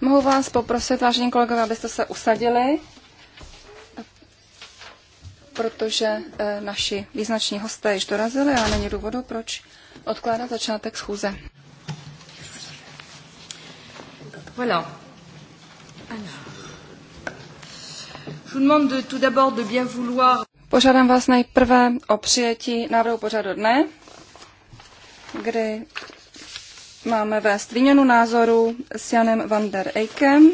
Mohu vás poprosit, vážení kolegové, abyste se usadili, protože eh, naši význační hosté již dorazili a není důvodu, proč odkládat začátek schůze. Voilà. Požádám vás nejprve o přijetí návrhu pořadu dne, kdy máme vést výměnu názoru s Janem van der Eyckem.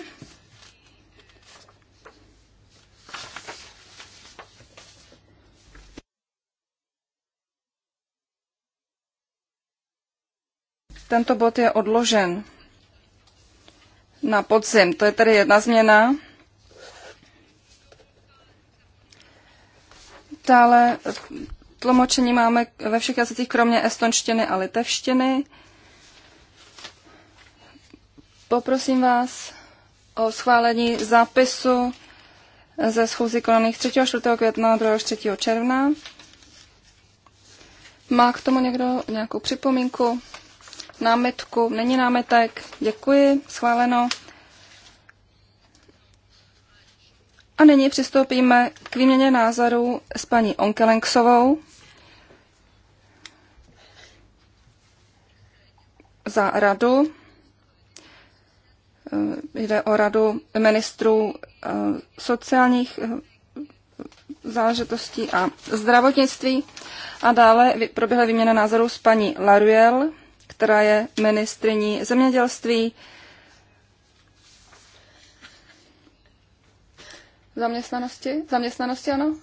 Tento bod je odložen na podzim. To je tedy jedna změna. Dále tlumočení máme ve všech jazycích, kromě estonštiny a litevštiny. Poprosím vás o schválení zápisu ze schůzí konaných 3. a 4. května a 2. 3. června. Má k tomu někdo nějakou připomínku, námitku? Není námitek? Děkuji, schváleno. A nyní přistoupíme k výměně názorů s paní Onkelenksovou za radu. Eh, jde o radu ministrů eh, sociálních eh, záležitostí a zdravotnictví. A dále proběhla výměna názorů s paní Laruel, která je ministriní zemědělství, zaměstnanosti, zaměstnanosti ano?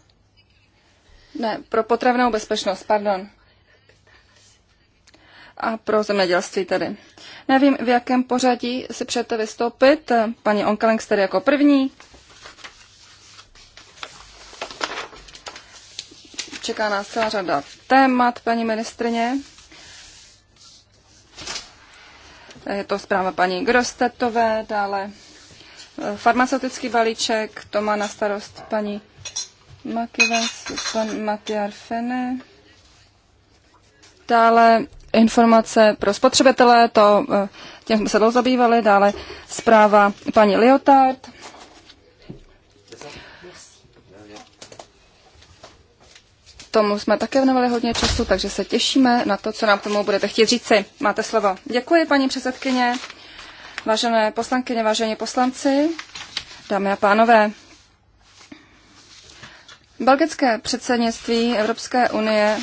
Ne, pro potravnou bezpečnost, pardon a pro zemědělství tedy. Nevím, v jakém pořadí si přejete vystoupit. Paní Onkalengs tedy jako první. Čeká nás celá řada témat, paní ministrině. Je to zpráva paní Grostetové, dále eh, farmaceutický balíček, to má na starost paní Makivas, pan Matiar Fene. Dále informace pro spotřebitele, to, eh, těm jsme se dlouho zabývali, dále zpráva paní Liotard. Tomu jsme také věnovali hodně času, takže se těšíme na to, co nám tomu budete chtít říci. Máte slovo. Děkuji, paní předsedkyně, vážené poslankyně, vážení poslanci, dámy a pánové. Belgické předsednictví Evropské unie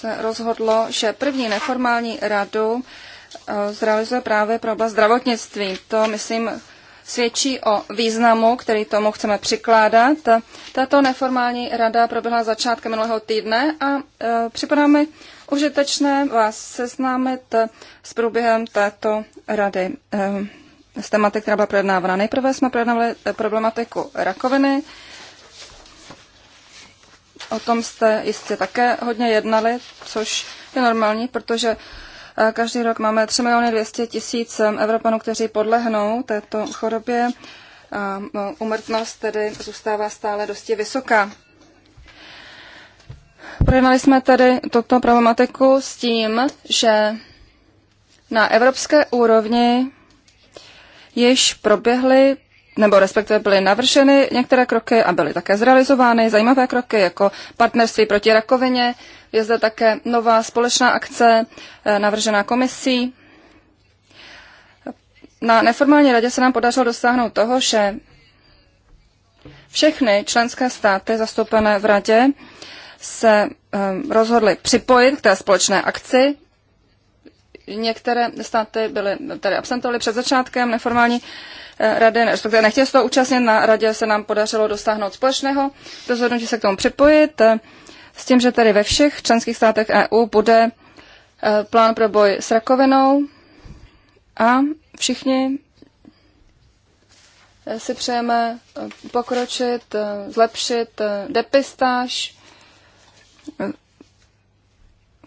se rozhodlo, že první neformální radu eh, zrealizuje právě pro oblast zdravotnictví. To, myslím, svědčí o významu, který tomu chceme přikládat. Tato neformální rada proběhla začátkem minulého týdne a eh, připadá mi užitečné vás seznámit eh, s průběhem této rady. s tématy, která byla projednávána. Nejprve jsme projednávali problematiku rakoviny, O tom jste jistě také hodně jednali, což je normální, protože eh, každý rok máme 3 miliony 200 tisíc eh, Evropanů, kteří podlehnou této chorobě. umrtnost no, tedy zůstává stále dosti vysoká. Projednali jsme tedy tuto problematiku s tím, že na evropské úrovni již proběhly nebo respektive byly navršeny některé kroky a byly také zrealizovány zajímavé kroky, jako partnerství proti rakovině. Je zde také nová společná akce eh, navržená komisí. Na neformální radě se nám podařilo dosáhnout toho, že všechny členské státy zastoupené v radě se ehm, rozhodly připojit k té společné akci některé státy byly, tady absentovaly před začátkem neformální Eh, rady, respektive nechtěl se to účastnit, na radě se nám podařilo dosáhnout společného rozhodnutí se k tomu připojit, eh, s tím, že tedy ve všech členských státech EU bude eh, plán pro boj s rakovinou a všichni si přejeme pokročit, zlepšit depistáž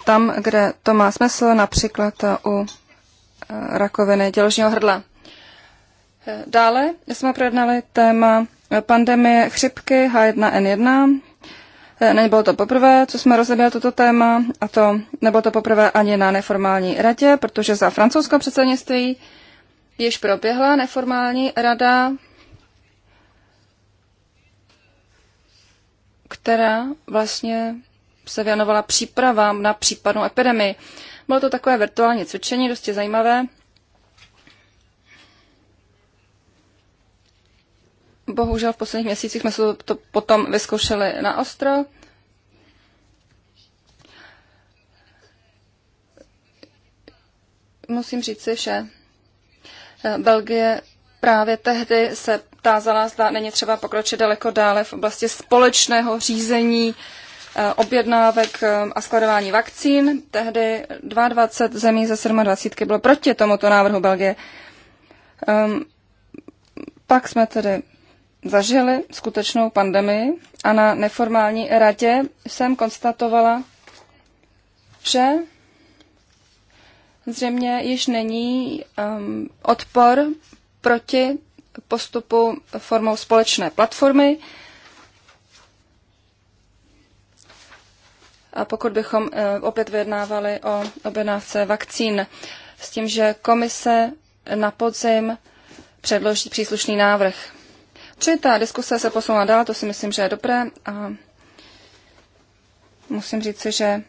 tam, kde to má smysl, například u rakoviny děložního hrdla. Dále jsme projednali téma pandemie chřipky H1N1. Eh, nebylo to poprvé, co jsme rozeběli toto téma, a to nebylo to poprvé ani na neformální radě, protože za francouzské předsednictví již proběhla neformální rada, která vlastně se věnovala přípravám na případnou epidemii. Bylo to takové virtuální cvičení, dosti zajímavé. Bohužel v posledních měsících jsme se to potom vyzkoušeli na ostro. Musím si, že eh, Belgie právě tehdy se tázala, zda není třeba pokročit daleko dále v oblasti společného řízení eh, objednávek eh, a skladování vakcín. Tehdy 22 zemí ze 27 bylo proti tomuto návrhu Belgie. Um, pak jsme tedy zažili skutečnou pandemii a na neformální radě jsem konstatovala, že zřejmě již není um, odpor proti postupu formou společné platformy. A pokud bychom uh, opět vyjednávali o objednávce vakcín s tím, že komise na podzim předloží příslušný návrh. Či ta diskuse se posunula dál, to si myslím, že je dobré a musím říci, že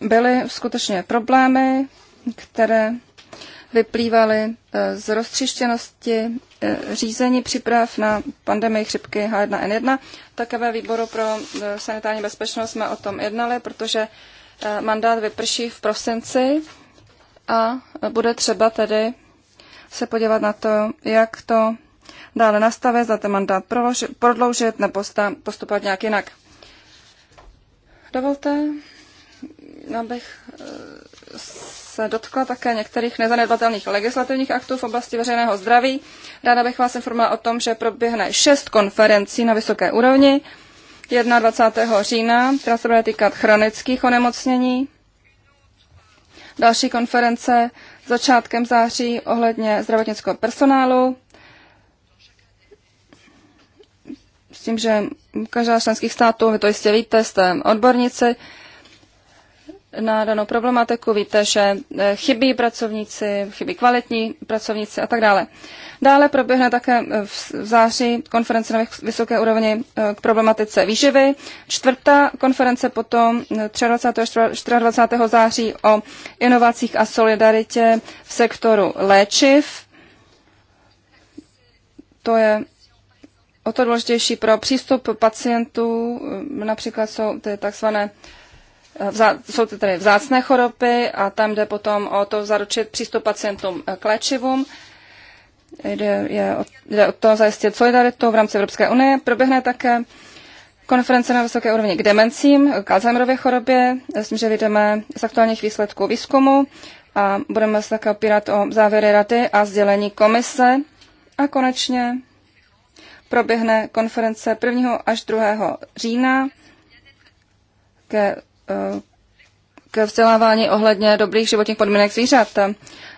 byly skutečně problémy, které vyplývaly eh, z roztřištěnosti eh, řízení příprav na pandemii chřipky H1N1. Také ve výboru pro eh, sanitární bezpečnost jsme o tom jednali, protože mandát vyprší v prosinci a bude třeba tedy se podívat na to, jak to dále nastavit, za ten mandát prodloužit nebo postupovat nějak jinak. Dovolte, abych eh, se dotkla také některých nezanedbatelných legislativních aktů v oblasti veřejného zdraví. Ráda bych vás informovala o tom, že proběhne šest konferencí na vysoké úrovni 21. října, která se bude týkat chronických onemocnění. Další konference začátkem září ohledně zdravotnického personálu. tím, že každá z členských států, vy to jistě víte, jste odborníci na danou problematiku, víte, že eh, chybí pracovníci, chybí kvalitní pracovníci a tak dále. Dále proběhne také eh, v září konference na vysoké úrovni eh, k problematice výživy. Čtvrtá konference potom 23. a 24. září o inovacích a solidaritě v sektoru léčiv. To je o to důležitější pro přístup pacientů. Eh, například jsou ty takzvané eh, jsou to tedy vzácné choroby a tam jde potom o to zaručit přístup pacientům eh, k léčivům. Jde, je, jde o to zajistit solidaritu v rámci Evropské unie. Proběhne také konference na vysoké úrovni k demencím, k Alzheimerově chorobě. Myslím, že vyjdeme z aktuálních výsledků výzkumu a budeme se také opírat o závěry rady a sdělení komise. A konečně proběhne konference 1. až 2. října ke, eh, ke vzdělávání ohledně dobrých životních podmínek zvířat.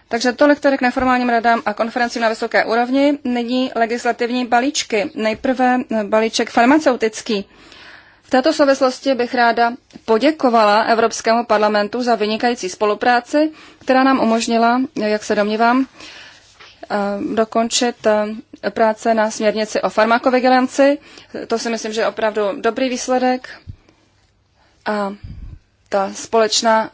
Takže tolik tedy k neformálním radám a konferencím na vysoké úrovni. Nyní legislativní balíčky. Nejprve eh, balíček farmaceutický. V této souvislosti bych ráda poděkovala Evropskému parlamentu za vynikající spolupráci, která nám umožnila, jak se domnívám, Eh, dokončit eh, práce na směrnici o farmakovigilanci. To si myslím, že je opravdu dobrý výsledek. A ta společná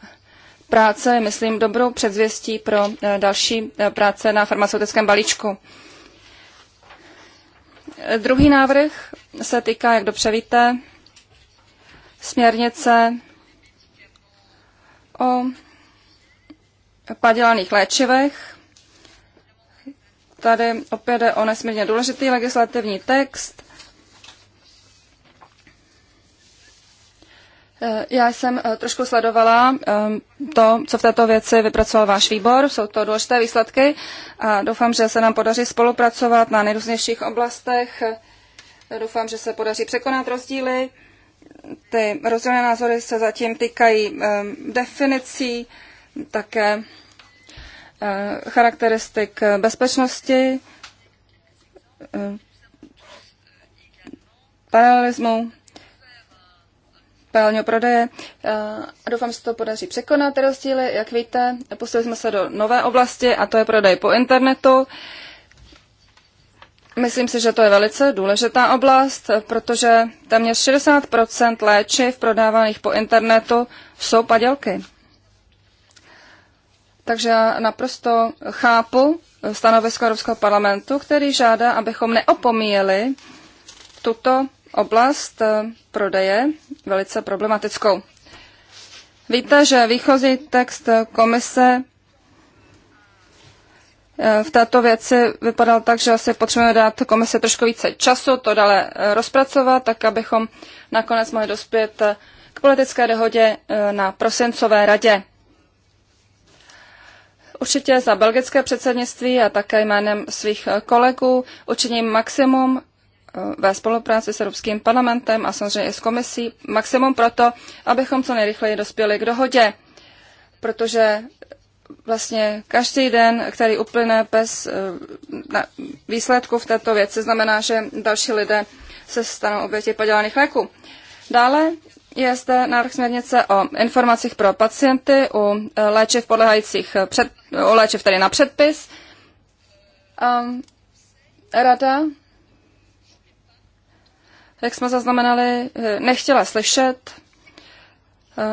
práce je, myslím, dobrou předzvěstí pro eh, další práce na farmaceutickém balíčku. Druhý návrh se týká, jak dobře víte, směrnice o padělaných léčivech Tady opět jde o nesmírně důležitý legislativní text. Eh, já jsem eh, trošku sledovala eh, to, co v této věci vypracoval váš výbor. Jsou to důležité výsledky a doufám, že se nám podaří spolupracovat na nejrůznějších oblastech. Doufám, že se podaří překonat rozdíly. Ty rozdílné názory se zatím týkají definicí, také Eh, charakteristik eh, bezpečnosti, eh, paralelismu, paralelního prodeje. A doufám, že se to podaří překonat ty rozdíly. Jak víte, pustili jsme se do nové oblasti a to je prodej po internetu. Myslím si, že to je velice důležitá oblast, protože téměř 60 léčiv prodávaných po internetu jsou padělky. Takže já naprosto chápu stanovisko Evropského parlamentu, který žádá, abychom neopomíjeli tuto oblast eh, prodeje velice problematickou. Víte, že výchozí text komise eh, v této věci vypadal tak, že asi potřebujeme dát komise trošku více času, to dále eh, rozpracovat, tak abychom nakonec mohli dospět k politické dohodě na prosincové radě. Určitě za belgické předsednictví a také jménem svých eh, kolegů učiním maximum eh, ve spolupráci s Evropským parlamentem a samozřejmě i s komisí maximum proto, abychom co nejrychleji dospěli k dohodě, protože vlastně každý den, který uplyne bez eh, výsledku v této věci, znamená, že další lidé se stanou oběti padělaných léků. Dále je zde návrh směrnice o informacích pro pacienty u eh, léčiv podlehajících eh, před, o léčiv tedy na předpis. Ehm, rada, jak jsme zaznamenali, eh, nechtěla slyšet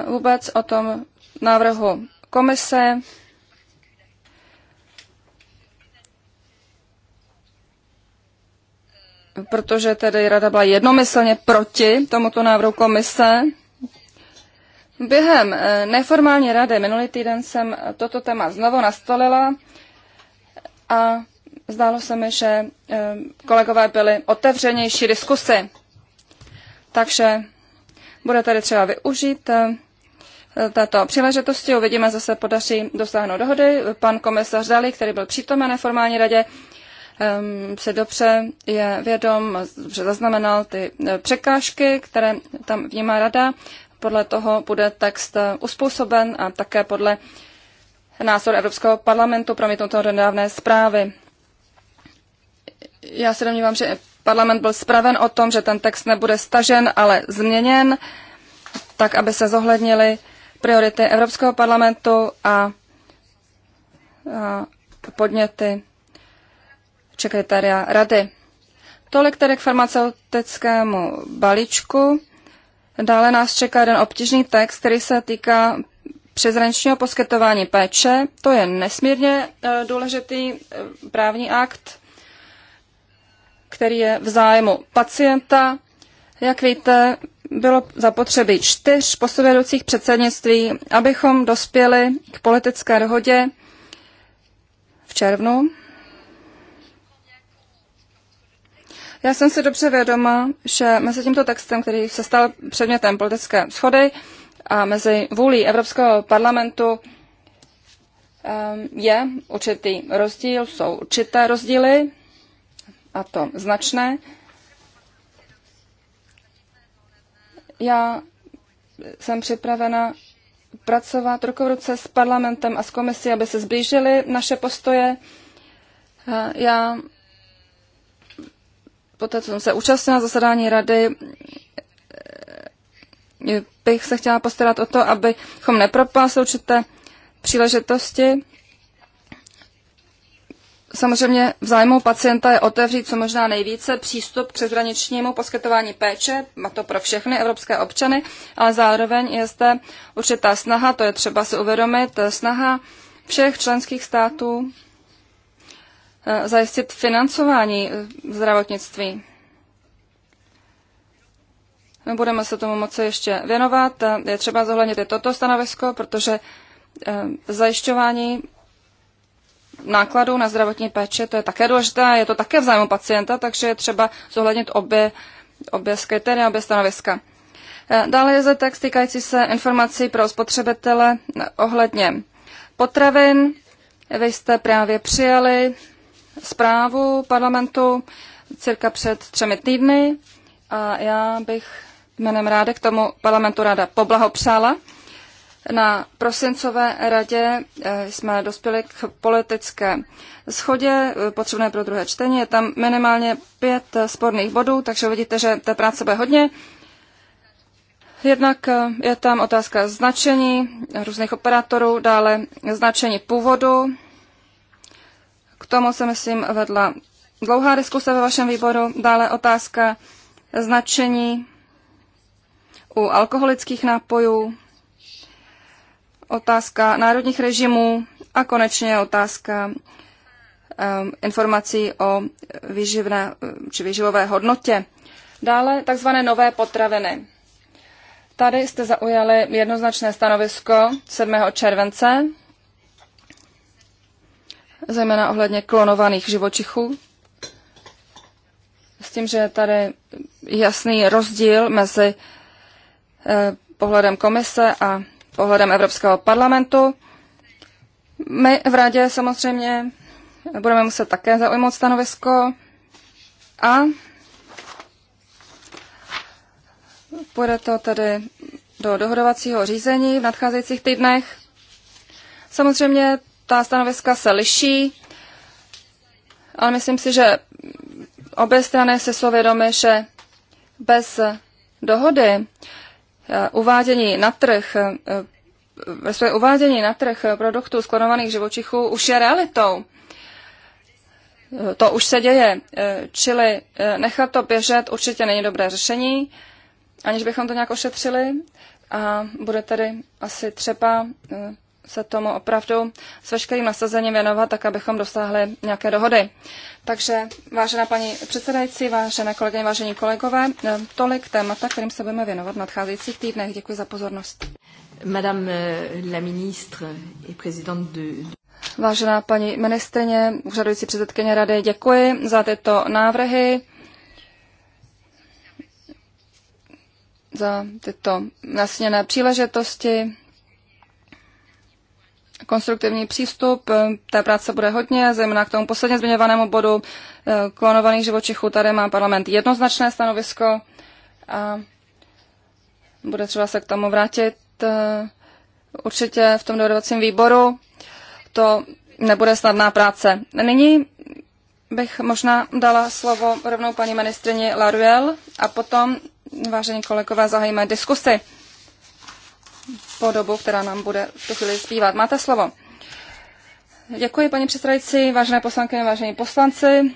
vůbec o tom návrhu komise protože tedy rada byla jednomyslně proti tomuto návrhu komise. Během eh, neformální rady minulý týden jsem toto téma znovu nastolila a zdálo se mi, že eh, kolegové byli otevřenější diskusy. Takže bude tady třeba využít eh, této příležitosti. Uvidíme, zase podaří dosáhnout dohody. Pan komisař Dali, který byl přítomen na formální radě, Ehm, si dobře je vědom, dobře zaznamenal ty eh, překážky, které tam vnímá rada. Podle toho bude text eh, uspůsoben a také podle názoru Evropského parlamentu promítnuto do nedávné zprávy. Já se domnívám, že parlament byl spraven o tom, že ten text nebude stažen, ale změněn, tak aby se zohlednily priority Evropského parlamentu a, a podněty sekretária rady. Tolik tedy k farmaceutickému balíčku. Dále nás čeká jeden obtížný text, který se týká přezrančního poskytování péče. To je nesmírně e, důležitý e, právní akt, který je v zájmu pacienta. Jak víte, bylo zapotřebí čtyř posovědoucích předsednictví, abychom dospěli k politické dohodě v červnu Já jsem si dobře vědoma, že mezi tímto textem, který se stal předmětem politické schody, a mezi vůlí Evropského parlamentu ehm, je určitý rozdíl, jsou určité rozdíly, a to značné. Já jsem připravena pracovat ruku v ruce s parlamentem a s komisí, aby se zblížily naše postoje. Já poté, co jsem se účastnila zasedání rady, eh, bych se chtěla postarat o to, abychom nepropásli určité příležitosti. Samozřejmě v zájmu pacienta je otevřít co možná nejvíce přístup k přeshraničnímu poskytování péče, a to pro všechny evropské občany, ale zároveň je zde určitá snaha, to je třeba si uvědomit, snaha všech členských států Eh, zajistit financování eh, zdravotnictví. My budeme se tomu moci ještě věnovat. Eh, je třeba zohlednit i toto stanovisko, protože zajišťování nákladů na zdravotní péče, to je také důležité, je to také v zájmu pacienta, takže je třeba zohlednit obě, obě a obě stanoviska. Dále je zde text týkající se informací pro spotřebitele ohledně potravin. Vy jste právě přijali zprávu parlamentu cirka před třemi týdny a já bych jménem ráda k tomu parlamentu ráda poblahopřála. Na prosincové radě eh, jsme dospěli k politické schodě eh, potřebné pro druhé čtení. Je tam minimálně pět eh, sporných bodů, takže vidíte, že té práce bude hodně. Jednak je tam otázka značení různých operátorů, dále značení původu, k tomu se, myslím, vedla dlouhá diskuse ve vašem výboru. Dále otázka značení u alkoholických nápojů, otázka národních režimů a konečně otázka um, informací o výživné či výživové hodnotě. Dále takzvané nové potraviny. Tady jste zaujali jednoznačné stanovisko 7. července zejména ohledně klonovaných živočichů. S tím, že je tady jasný rozdíl mezi eh, pohledem komise a pohledem Evropského parlamentu. My v radě samozřejmě budeme muset také zaujmout stanovisko a půjde to tedy do dohodovacího řízení v nadcházejících týdnech. Samozřejmě ta stanoviska se liší, ale myslím si, že obě strany se jsou vědomy, že bez dohody eh, uvádění na trh eh, eh, ve své uvádění na trh produktů sklonovaných živočichů už je realitou. To už se děje, čili nechat to běžet určitě není dobré řešení, aniž bychom to nějak ošetřili a bude tady asi třeba se tomu opravdu s veškerým nasazením věnovat, tak abychom dosáhli nějaké dohody. Takže, vážená paní předsedající, vážené kolegyně, vážení kolegové, eh, tolik témata, kterým se budeme věnovat v nadcházejících týdnech. Děkuji za pozornost. Madame eh, la ministre et présidente de... Vážená paní ministrině, úřadující předsedkyně rady, děkuji za tyto návrhy, za tyto nasněné příležitosti konstruktivní přístup. Eh, té práce bude hodně, zejména k tomu posledně zmiňovanému bodu eh, klonovaných živočichů. Tady má parlament jednoznačné stanovisko a bude třeba se k tomu vrátit eh, určitě v tom dohodovacím výboru. To nebude snadná práce. Nyní bych možná dala slovo rovnou paní ministrině Laruel a potom, vážení kolegové, zahajíme diskusy po dobu, která nám bude v tu chvíli zpívat. Máte slovo. Děkuji, paní předsedající, vážené poslankyně, vážení poslanci.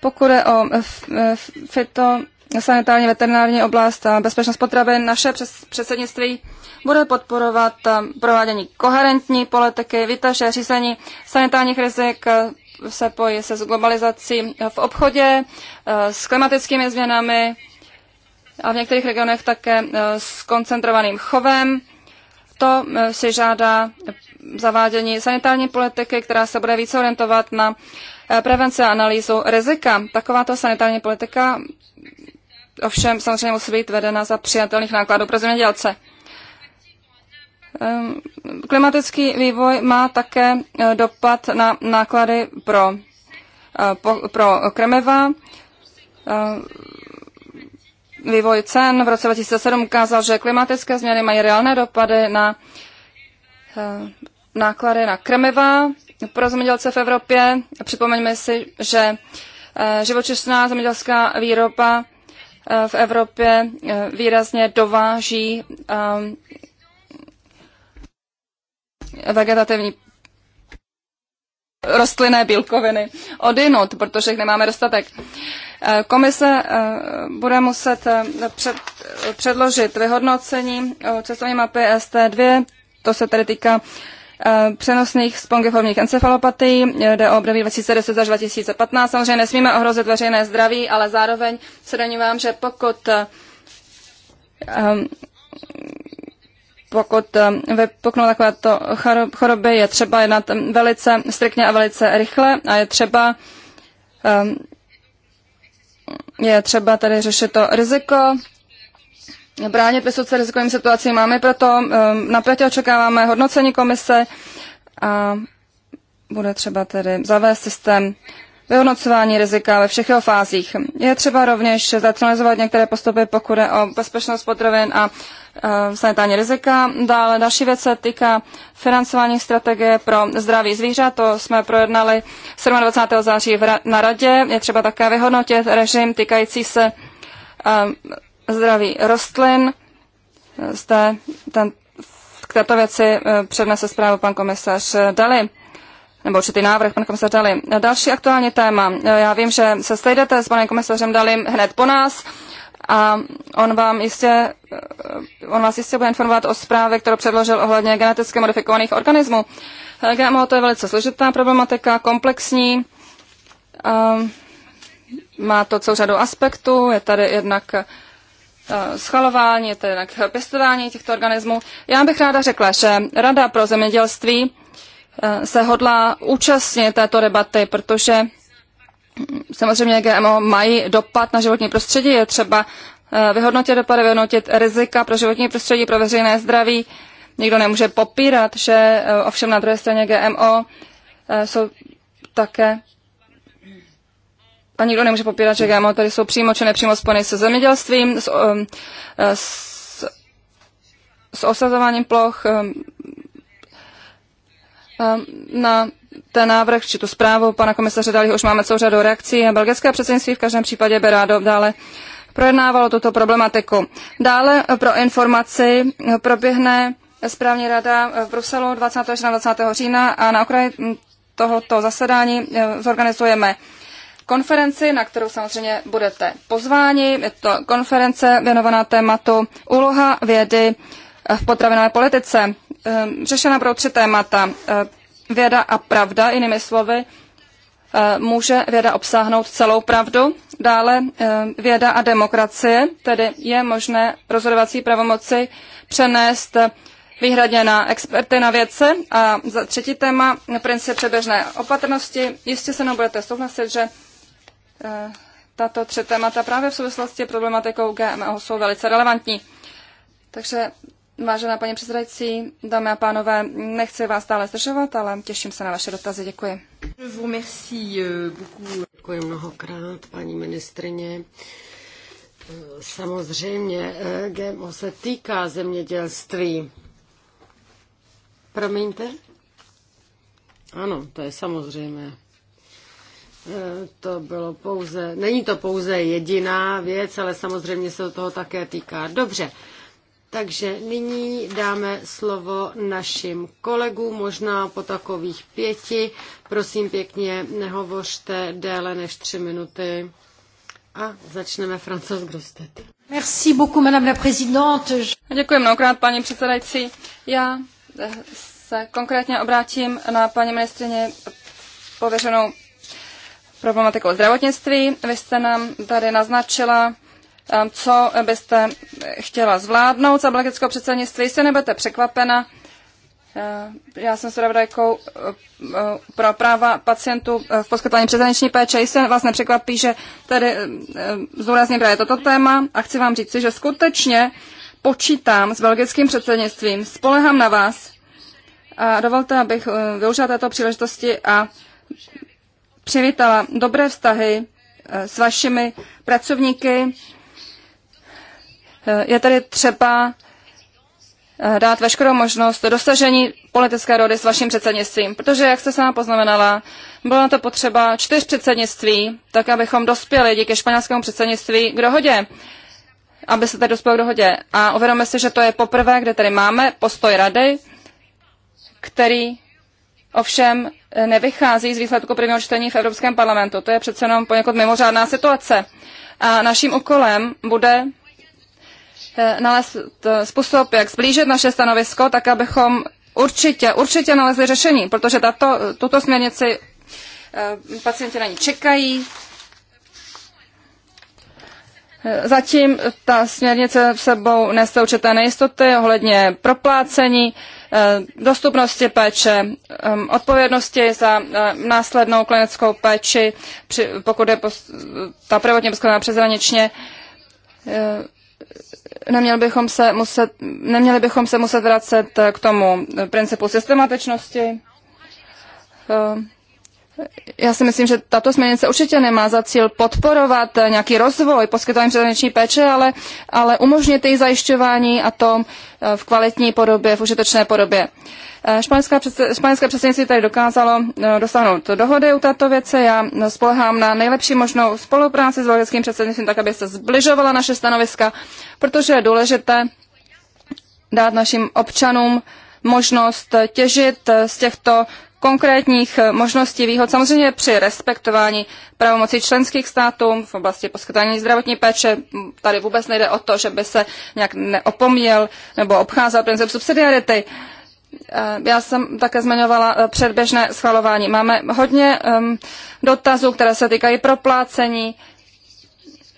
Pokud je o eh, eh, fito, sanitární veterinární oblast a bezpečnost potravin, naše předsednictví bude podporovat eh, provádění koherentní politiky, vytaže řízení sanitárních rizik, se pojí se s globalizací v obchodě, s klimatickými změnami, a v některých regionech také eh, s koncentrovaným chovem. To eh, si žádá zavádění sanitární politiky, která se bude více orientovat na eh, prevenci a analýzu rizika. Takováto sanitární politika ovšem samozřejmě musí být vedena za přijatelných nákladů pro zemědělce. Ehm, klimatický vývoj má také dopad na náklady pro, pro krmeva. Ehm, vývoj cen v roce 2007 ukázal, že klimatické změny mají reálné dopady na eh, náklady na krmiva pro zemědělce v Evropě. Připomeňme si, že eh, živočišná zemědělská výroba eh, v Evropě výrazně dováží vegetativní rostlinné bílkoviny odinut, protože jich nemáme dostatek. Eh, komise eh, bude muset eh, před, předložit vyhodnocení cestovní mapy ST2, to se tedy týká přenosných spongiformních encefalopatií. Jde o období 2010 až 2015. Samozřejmě nesmíme ohrozit veřejné zdraví, ale zároveň se domnívám, že pokud ehm, pokud vypuknou takovéto choroby, je třeba jednat mm, velice striktně a velice rychle a je třeba ehm, je třeba tady řešit to riziko, bránit vysoce rizikovým situacím. Máme proto, um, napětě očekáváme hodnocení komise a bude třeba tedy zavést systém vyhodnocování rizika ve všech jeho fázích. Je třeba rovněž zacionalizovat některé postupy, pokud je o bezpečnost potravin a Eh, sanitární rizika. Dále další věc se týká financování strategie pro zdraví zvířat. To jsme projednali 27. září na radě. Je třeba také vyhodnotit režim týkající se eh, zdraví rostlin. Zde ten, k této věci eh, přednese zprávu pan komisař Dali nebo určitý návrh, pan komisař Dali. Další aktuální téma. Já vím, že se sejdete s panem komisařem Dalim hned po nás a on vám jistě, eh, on vás jistě bude informovat o zprávě, kterou předložil ohledně geneticky modifikovaných organismů. Eh, GMO to je velice složitá problematika, komplexní, eh, má to celou řadu aspektů, je tady jednak schalování, je tady jednak pěstování těchto organismů. Já bych ráda řekla, že Rada pro zemědělství se hodlá účastnit této debaty, protože samozřejmě GMO mají dopad na životní prostředí, je třeba eh, vyhodnotit dopady, vyhodnotit rizika pro životní prostředí, pro veřejné zdraví. Nikdo nemůže popírat, že eh, ovšem na druhé straně GMO eh, jsou také a nikdo nemůže popírat, že GMO tady jsou přímo či nepřímo spojeny se zemědělstvím, s, s, s osazováním ploch, na ten návrh či tu zprávu pana komisaře dali už máme celou řadu reakcí belgické předsednictví v každém případě by rádo dále projednávalo tuto problematiku. Dále pro informaci proběhne správní rada v Bruselu 20. až 20. října a na okraji tohoto zasedání eh, zorganizujeme konferenci, na kterou samozřejmě budete pozváni. Je to konference věnovaná tématu úloha vědy v potravinové politice. Eh, řešena budou tři témata. Eh, věda a pravda, jinými slovy, eh, může věda obsáhnout celou pravdu. Dále eh, věda a demokracie, tedy je možné rozhodovací pravomoci přenést výhradně na experty na vědce. A za třetí téma, princip předběžné opatrnosti. Jistě se nám budete souhlasit, že eh, tato tři témata právě v souvislosti s problematikou GMO jsou velice relevantní. Takže Vážená paní předsedající, dámy a pánové, nechci vás dále zdržovat, ale těším se na vaše dotazy. Děkuji. Euh, Děkuji mnohokrát, paní ministrině. Eh, samozřejmě, eh, GMO se týká zemědělství. Promiňte? Ano, to je samozřejmé. Eh, to bylo pouze, není to pouze jediná věc, ale samozřejmě se toho také týká. Dobře, takže nyní dáme slovo našim kolegům, možná po takových pěti. Prosím pěkně, nehovořte déle než tři minuty. A začneme Francouz Grostet. Merci beaucoup, madame la présidente. Děkuji mnohokrát, paní předsedající. Já eh, se konkrétně obrátím na paní ministrině pověřenou problematikou zdravotnictví. Vy jste nám tady naznačila co byste chtěla zvládnout za belgického předsednictví. jestli nebudete překvapena, eh, já jsem zpravodajkou eh, pro práva pacientů eh, v poskytování přeshraniční péče. Jestli vás nepřekvapí, že tady zdůrazním právě toto téma a chci vám říct, že skutečně počítám s belgickým předsednictvím, spolehám na vás a dovolte, abych využila této příležitosti a přivítala dobré vztahy s vašimi pracovníky, je tedy třeba eh, dát veškerou možnost dosažení politické rody s vaším předsednictvím, protože, jak jste sama poznamenala, bylo na to potřeba čtyř předsednictví, tak abychom dospěli díky španělskému předsednictví k dohodě aby se tady dospěl k dohodě. A uvědomíme si, že to je poprvé, kde tady máme postoj rady, který ovšem nevychází z výsledku prvního čtení v Evropském parlamentu. To je přece jenom poněkud mimořádná situace. A naším úkolem bude Eh, nalézt eh, způsob, jak zblížit naše stanovisko, tak abychom určitě, určitě nalezli řešení, protože tato, tuto směrnici eh, pacienti na ní čekají. Zatím ta směrnice v sebou nese určité nejistoty ohledně proplácení, dostupnosti péče, odpovědnosti za následnou klinickou péči, pokud je ta prvotně poskytovaná přezraničně, neměli bychom se muset, neměli bychom se muset vracet k tomu principu systematičnosti, eh, já si myslím, že tato směrnice určitě nemá za cíl podporovat nějaký rozvoj poskytování přeshraniční péče, ale, ale umožnit její zajišťování a to eh, v kvalitní podobě, v užitečné podobě. Eh, španělské předsednictví, předsednictví tady dokázalo eh, dosáhnout dohody u této věce. Já spolehám na nejlepší možnou spolupráci s belgickým předsednictvím, tak aby se zbližovala naše stanoviska, protože je důležité dát našim občanům možnost těžit z těchto konkrétních eh, možností výhod, samozřejmě při respektování pravomocí členských států v oblasti poskytování zdravotní péče. Tady vůbec nejde o to, že by se nějak neopomněl nebo obcházel princip subsidiarity. Eh, já jsem také zmiňovala eh, předběžné schvalování. Máme hodně um, dotazů, které se týkají proplácení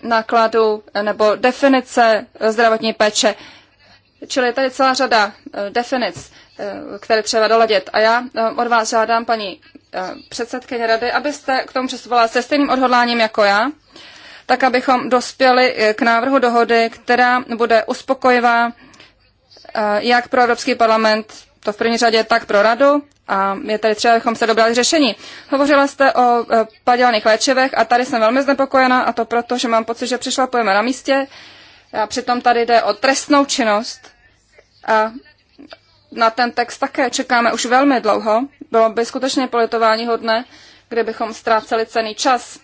nákladů nebo definice zdravotní péče. Čili je tady celá řada definic. Eh, které třeba doladit. A já eh, od vás žádám, paní eh, předsedkyně rady, abyste k tomu přistupovala se stejným odhodláním jako já, tak abychom dospěli k návrhu dohody, která bude uspokojivá jak pro Evropský parlament, to v první řadě, tak pro radu. A je tady třeba, abychom se dobrali řešení. Hovořila jste o padělaných léčivech a tady jsem velmi znepokojena a to proto, že mám pocit, že přišla pojeme na místě. A přitom tady jde o trestnou činnost a na ten text také čekáme už velmi dlouho. Bylo by skutečně politování hodné, kdybychom ztráceli cený čas.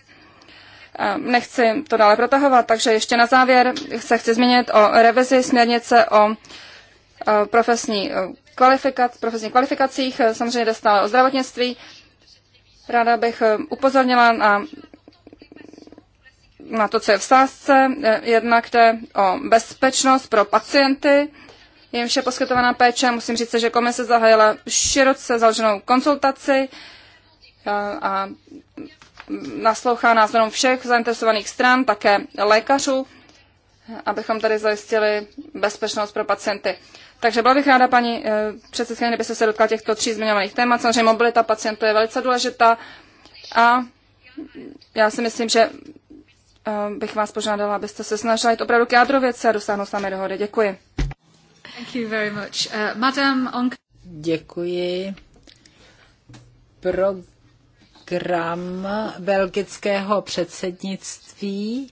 Eh, nechci to dále protahovat, takže ještě na závěr se chci zmínit o revizi směrnice o eh, profesní, eh, kvalifikac, profesní kvalifikacích. Samozřejmě jde stále o zdravotnictví. Ráda bych upozornila na, na to, co je v sázce. Jednak jde o bezpečnost pro pacienty jim vše poskytovaná péče. Musím říct, že komise zahájila široce založenou konzultaci eh, a naslouchá názorům všech zainteresovaných stran, také lékařů, abychom tady zajistili bezpečnost pro pacienty. Takže byla bych ráda, paní eh, předsedkyně, kdyby se dotkla těchto tří zmiňovaných témat. Samozřejmě mobilita pacientů je velice důležitá a já si myslím, že eh, bych vás požádala, abyste se snažili opravdu k jádru věci a dosáhnout samé dohody. Děkuji. Uh, Děkuji. Program belgického předsednictví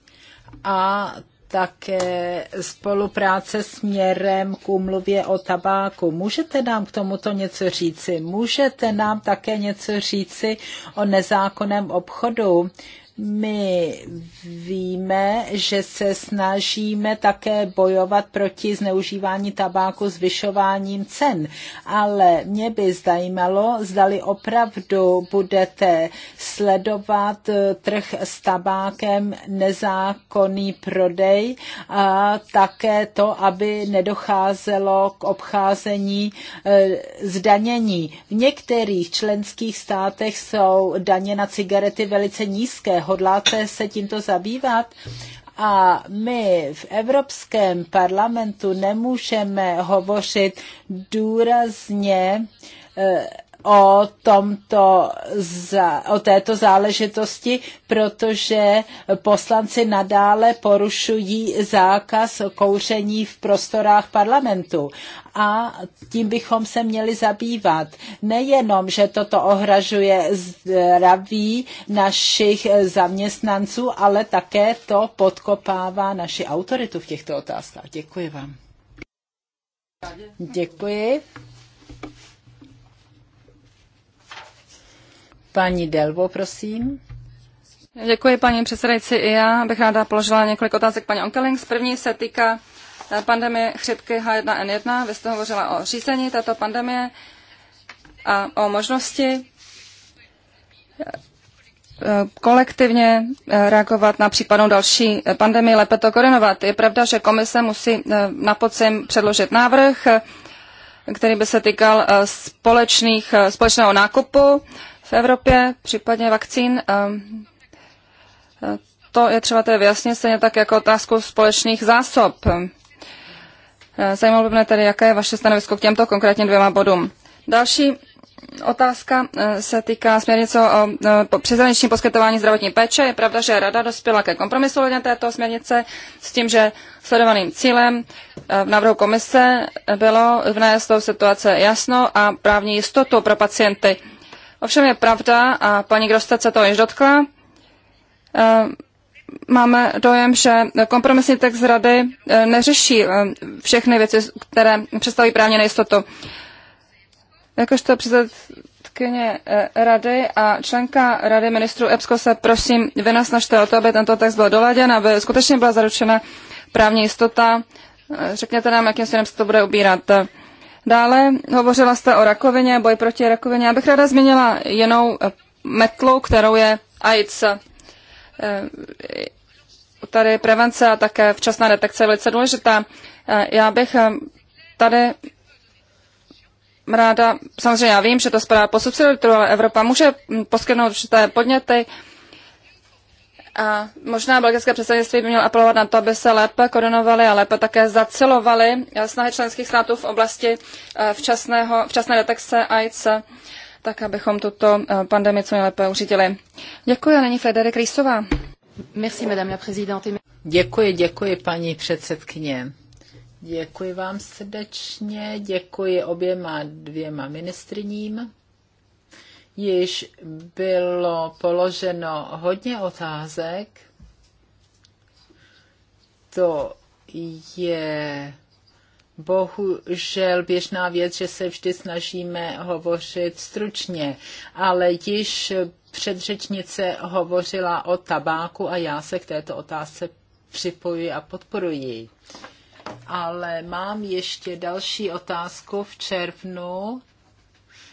a také spolupráce směrem k umluvě o tabáku. Můžete nám k tomuto něco říci? Můžete nám také něco říci o nezákonném obchodu? My víme, že se snažíme také bojovat proti zneužívání tabáku zvyšováním cen, ale mě by zajímalo, zdali opravdu budete sledovat eh, trh s tabákem, nezákonný prodej a také to, aby nedocházelo k obcházení eh, zdanění. V některých členských státech jsou daně na cigarety velice nízké, hodláte se tímto zabývat? A my v Evropském parlamentu nemůžeme hovořit důrazně eh, o, tomto, o této záležitosti, protože poslanci nadále porušují zákaz kouření v prostorách parlamentu a tím bychom se měli zabývat. Nejenom, že toto ohražuje zdraví našich zaměstnanců, ale také to podkopává naši autoritu v těchto otázkách. Děkuji vám. Děkuji. Paní Delvo, prosím. Děkuji, paní předsedající. I já bych ráda položila několik otázek paní Onkelings. První se týká pandemie chřipky H1N1. Vy jste hovořila o řízení této pandemie a o možnosti eh, kolektivně eh, reagovat na případnou další pandemii, lépe to koordinovat. Je pravda, že komise musí eh, na podzim předložit návrh, který by se týkal společných, společného nákupu v Evropě, případně vakcín. To je třeba to vyjasnit, stejně tak jako otázku společných zásob. Eh, zajímalo by mě tedy, jaké je vaše stanovisko k těmto konkrétně dvěma bodům. Další otázka eh, se týká směrnice o eh, přeshraničním poskytování zdravotní péče. Je pravda, že Rada dospěla ke kompromisu hledně této směrnice s tím, že sledovaným cílem v návrhu komise bylo vnést do situace jasno a právní jistotu pro pacienty. Ovšem je pravda, a paní Grostec se to již dotkla, máme dojem, že kompromisní text rady eh, neřeší eh, všechny věci, které představují právně nejistotu. Jakožto předsedkyně eh, rady a členka rady ministrů EPSCO se prosím vynasnažte o to, aby tento text byl doladěn, aby skutečně byla zaručena právní jistota. Řekněte nám, jakým směrem se to bude ubírat. Dále hovořila jste o rakovině, boj proti rakovině. Já bych ráda zmínila jinou metlu, kterou je AIDS. Eh, tady prevence a také včasná detekce je velice důležitá. Eh, já bych eh, tady ráda, samozřejmě já vím, že to spadá po subsidiaritu, ale Evropa může hm, poskytnout určité podněty, a možná belgické předsednictví by mělo apelovat na to, aby se lépe koordinovali a lépe také zacilovali snahy členských států v oblasti včasného, včasné detekce AIDS tak abychom tuto eh, pandemii co nejlépe uřídili. Děkuji a není Frederik Rýsová. Merci, madame la présidente. Děkuji, děkuji, paní předsedkyně. Děkuji vám srdečně, děkuji oběma dvěma ministriním. Již bylo položeno hodně otázek. To je bohužel běžná věc, že se vždy snažíme hovořit stručně, ale již předřečnice hovořila o tabáku a já se k této otázce připojuji a podporuji. Ale mám ještě další otázku. V červnu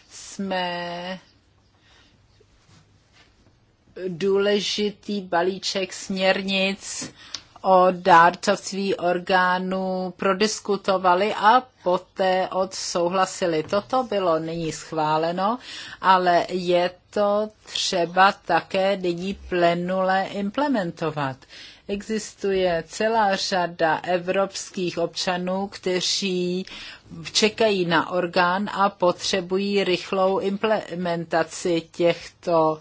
jsme důležitý balíček směrnic o dárcovství orgánů prodiskutovali a poté odsouhlasili. Toto bylo nyní schváleno, ale je to třeba také nyní plenule implementovat. Existuje celá řada evropských občanů, kteří čekají na orgán a potřebují rychlou implementaci těchto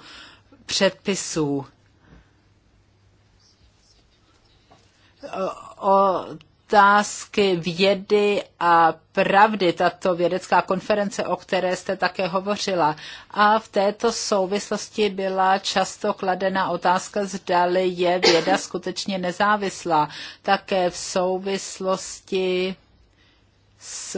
předpisů otázky vědy a pravdy, tato vědecká konference, o které jste také hovořila. A v této souvislosti byla často kladena otázka, zdali je věda skutečně nezávislá. Také v souvislosti s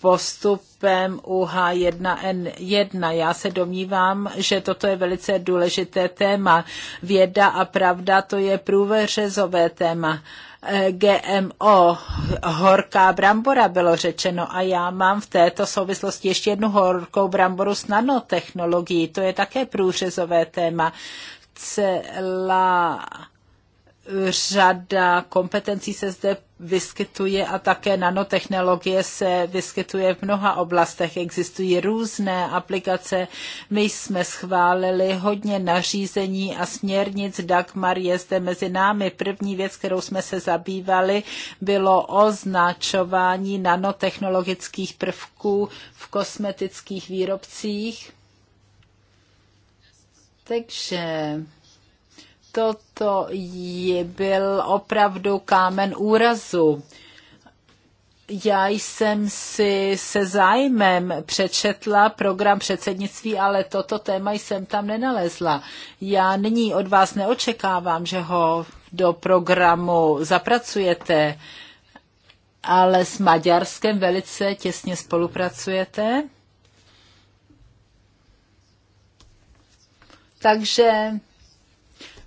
postupem UH1N1. Já se domnívám, že toto je velice důležité téma. Věda a pravda to je průveřezové téma. GMO, horká brambora bylo řečeno a já mám v této souvislosti ještě jednu horkou bramboru s nanotechnologií. To je také průřezové téma. Celá řada kompetencí se zde vyskytuje a také nanotechnologie se vyskytuje v mnoha oblastech. Existují různé aplikace. My jsme schválili hodně nařízení a směrnic. Dagmar je zde mezi námi. První věc, kterou jsme se zabývali, bylo označování nanotechnologických prvků v kosmetických výrobcích. Takže toto je byl opravdu kámen úrazu. Já jsem si se zájmem přečetla program předsednictví, ale toto téma jsem tam nenalezla. Já nyní od vás neočekávám, že ho do programu zapracujete, ale s Maďarskem velice těsně spolupracujete. Takže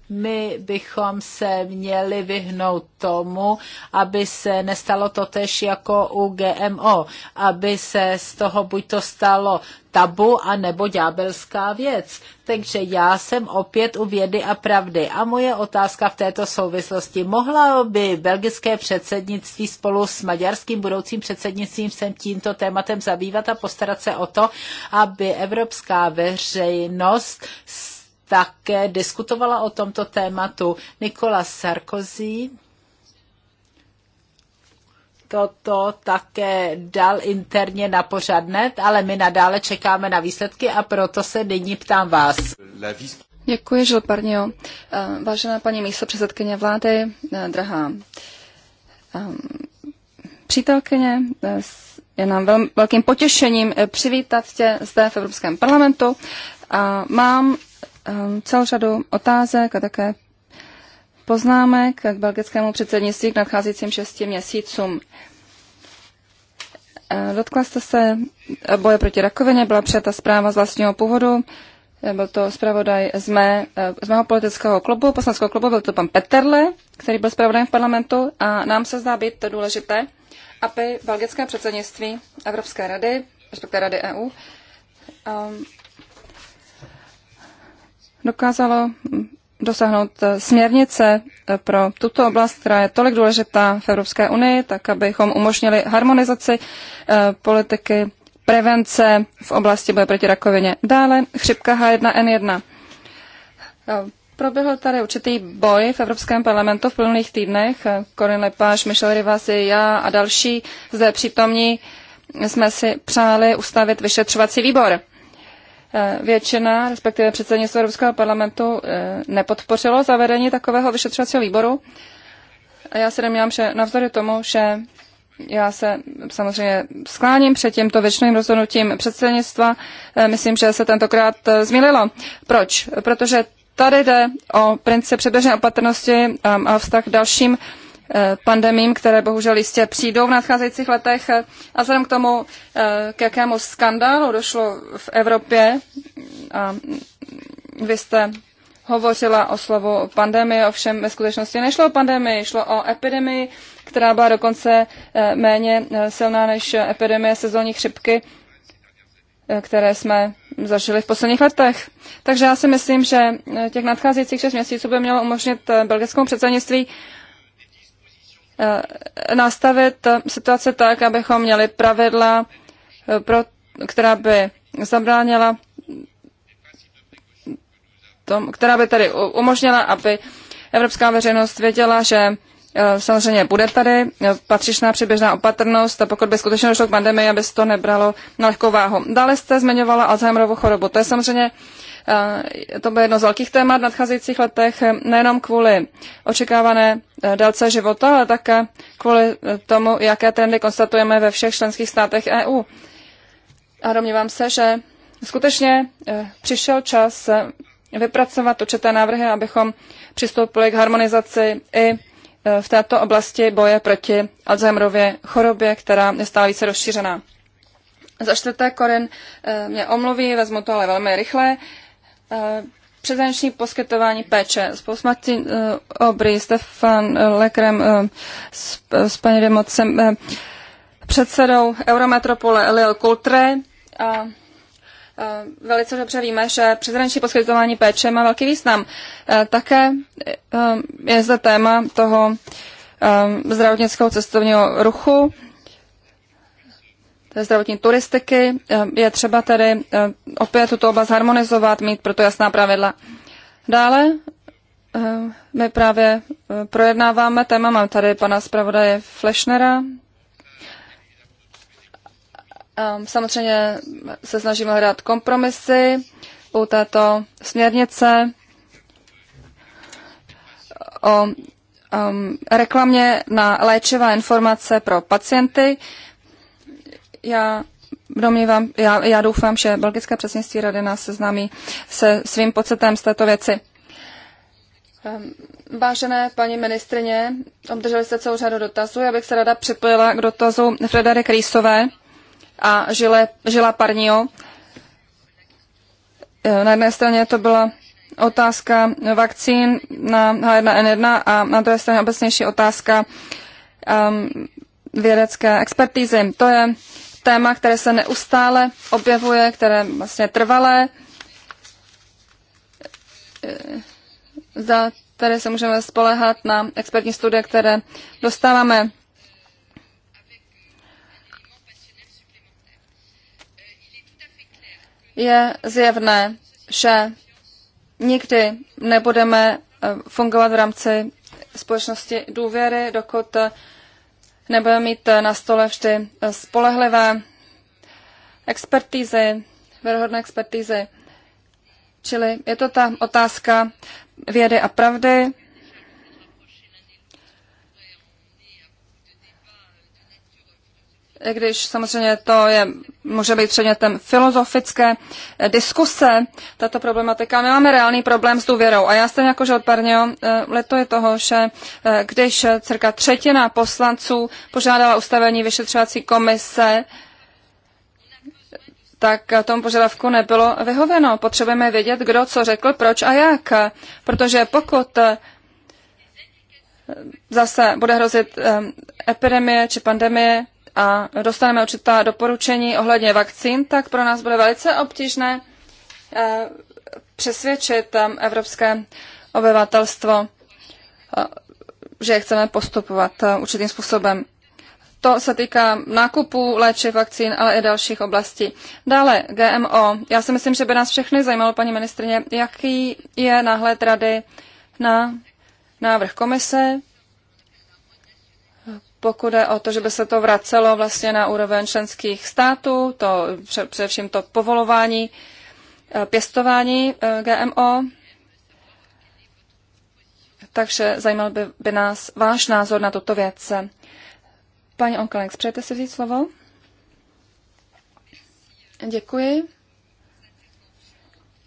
my bychom se měli vyhnout tomu, aby se nestalo to tež jako u GMO, aby se z toho buď to stalo tabu a nebo ďábelská věc. Takže já jsem opět u vědy a pravdy. A moje otázka v této souvislosti. Mohla by belgické předsednictví spolu s maďarským budoucím předsednictvím se tímto tématem zabývat a postarat se o to, aby evropská veřejnost také diskutovala o tomto tématu. Nikola Sarkozy toto také dal interně na net, ale my nadále čekáme na výsledky a proto se nyní ptám vás. Děkuji, Žil Parnio. Eh, vážená paní místo předsedkyně vlády, eh, drahá ehm, přítelkyně, je nám velkým potěšením eh, přivítat tě zde v Evropském parlamentu. A mám Um, celou řadu otázek a také poznámek k belgickému předsednictví k nadcházejícím šesti měsícům. Eh, dotkla jste se eh, boje proti rakovině, byla přijata zpráva z vlastního původu, eh, byl to zpravodaj z, mé, z mého politického klubu, poslanského klubu, byl to pan Peterle, který byl zpravodajem v parlamentu a nám se zdá být to důležité, aby belgické předsednictví Evropské rady, respektive Rady EU, um, dokázalo hm, dosáhnout eh, směrnice eh, pro tuto oblast, která je tolik důležitá v Evropské unii, tak abychom umožnili harmonizaci eh, politiky prevence v oblasti boje proti rakovině. Dále chřipka H1N1. Proběhl tady určitý boj v Evropském parlamentu v plných týdnech. Corinne Lepage, Michel Rivasi, já a další zde přítomní jsme si přáli ustavit vyšetřovací výbor. Eh, většina, respektive předsednictvo Evropského parlamentu, eh, nepodpořilo zavedení takového vyšetřovacího výboru. A já se domnívám, že navzdory tomu, že já se samozřejmě skláním před tímto většinovým rozhodnutím předsednictva. Eh, myslím, že se tentokrát zmýlilo. Proč? Protože tady jde o princip předběžné opatrnosti a vztah k dalším Eh, pandemím, které bohužel jistě přijdou v nadcházejících letech. Eh, a vzhledem k tomu, eh, k jakému skandálu došlo v Evropě, a vy jste hovořila o slovu pandemie, ovšem ve skutečnosti nešlo o pandemii, šlo o epidemii, která byla dokonce méně silná než epidemie sezónní chřipky, které jsme zažili v posledních letech. Takže já si myslím, že těch nadcházejících šest měsíců by mělo umožnit belgickému předsednictví Eh, nastavit situace tak, abychom měli pravidla, eh, pro, která by zabránila tom, která by tady umožnila, aby evropská veřejnost věděla, že eh, samozřejmě bude tady patřičná přibližná opatrnost a pokud by skutečně došlo k pandemii, aby se to nebralo na lehkou váhu. Dále jste zmiňovala Alzheimerovu chorobu. To je samozřejmě uh, Eh, to bude jedno z velkých témat v nadcházejících letech, eh, nejenom kvůli očekávané eh, délce života, ale také kvůli tomu, jaké trendy konstatujeme ve všech členských státech EU. A domnívám se, že skutečně přišel čas vypracovat určité návrhy, abychom přistoupili k harmonizaci i v této oblasti boje proti Alzheimerově chorobě, která je stále více rozšířená. Za čtvrté Korin mě omluví, vezmu to ale velmi rychle přezraniční poskytování péče. Spolu s Martin uh, eh, Obry, Stefan uh, Lekrem, uh, s, s paní Democem, uh, předsedou Eurometropole Eliel Coultre. A, uh, velice dobře víme, že přezraniční poskytování péče má velký význam. Také je zde téma toho zdravotnického cestovního ruchu, zdravotní turistiky. Eh, je třeba tedy eh, opět tuto oblast harmonizovat, mít proto jasná pravidla. Dále eh, my právě projednáváme téma, mám tady pana zpravodaje Flešnera. Samozřejmě se snažíme hledat kompromisy u této směrnice o um, reklamě na léčivá informace pro pacienty. Já domnívám, já, já doufám, že belgické předsednictví rady nás seznámí se svým pocitem z této věci. Ehm, vážené paní ministrině, obdrželi jste celou řadu dotazů. Já bych se rada připojila k dotazu Frederik Rýsové a Žile, Žila Parnio. Ehm, na jedné straně to byla otázka vakcín na H1N1 a na druhé straně obecnější otázka um, vědecké expertízy. To je téma, které se neustále objevuje, které vlastně trvalé. Zda tady se můžeme spolehat na expertní studie, které dostáváme. Je zjevné, že nikdy nebudeme eh, fungovat v rámci společnosti důvěry, dokud eh, nebudeme mít eh, na stole vždy eh, spolehlivé expertízy, věrohodné expertízy. Čili je to ta otázka vědy a pravdy, i když samozřejmě to je, může být předmětem filozofické eh, diskuse, tato problematika. My máme reálný problém s důvěrou a já jsem jako Žil leto eh, je toho, že eh, když cirka třetina poslanců požádala ustavení vyšetřovací komise, tak tomu požadavku nebylo vyhoveno. Potřebujeme vědět, kdo co řekl, proč a jak. Protože pokud zase bude hrozit epidemie či pandemie, a dostaneme určitá doporučení ohledně vakcín, tak pro nás bude velice obtížné eh, přesvědčit tam eh, evropské obyvatelstvo, eh, že chceme postupovat určitým způsobem. To se týká nákupu léčiv, vakcín, ale i dalších oblastí. Dále GMO. Já si myslím, že by nás všechny zajímalo, paní ministrině, jaký je náhled rady na návrh komise, pokud je o to, že by se to vracelo vlastně na úroveň členských států, to především to povolování, eh, pěstování eh, GMO, takže zajímal by, by nás váš názor na tuto věc. Paní Onkelenk, přejete si vzít slovo? Děkuji.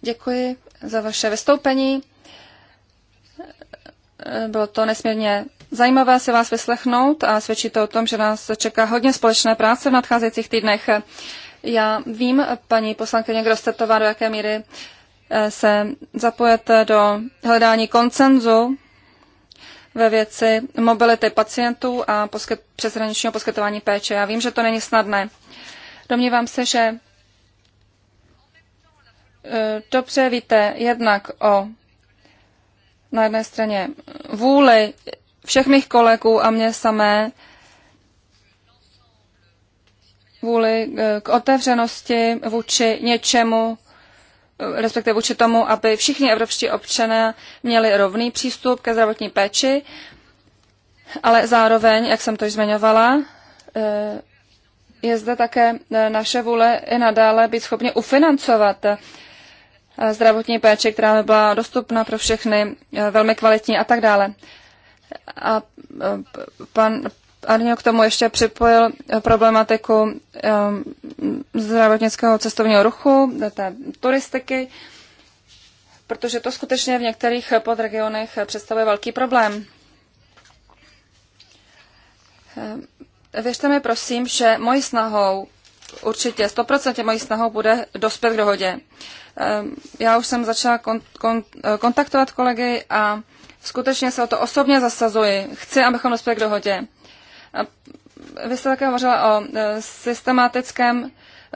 Děkuji za vaše vystoupení. Bylo to nesmírně zajímavé se vás vyslechnout a svědčí to o tom, že nás čeká hodně společné práce v nadcházejících týdnech. Já vím, paní poslankyně Grostetová, do jaké míry eh, se zapojete do hledání koncenzu ve věci mobility pacientů a poskyt, přeshraničního poskytování péče. Já vím, že to není snadné. Domnívám se, že eh, dobře víte jednak o na jedné straně vůli všech mých kolegů a mě samé vůli eh, k otevřenosti vůči něčemu, eh, respektive vůči tomu, aby všichni evropští občané měli rovný přístup ke zdravotní péči, ale zároveň, jak jsem to již zmiňovala, eh, je zde také naše vůle i nadále být schopni ufinancovat zdravotní péči, která by byla dostupná pro všechny, velmi kvalitní a tak dále. A e, pan Arňo k tomu ještě připojil problematiku e, zdravotnického cestovního ruchu, té turistiky, protože to skutečně v některých podregionech představuje velký problém. E, věřte mi prosím, že mojí snahou, určitě 100% mojí snahou bude dospět k dohodě. Já už jsem začala kontaktovat kolegy a Skutečně se o to osobně zasazuji. Chci, abychom dospěli k dohodě. Vy jste také hovořila o e, systematickém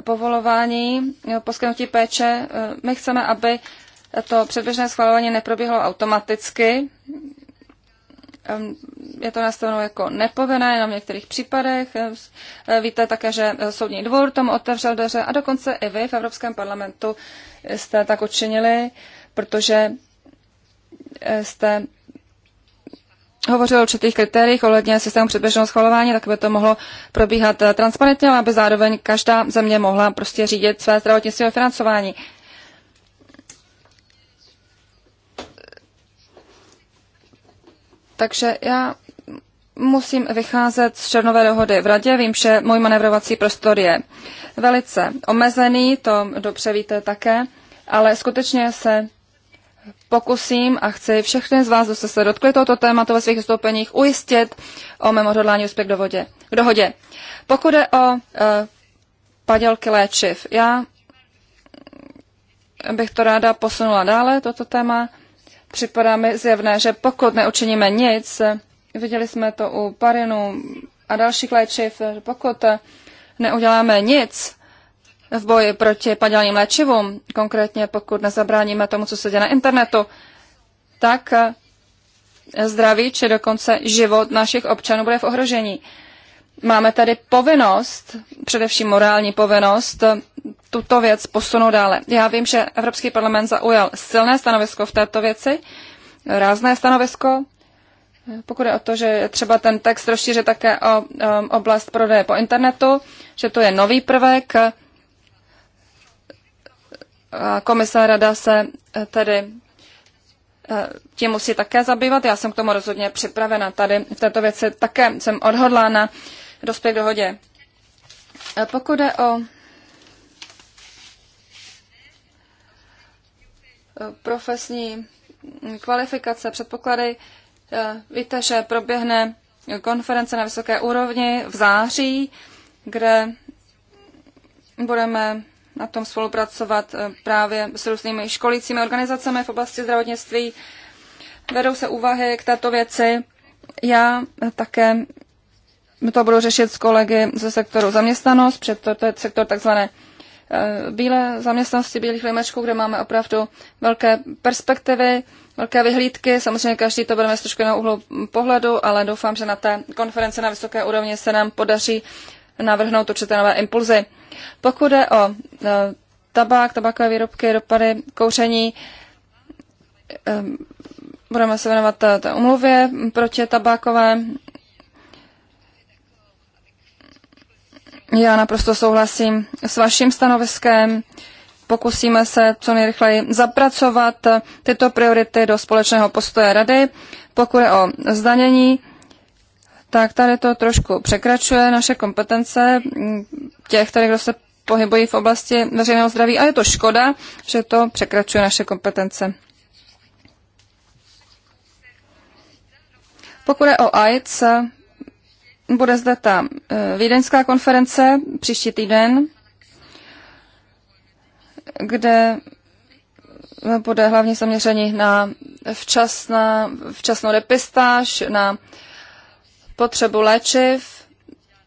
povolování poskytnutí péče. E, my chceme, aby to předběžné schvalování neprobíhalo automaticky. E, je to nastaveno jako nepovinné na některých případech. Víte také, že Soudní dvůr tomu otevřel dveře a dokonce i vy v Evropském parlamentu jste tak učinili, protože jste hovořil o určitých kritériích ohledně systému předběžného schvalování, tak by to mohlo probíhat eh, transparentně, ale aby zároveň každá země mohla prostě řídit své zdravotnictví a financování. Takže já musím vycházet z černové dohody v radě. Vím, že můj manevrovací prostor je velice omezený, to dobře víte také, ale skutečně se pokusím a chci všechny z vás, kdo jste se dotkli tohoto tématu ve svých vystoupeních, ujistit o mém odhodlání úspěch vodě, k dohodě. Pokud je o e, padělky léčiv, já bych to ráda posunula dále, toto téma. Připadá mi zjevné, že pokud neučiníme nic, viděli jsme to u parinu a dalších léčiv, pokud neuděláme nic, v boji proti padělaným léčivům, konkrétně pokud nezabráníme tomu, co se děje na internetu, tak eh, zdraví či dokonce život našich občanů bude v ohrožení. Máme tady povinnost, především morální povinnost, eh, tuto věc posunout dále. Já vím, že Evropský parlament zaujal silné stanovisko v této věci, rázné stanovisko, pokud je o to, že třeba ten text rozšířit také o um, oblast prodeje po internetu, že to je nový prvek, komise rada se eh, tedy eh, tím musí také zabývat. Já jsem k tomu rozhodně připravena. Tady v této věci také jsem odhodlána dospět dohodě. Pokud jde o eh, profesní kvalifikace, předpoklady, víte, že proběhne konference na vysoké úrovni v září, kde budeme na tom spolupracovat eh, právě s různými školícími organizacemi v oblasti zdravotnictví. Vedou se úvahy k této věci. Já eh, také to budu řešit s kolegy ze sektoru zaměstnanost, před to, je sektor takzvané eh, bílé zaměstnanosti, bílých limečků, kde máme opravdu velké perspektivy, velké vyhlídky. Samozřejmě každý to budeme z trošku jiného úhlu pohledu, ale doufám, že na té konferenci na vysoké úrovni se nám podaří navrhnout určité nové impulzy. Pokud je o e, tabák, tabakové výrobky, dopady, kouření, e, budeme se věnovat té umluvě proti tabákové. Já naprosto souhlasím s vaším stanoviskem. Pokusíme se co nejrychleji zapracovat tyto priority do společného postoje rady. Pokud je o zdanění, tak tady to trošku překračuje naše kompetence mm, těch, které kdo se pohybují v oblasti veřejného zdraví a je to škoda, že to překračuje naše kompetence. Pokud je o AIDS, bude zde ta e, vídeňská konference příští týden, kde bude hlavně zaměření na včasná, včasnou depistáž, na uh, potřebu léčiv.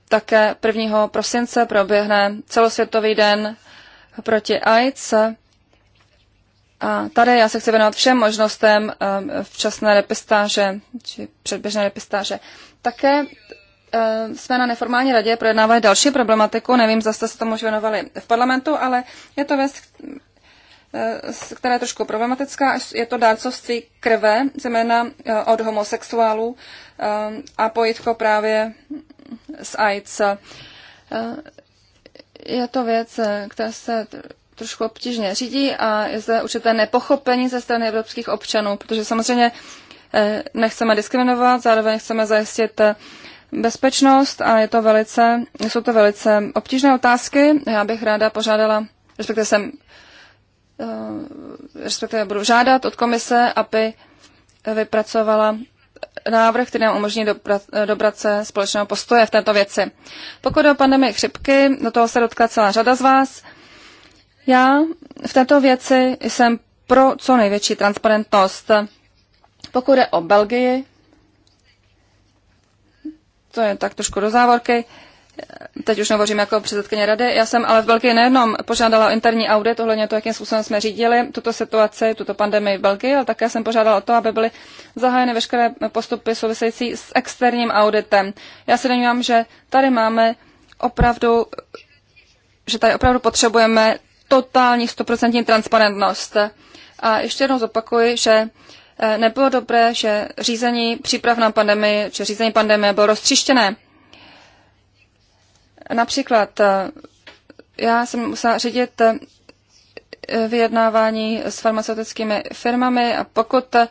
Také 1. prosince proběhne celosvětový den proti AIDS. A tady já se chci věnovat všem možnostem eh, včasné repistáže či předběžné repistáže. Také eh, jsme na neformální radě projednávali další problematiku. Nevím, zase se tomu už věnovali v parlamentu, ale je to věc, která je trošku problematická. Je to dárcovství krve, zejména eh, od homosexuálů eh, a pojitko právě s AIDS. Eh, je to věc, která se trošku obtížně řídí a je zde určité nepochopení ze strany evropských občanů, protože samozřejmě nechceme diskriminovat, zároveň chceme zajistit bezpečnost a je to velice, jsou to velice obtížné otázky. Já bych ráda požádala, respektive jsem Eh, respektive budu žádat od komise, aby vypracovala návrh, který nám umožní dobrat, se společného postoje v této věci. Pokud o pandemii chřipky, do toho se dotkla celá řada z vás, já v této věci jsem pro co největší transparentnost. Pokud je o Belgii, to je tak trošku do závorky, Teď už hovořím jako předsedkyně rady. Já jsem ale v Belgii nejenom požádala o interní audit ohledně toho, jakým způsobem jsme řídili tuto situaci, tuto pandemii v Belgii, ale také jsem požádala o to, aby byly zahájeny veškeré postupy související s externím auditem. Já se domnívám, že tady máme opravdu, že tady opravdu potřebujeme totální stoprocentní transparentnost. A ještě jednou zopakuji, že eh, nebylo dobré, že řízení příprav na pandemii, či řízení pandemie bylo roztřištěné. Například eh, já jsem musela řídit eh, vyjednávání s farmaceutickými firmami a pokud eh,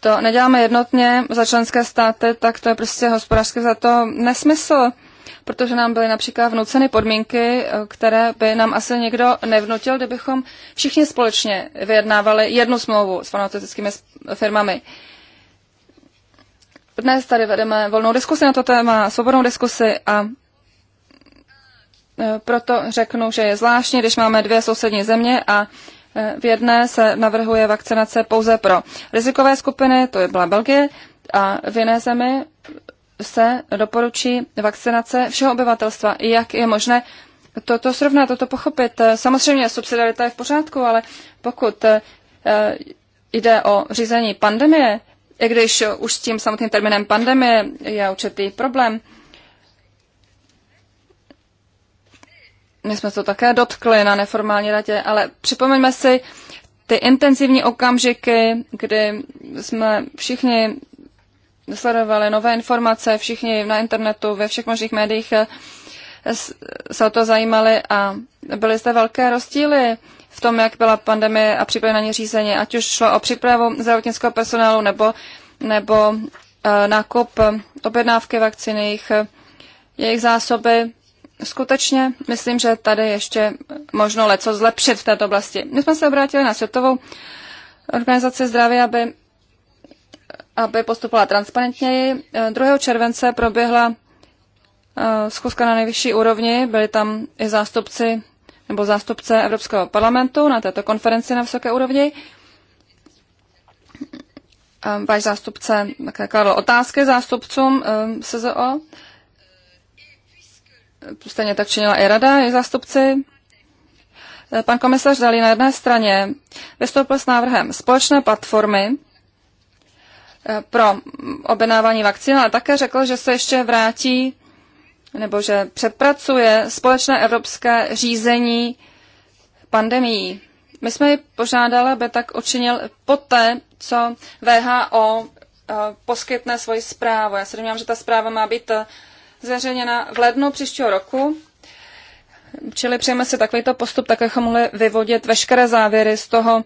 to neděláme jednotně za členské státy, tak to je prostě hospodářsky za to nesmysl, protože nám byly například vnuceny podmínky, které by nám asi někdo nevnutil, kdybychom všichni společně vyjednávali jednu smlouvu s farmaceutickými firmami. Dnes tady vedeme volnou diskusi na to téma, svobodnou diskusi a e, proto řeknu, že je zvláštní, když máme dvě sousední země a e, v jedné se navrhuje vakcinace pouze pro rizikové skupiny, to je byla Belgie, a v jiné zemi se doporučí vakcinace všeho obyvatelstva. Jak je možné toto srovnat, toto pochopit? Samozřejmě subsidiarita je v pořádku, ale pokud e, jde o řízení pandemie, i když už s tím samotným termínem pandemie je určitý problém. My jsme to také dotkli na neformální radě, ale připomeňme si ty intenzivní okamžiky, kdy jsme všichni sledovali nové informace, všichni na internetu, ve všech možných médiích se o to zajímali a byly zde velké rozdíly v tom, jak byla pandemie a přípravy na ně řízení, ať už šlo o přípravu zdravotnického personálu nebo, nebo eh, nákup objednávky vakcín, jejich, jejich zásoby. Skutečně myslím, že tady ještě možno leco zlepšit v této oblasti. My jsme se obrátili na Světovou organizaci zdraví, aby, aby postupovala transparentněji. 2. Eh, července proběhla eh, schůzka na nejvyšší úrovni, byli tam i zástupci nebo zástupce Evropského parlamentu na této konferenci na vysoké úrovni. Váš zástupce kladl otázky zástupcům eh, SZO. Stejně tak činila i rada, i zástupci. Eh, pan komisař Dalí na jedné straně vystoupil s návrhem společné platformy eh, pro objednávání vakcín, ale také řekl, že se ještě vrátí nebo že přepracuje společné evropské řízení pandemii. My jsme ji požádali, aby tak učinil poté, co VHO eh, poskytne svoji zprávu. Já se domnívám, že ta zpráva má být eh, zveřejněna v lednu příštího roku. Čili přejeme si takovýto postup, tak abychom mohli vyvodit veškeré závěry z toho,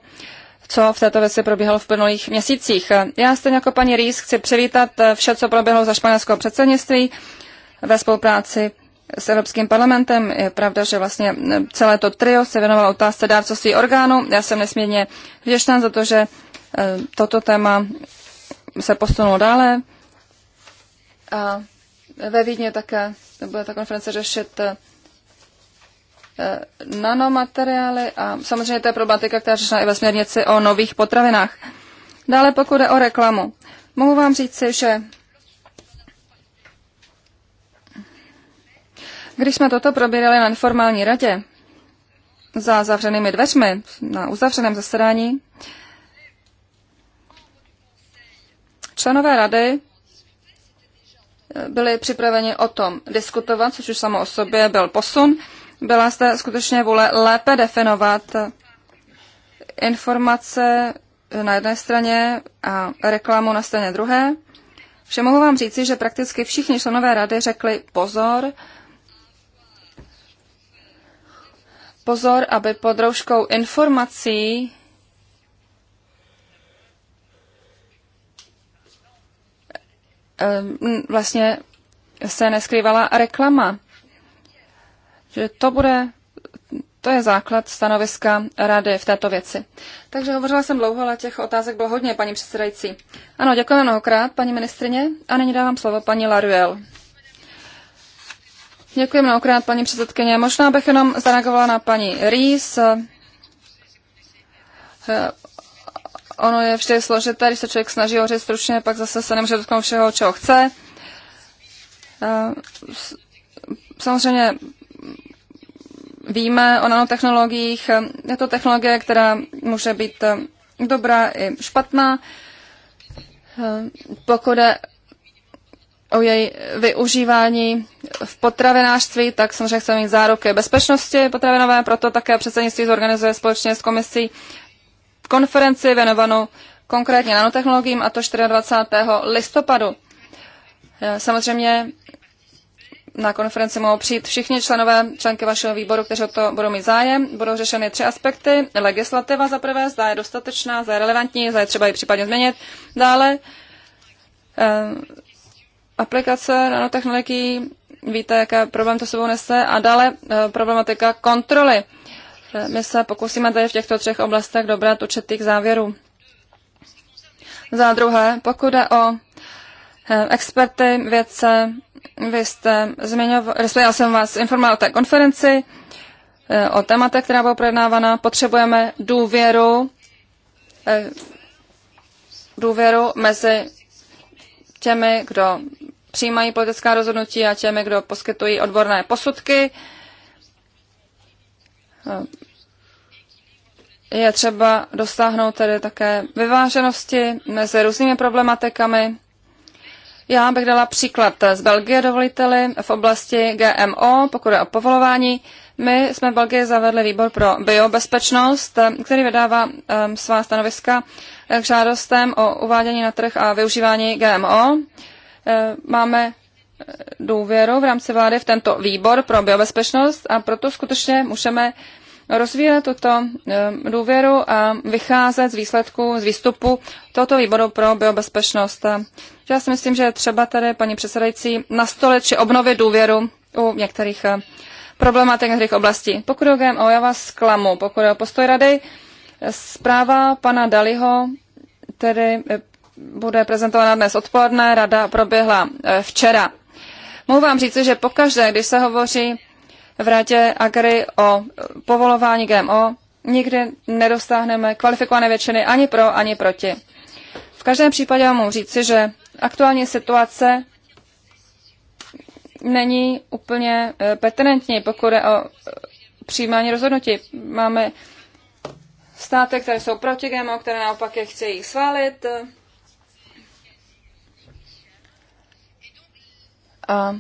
co v této věci probíhalo v plnulých měsících. Já stejně jako paní Rýs chci přivítat eh, vše, co proběhlo za španělského předsednictví ve spolupráci s Evropským parlamentem. Je pravda, že vlastně celé to trio se věnovalo otázce dárcovství orgánů. Já jsem nesmírně vděčná za to, že eh, toto téma se posunulo dále. A ve Vídně také bude ta konference řešit eh, nanomateriály a samozřejmě to je problematika, která řešila i ve směrnici o nových potravinách. Dále pokud jde o reklamu. Mohu vám říci, že Když jsme toto probírali na neformální radě za zavřenými dveřmi, na uzavřeném zasedání, členové rady eh, byli připraveni o tom diskutovat, což už samo o sobě byl posun. Byla zde skutečně vůle lépe definovat eh, informace na jedné straně a reklamu na straně druhé. Vše mohu vám říci, že prakticky všichni členové rady řekli pozor, pozor, aby pod rouškou informací vlastně se neskrývala reklama. Že to bude, to je základ stanoviska rady v této věci. Takže hovořila jsem dlouho, ale těch otázek bylo hodně, paní předsedající. Ano, děkujeme mnohokrát, paní ministrině, a nyní dávám slovo paní Laruel. Děkuji mnohokrát, paní předsedkyně. Možná bych jenom zareagovala na paní Rýs. Eh, ono je vždy složité, když se člověk snaží hořit stručně, pak zase se nemůže dotknout všeho, čeho chce. Eh, samozřejmě víme o nanotechnologiích. Je to technologie, která může být eh, dobrá i špatná. Pokud je o její využívání v potravinářství, tak samozřejmě chceme mít záruky bezpečnosti potravinové, proto také předsednictví zorganizuje společně s komisí konferenci věnovanou konkrétně nanotechnologiím, a to 24. listopadu. Eh, samozřejmě na konferenci mohou přijít všichni členové, členky vašeho výboru, kteří o to budou mít zájem. Budou řešeny tři aspekty. Legislativa za prvé, zda je dostatečná, zda je relevantní, zda je třeba ji případně změnit. Dále eh, aplikace nanotechnologií, víte, jaké problém to sebou nese, a dále eh, problematika kontroly. Eh, my se pokusíme tady v těchto třech oblastech dobrat určitých závěrů. Za druhé, pokud jde o eh, experty, vědce, vy jste zmiňoval, já jsem vás informoval o té konferenci, o tématech, která byla projednávána. Potřebujeme důvěru, důvěru mezi těmi, kdo přijímají politická rozhodnutí a těmi, kdo poskytují odborné posudky. Eh, je třeba dosáhnout tedy také vyváženosti mezi různými problematikami. Já bych dala příklad z Belgie, dovoliteli, v oblasti GMO, pokud je o povolování. My jsme v Belgii zavedli výbor pro biobezpečnost, který vydává um, svá stanoviska k žádostem o uvádění na trh a využívání GMO. Uh, máme uh, důvěru v rámci vlády v tento výbor pro biobezpečnost a proto skutečně můžeme rozvíjet tuto um, důvěru a vycházet z výsledků, z výstupu tohoto výboru pro biobezpečnost. Já si myslím, že třeba tady, paní předsedající, nastolit či obnovit důvěru u některých uh, problematik některých oblastí. Pokud o GMO, já vás klamu. Pokud o postoj rady, zpráva pana Daliho tedy eh, bude prezentována dnes odpoledne, rada proběhla eh, včera. Mohu vám říct, že pokaždé, když se hovoří v radě Agri o eh, povolování GMO, nikdy nedostáhneme kvalifikované většiny ani pro, ani proti. V každém případě vám mohu říci, že aktuální situace není úplně eh, pertinentní, pokud je o eh, přijímání rozhodnutí. Máme státy, které jsou proti GMO, které naopak je chtějí svalit. A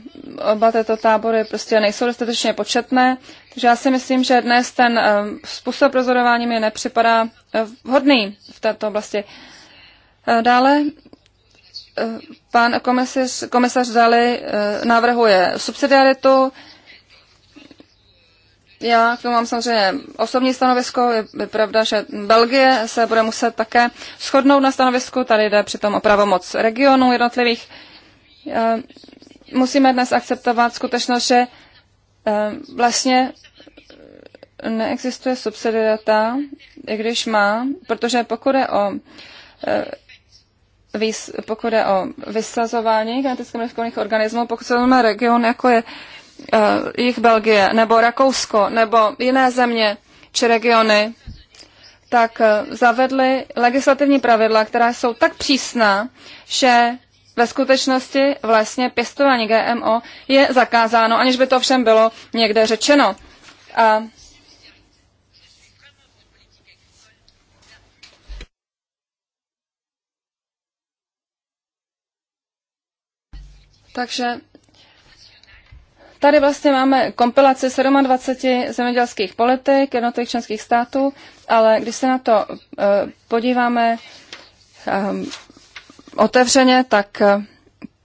oba tyto tábory prostě nejsou dostatečně početné, takže já si myslím, že dnes ten eh, způsob rozhodování mi nepřipadá vhodný v této oblasti. Dále pan komisař, komisař Dali eh, navrhuje subsidiaritu. Já k tomu mám samozřejmě osobní stanovisko. Je, je pravda, že Belgie se bude muset také shodnout na stanovisku. Tady jde přitom o pravomoc regionů jednotlivých. Eh, musíme dnes akceptovat skutečnost, že eh, vlastně neexistuje subsidiarita, i když má, protože pokud je o pokud je o vysazování geneticky modifikovaných organismů, pokud se máme region, jako je uh, jich Belgie, nebo Rakousko, nebo jiné země či regiony, tak uh, eh, zavedly legislativní pravidla, která jsou tak přísná, že ve skutečnosti vlastně pěstování GMO je zakázáno, aniž by to všem bylo někde řečeno. A Takže tady vlastně máme kompilaci 27 zemědělských politik jednotlivých členských států, ale když se na to eh, podíváme ehm, otevřeně, tak,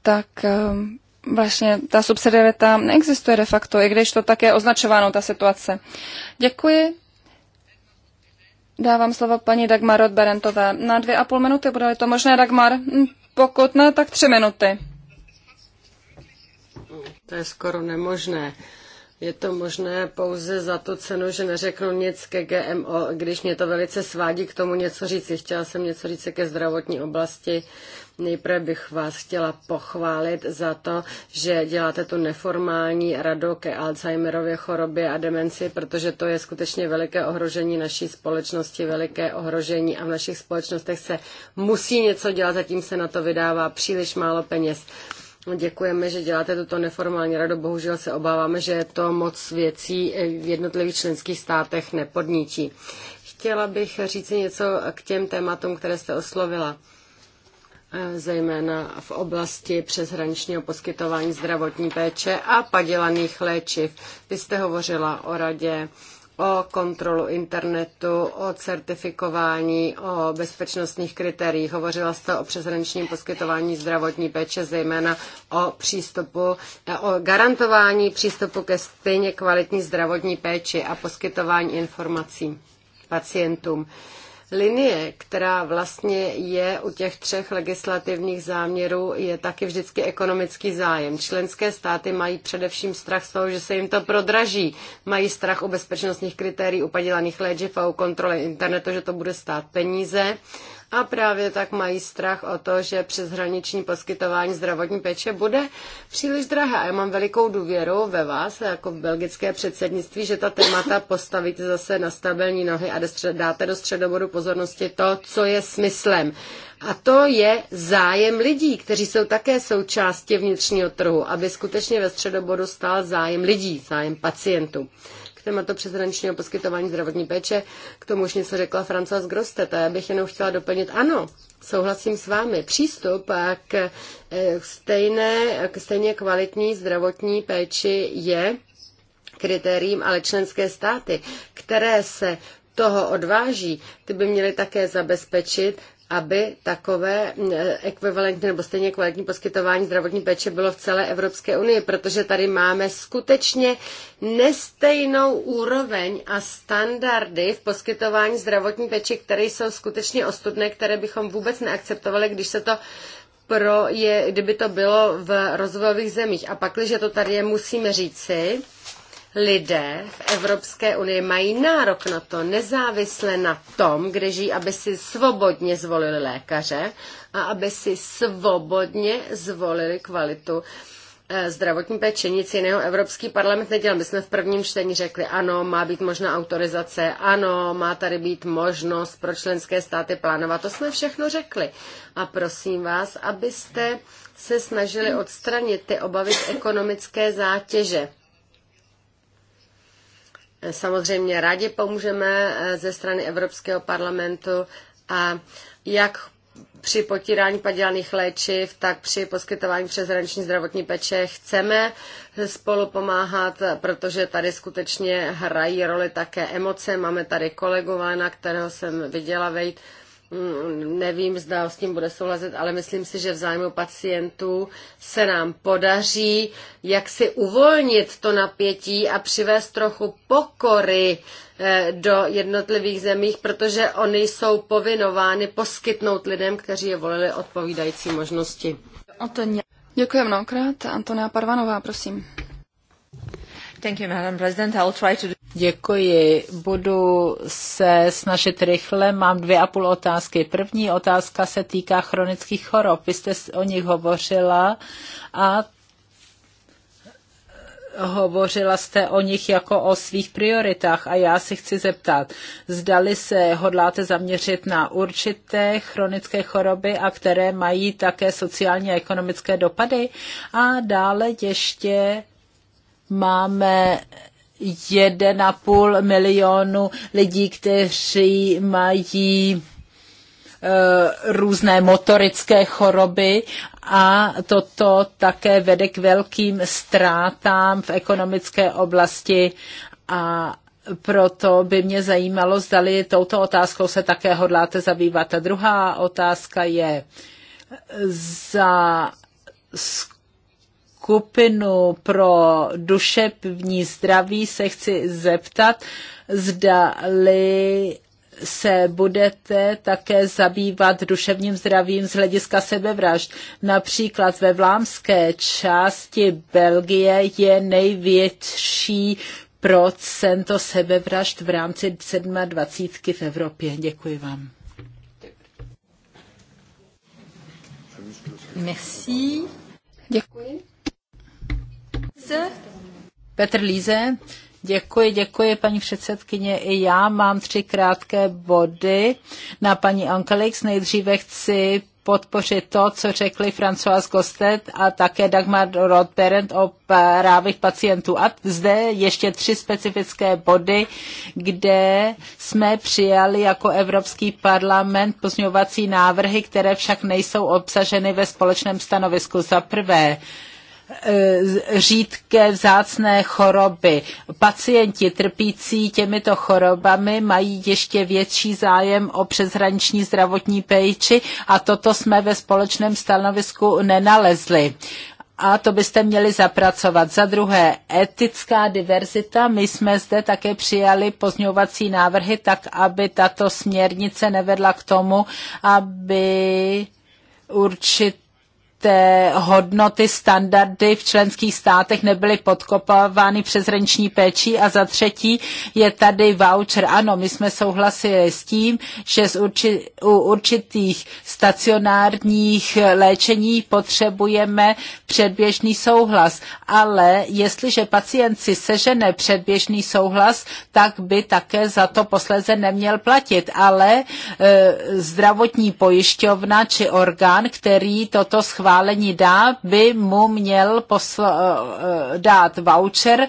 tak ehm, vlastně ta subsidiarita neexistuje de facto, i když to tak je označováno, ta situace. Děkuji. Dávám slovo paní Dagmar Berentové. Na dvě a půl minuty bude to možné, Dagmar? Hm, pokud ne, tak tři minuty. To je skoro nemožné. Je to možné pouze za to cenu, že neřeknu nic ke GMO, když mě to velice svádí k tomu něco říct, Chtěla jsem něco říct ke zdravotní oblasti. Nejprve bych vás chtěla pochválit za to, že děláte tu neformální radu ke Alzheimerově chorobě a demenci, protože to je skutečně veliké ohrožení naší společnosti, veliké ohrožení a v našich společnostech se musí něco dělat, zatím se na to vydává příliš málo peněz. Děkujeme, že děláte tuto neformální radu. Bohužel se obáváme, že to moc věcí v jednotlivých členských státech nepodnítí. Chtěla bych říct něco k těm tématům, které jste oslovila eh, zejména v oblasti přeshraničního poskytování zdravotní péče a padělaných léčiv. Vy jste hovořila o radě o kontrolu internetu, o certifikování, o bezpečnostních kritériích. Hovořila jste o přeshraničním poskytování zdravotní péče, zejména o přístupu, o garantování přístupu ke stejně kvalitní zdravotní péči a poskytování informací pacientům linie, která vlastně je u těch třech legislativních záměrů, je taky vždycky ekonomický zájem. Členské státy mají především strach z toho, že se jim to prodraží. Mají strach o bezpečnostních kritérií, u padělaných léčiv a u kontroly internetu, že to bude stát peníze a právě tak mají strach o to, že přeshraniční poskytování zdravotní péče bude příliš drahé. A já mám velikou důvěru ve vás, jako v belgické předsednictví, že ta témata postavíte zase na stabilní nohy a dáte do středobodu pozornosti to, co je smyslem. A to je zájem lidí, kteří jsou také součástí vnitřního trhu, aby skutečně ve středobodu stál zájem lidí, zájem pacientů tématu přeshraničního poskytování zdravotní péče. K tomu už něco řekla Francois Grostet a já bych jenom chtěla doplnit, ano, souhlasím s vámi, přístup k e, stejné, k stejně kvalitní zdravotní péči je kritériím, ale členské státy, které se toho odváží, ty by měly také zabezpečit, aby takové e, ekvivalentní nebo stejně kvalitní poskytování zdravotní péče bylo v celé Evropské unii, protože tady máme skutečně nestejnou úroveň a standardy v poskytování zdravotní péče, které jsou skutečně ostudné, které bychom vůbec neakceptovali, když se to pro je, kdyby to bylo v rozvojových zemích. A pak, když to tady je, musíme říci, lidé v Evropské unii mají nárok na to, nezávisle na tom, kde žijí, aby si svobodně zvolili lékaře a aby si svobodně zvolili kvalitu eh, zdravotní péče, nic jiného Evropský parlament nedělal. My jsme v prvním čtení řekli, ano, má být možná autorizace, ano, má tady být možnost pro členské státy plánovat. To jsme všechno řekli. A prosím vás, abyste se snažili odstranit ty obavy z ekonomické zátěže samozřejmě rádi pomůžeme eh, ze strany Evropského parlamentu a jak při potírání padělaných léčiv, tak při poskytování přeshraniční zdravotní péče chceme spolu pomáhat, protože tady skutečně hrají roli také emoce. Máme tady kolegu Vána, kterého jsem viděla vejít Mm, nevím, zda s tím bude souhlasit, ale myslím si, že v zájmu pacientů se nám podaří jak si uvolnit to napětí a přivést trochu pokory eh, do jednotlivých zemích, protože oni jsou povinovány poskytnout lidem, kteří je volili odpovídající možnosti. Děkuji mnohokrát. Antonia Parvanová, prosím. Děkuji. Budu se snažit rychle. Mám dvě a půl otázky. První otázka se týká chronických chorob. Vy jste o nich hovořila a hovořila jste o nich jako o svých prioritách a já si chci zeptat, zdali se hodláte zaměřit na určité chronické choroby a které mají také sociální a ekonomické dopady a dále ještě máme 1,5 milionu lidí, kteří mají eh, různé motorické choroby a toto také vede k velkým ztrátám v ekonomické oblasti a proto by mě zajímalo, zdali touto otázkou se také hodláte zabývat. A druhá otázka je za skupinu pro duševní zdraví se chci zeptat, Zda zda-li se budete také zabývat duševním zdravím z hlediska sebevražd. Například ve vlámské části Belgie je největší procento sebevražd v rámci 27 v Evropě. Děkuji vám. Merci. Děkuji. Petr Líze. Děkuji, děkuji, paní předsedkyně. I já mám tři krátké body na paní Ankelix. Nejdříve chci podpořit to, co řekli François Gostet a také Dagmar Rothberend o právech pacientů. A zde ještě tři specifické body, kde jsme přijali jako Evropský parlament pozňovací návrhy, které však nejsou obsaženy ve společném stanovisku. Za prvé, Eh, řídké vzácné choroby. Pacienti trpící těmito chorobami mají ještě větší zájem o přeshraniční zdravotní péči a toto jsme ve společném stanovisku nenalezli a to byste měli zapracovat. Za druhé, etická diverzita. My jsme zde také přijali pozňovací návrhy, tak aby tato směrnice nevedla k tomu, aby určit té hodnoty, standardy v členských státech nebyly podkopávány renční péčí a za třetí je tady voucher. Ano, my jsme souhlasili s tím, že z urči, u určitých stacionárních léčení potřebujeme předběžný souhlas, ale jestliže pacient si sežene předběžný souhlas, tak by také za to posléze neměl platit, ale e, zdravotní pojišťovna či orgán, který toto schválí, schválení dá, by mu měl posl- eh, eh, dát voucher,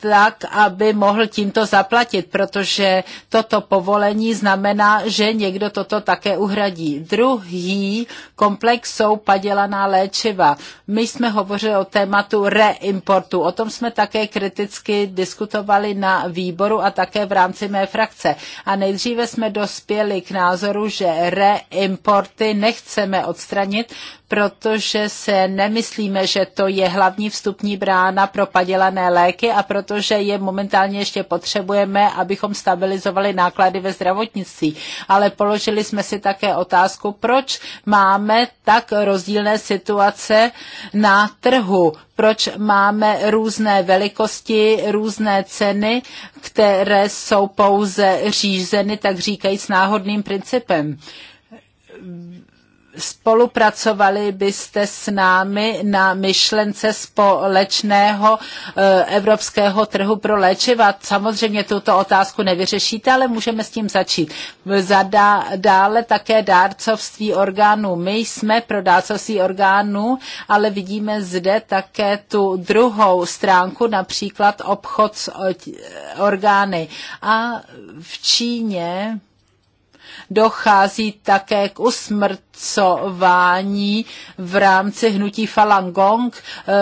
tak, aby mohl tímto zaplatit, protože toto povolení znamená, že někdo toto také uhradí. Druhý komplex jsou padělaná léčiva. My jsme hovořili o tématu reimportu. O tom jsme také kriticky diskutovali na výboru a také v rámci mé frakce. A nejdříve jsme dospěli k názoru, že reimporty nechceme odstranit, protože se nemyslíme, že to je hlavní vstupní brána pro padělané léky a protože je momentálně ještě potřebujeme, abychom stabilizovali náklady ve zdravotnictví. Ale položili jsme si také otázku, proč máme tak rozdílné situace na trhu, proč máme různé velikosti, různé ceny, které jsou pouze řízeny, tak říkajíc, náhodným principem spolupracovali byste s námi na myšlence společného eh, evropského trhu pro léčiva. Samozřejmě tuto otázku nevyřešíte, ale můžeme s tím začít. Zadá, dále také dárcovství orgánů. My jsme pro dárcovství orgánů, ale vidíme zde také tu druhou stránku, například obchod s eh, orgány. A v Číně dochází také k usmrcování v rámci hnutí Falangong eh,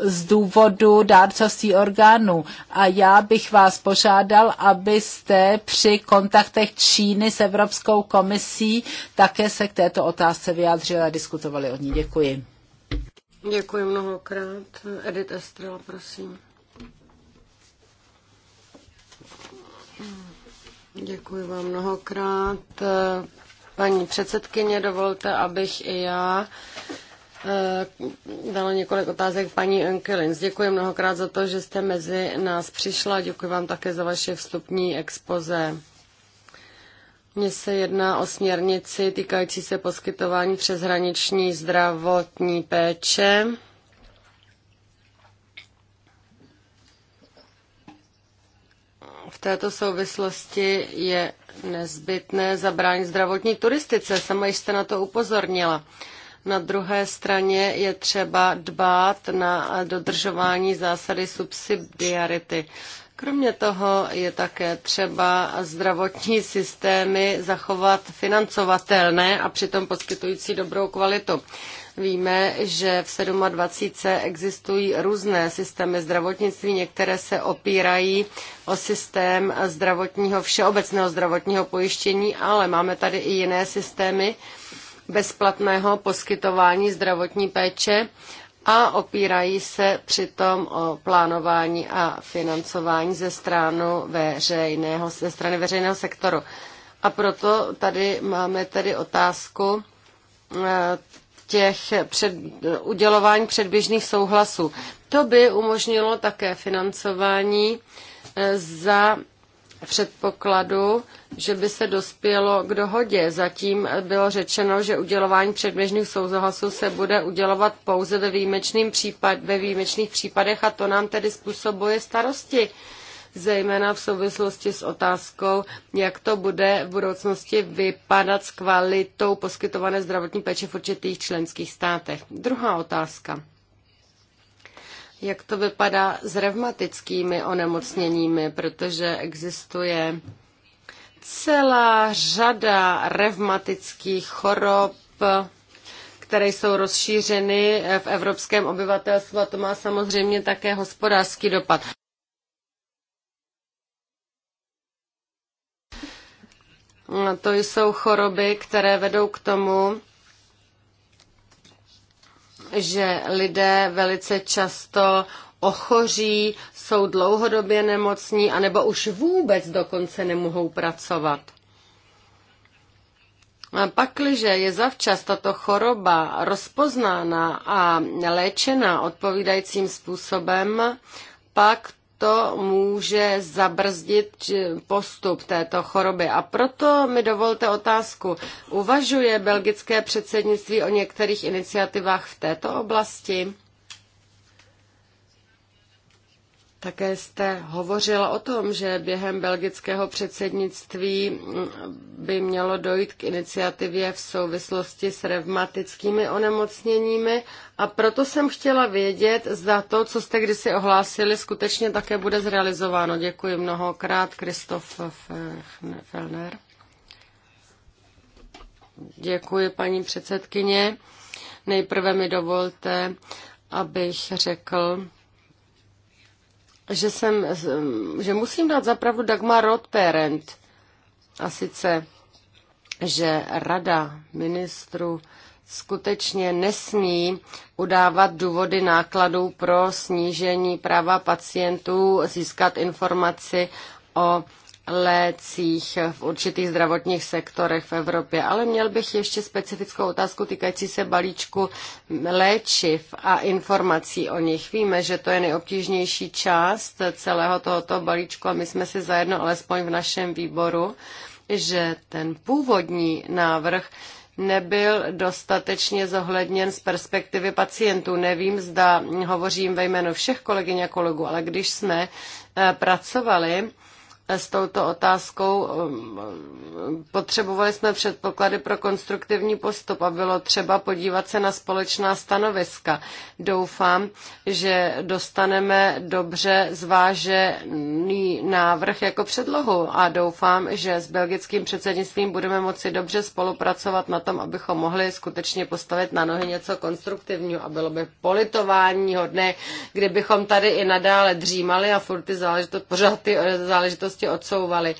z důvodu dárcovství orgánů. A já bych vás požádal, abyste při kontaktech Číny s Evropskou komisí také se k této otázce vyjádřili a diskutovali o ní. Děkuji. Děkuji mnohokrát. Edith Estrela, prosím. Děkuji vám mnohokrát. Paní předsedkyně, dovolte, abych i já eh, dala několik otázek paní Enkelins. Děkuji mnohokrát za to, že jste mezi nás přišla. Děkuji vám také za vaše vstupní expoze. Mně se jedná o směrnici týkající se poskytování přeshraniční zdravotní péče. této souvislosti je nezbytné zabránit zdravotní turistice, sama jste na to upozornila. Na druhé straně je třeba dbát na dodržování zásady subsidiarity. Kromě toho je také třeba zdravotní systémy zachovat financovatelné a přitom poskytující dobrou kvalitu. Víme, že v 27 existují různé systémy zdravotnictví, některé se opírají o systém zdravotního, všeobecného zdravotního pojištění, ale máme tady i jiné systémy bezplatného poskytování zdravotní péče a opírají se přitom o plánování a financování ze, stránu veřejného, ze strany veřejného sektoru. A proto tady máme tedy otázku eh, těch před, udělování předběžných souhlasů. To by umožnilo také financování e, za předpokladu, že by se dospělo k dohodě. Zatím bylo řečeno, že udělování předběžných souhlasů se bude udělovat pouze ve, výjimečným případ, ve výjimečných případech a to nám tedy způsobuje starosti zejména v souvislosti s otázkou, jak to bude v budoucnosti vypadat s kvalitou poskytované zdravotní péče v určitých členských státech. Druhá otázka. Jak to vypadá s revmatickými onemocněními, protože existuje celá řada revmatických chorob, které jsou rozšířeny v evropském obyvatelstvu a to má samozřejmě také hospodářský dopad. To jsou choroby, které vedou k tomu, že lidé velice často ochoří, jsou dlouhodobě nemocní, anebo už vůbec dokonce nemohou pracovat. A pakliže je zavčas tato choroba rozpoznána a léčena odpovídajícím způsobem, pak to může zabrzdit postup této choroby. A proto mi dovolte otázku. Uvažuje belgické předsednictví o některých iniciativách v této oblasti? Také jste hovořila o tom, že během belgického předsednictví by mělo dojít k iniciativě v souvislosti s revmatickými onemocněními a proto jsem chtěla vědět, zda to, co jste kdysi ohlásili, skutečně také bude zrealizováno. Děkuji mnohokrát, Kristof Fellner. Děkuji, paní předsedkyně. Nejprve mi dovolte, abych řekl, že, jsem, že musím dát zapravdu Dagmar Rothparent. A sice, že rada ministru skutečně nesmí udávat důvody nákladů pro snížení práva pacientů získat informaci o lécích v určitých zdravotních sektorech v Evropě. Ale měl bych ještě specifickou otázku týkající se balíčku léčiv a informací o nich. Víme, že to je nejobtížnější část celého tohoto balíčku a my jsme si zajedno, alespoň v našem výboru, že ten původní návrh nebyl dostatečně zohledněn z perspektivy pacientů. Nevím, zda hovořím ve jménu všech kolegyň a kolegů, ale když jsme eh, pracovali s touto otázkou. Potřebovali jsme předpoklady pro konstruktivní postup a bylo třeba podívat se na společná stanoviska. Doufám, že dostaneme dobře zvážený návrh jako předlohu a doufám, že s belgickým předsednictvím budeme moci dobře spolupracovat na tom, abychom mohli skutečně postavit na nohy něco konstruktivního a bylo by politování hodné, kdybychom tady i nadále dřímali a furt ty záležitosti, pořád ty eh, záležitosti prostě odsouvaly.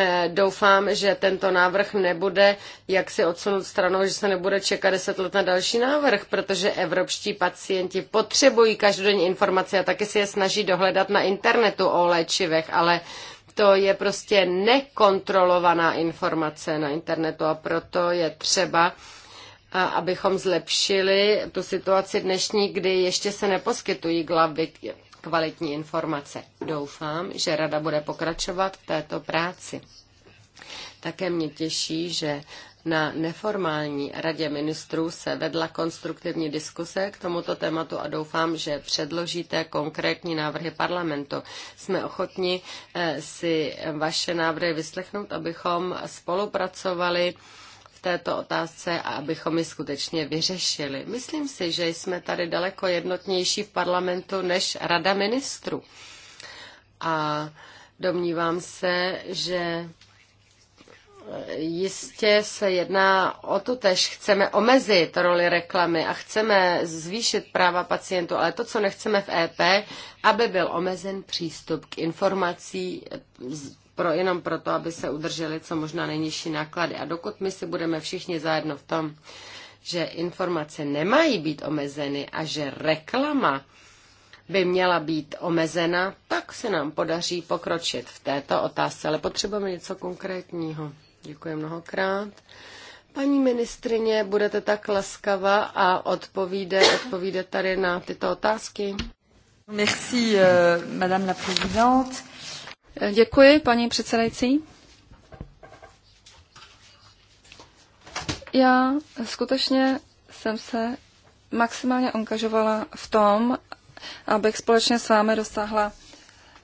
Eh, doufám, že tento návrh nebude jak si odsunut stranou, že se nebude čekat deset let na další návrh, protože evropští pacienti potřebují každodenní informace a taky si je snaží dohledat na internetu o léčivech, ale to je prostě nekontrolovaná informace na internetu a proto je třeba, abychom zlepšili tu situaci dnešní, kdy ještě se neposkytují glavy kvalitní informace. Doufám, že Rada bude pokračovat v této práci. Také mě těší, že na neformální radě ministrů se vedla konstruktivní diskuse k tomuto tématu a doufám, že předložíte konkrétní návrhy parlamentu. Jsme ochotni eh, si vaše návrhy vyslechnout, abychom spolupracovali této otázce a abychom ji skutečně vyřešili. Myslím si, že jsme tady daleko jednotnější v parlamentu než Rada ministrů. A domnívám se, že Jistě se jedná o to tež. Chceme omezit roli reklamy a chceme zvýšit práva pacientů, ale to, co nechceme v EP, aby byl omezen přístup k informací pro, jenom proto, aby se udržely co možná nejnižší náklady. A dokud my si budeme všichni zajedno v tom, že informace nemají být omezeny a že reklama by měla být omezena, tak se nám podaří pokročit v této otázce. Ale potřebujeme něco konkrétního. Děkuji mnohokrát. Paní ministrině, budete tak laskava a odpovíde, odpovíde tady na tyto otázky. Merci, euh, madame la présidente. Děkuji, paní předsedající. Já skutečně jsem se maximálně angažovala v tom, abych společně s vámi dosáhla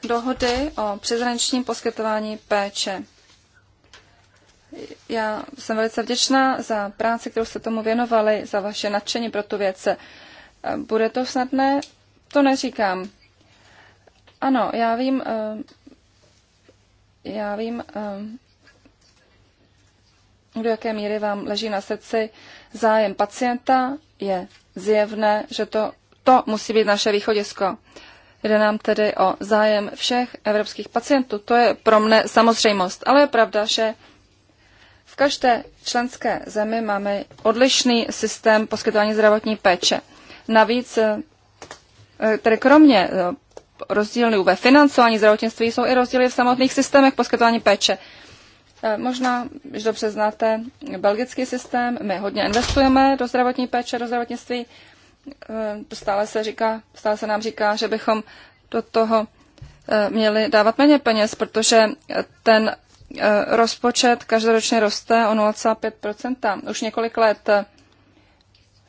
dohody o přezraničním poskytování péče. Já jsem velice vděčná za práci, kterou jste tomu věnovali, za vaše nadšení pro tu věc. Bude to snadné? To neříkám. Ano, já vím, eh, já vím, ehm, do jaké míry vám leží na srdci zájem pacienta. Je zjevné, že to, to musí být naše východisko. Jde nám tedy o zájem všech evropských pacientů. To je pro mne samozřejmost. Ale je pravda, že v každé členské zemi máme odlišný systém poskytování zdravotní péče. Navíc, eh, tedy kromě eh, rozdíly ve financování zdravotnictví jsou i rozdíly v samotných systémech poskytování péče. Eh, možná, když dobře znáte belgický systém, my hodně investujeme do zdravotní péče, do zdravotnictví. Eh, stále se, říká, stále se nám říká, že bychom do toho eh, měli dávat méně peněz, protože ten rozpočet každoročně roste o 0,5%. Už několik let,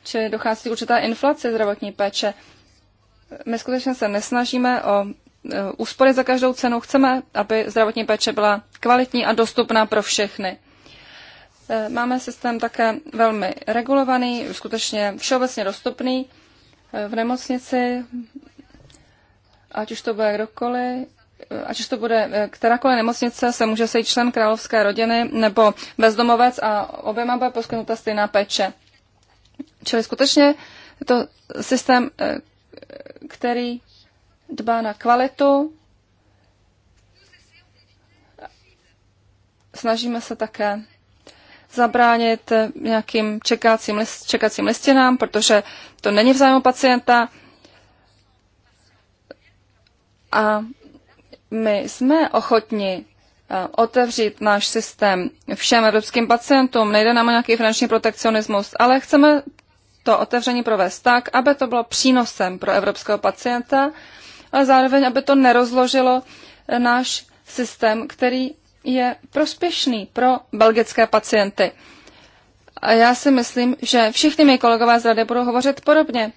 či dochází k určité inflaci zdravotní péče my skutečně se nesnažíme o e, úspory za každou cenu. Chceme, aby zdravotní péče byla kvalitní a dostupná pro všechny. E, máme systém také velmi regulovaný, skutečně všeobecně dostupný e, v nemocnici, ať už to bude kdokoliv, ať už to bude kterákoliv nemocnice, se může sejít člen královské rodiny nebo bezdomovec a oběma bude poskytnuta stejná péče. Čili skutečně je to systém který dbá na kvalitu. Snažíme se také zabránit nějakým čekacím, list, čekacím listinám, protože to není v zájmu pacienta. A my jsme ochotni eh, otevřít náš systém všem evropským pacientům. Nejde nám o nějaký finanční protekcionismus, ale chceme to otevření provést tak, aby to bylo přínosem pro evropského pacienta, ale zároveň, aby to nerozložilo eh, náš systém, který je prospěšný pro belgické pacienty. A já si myslím, že všichni mi kolegové z rady budou hovořit podobně.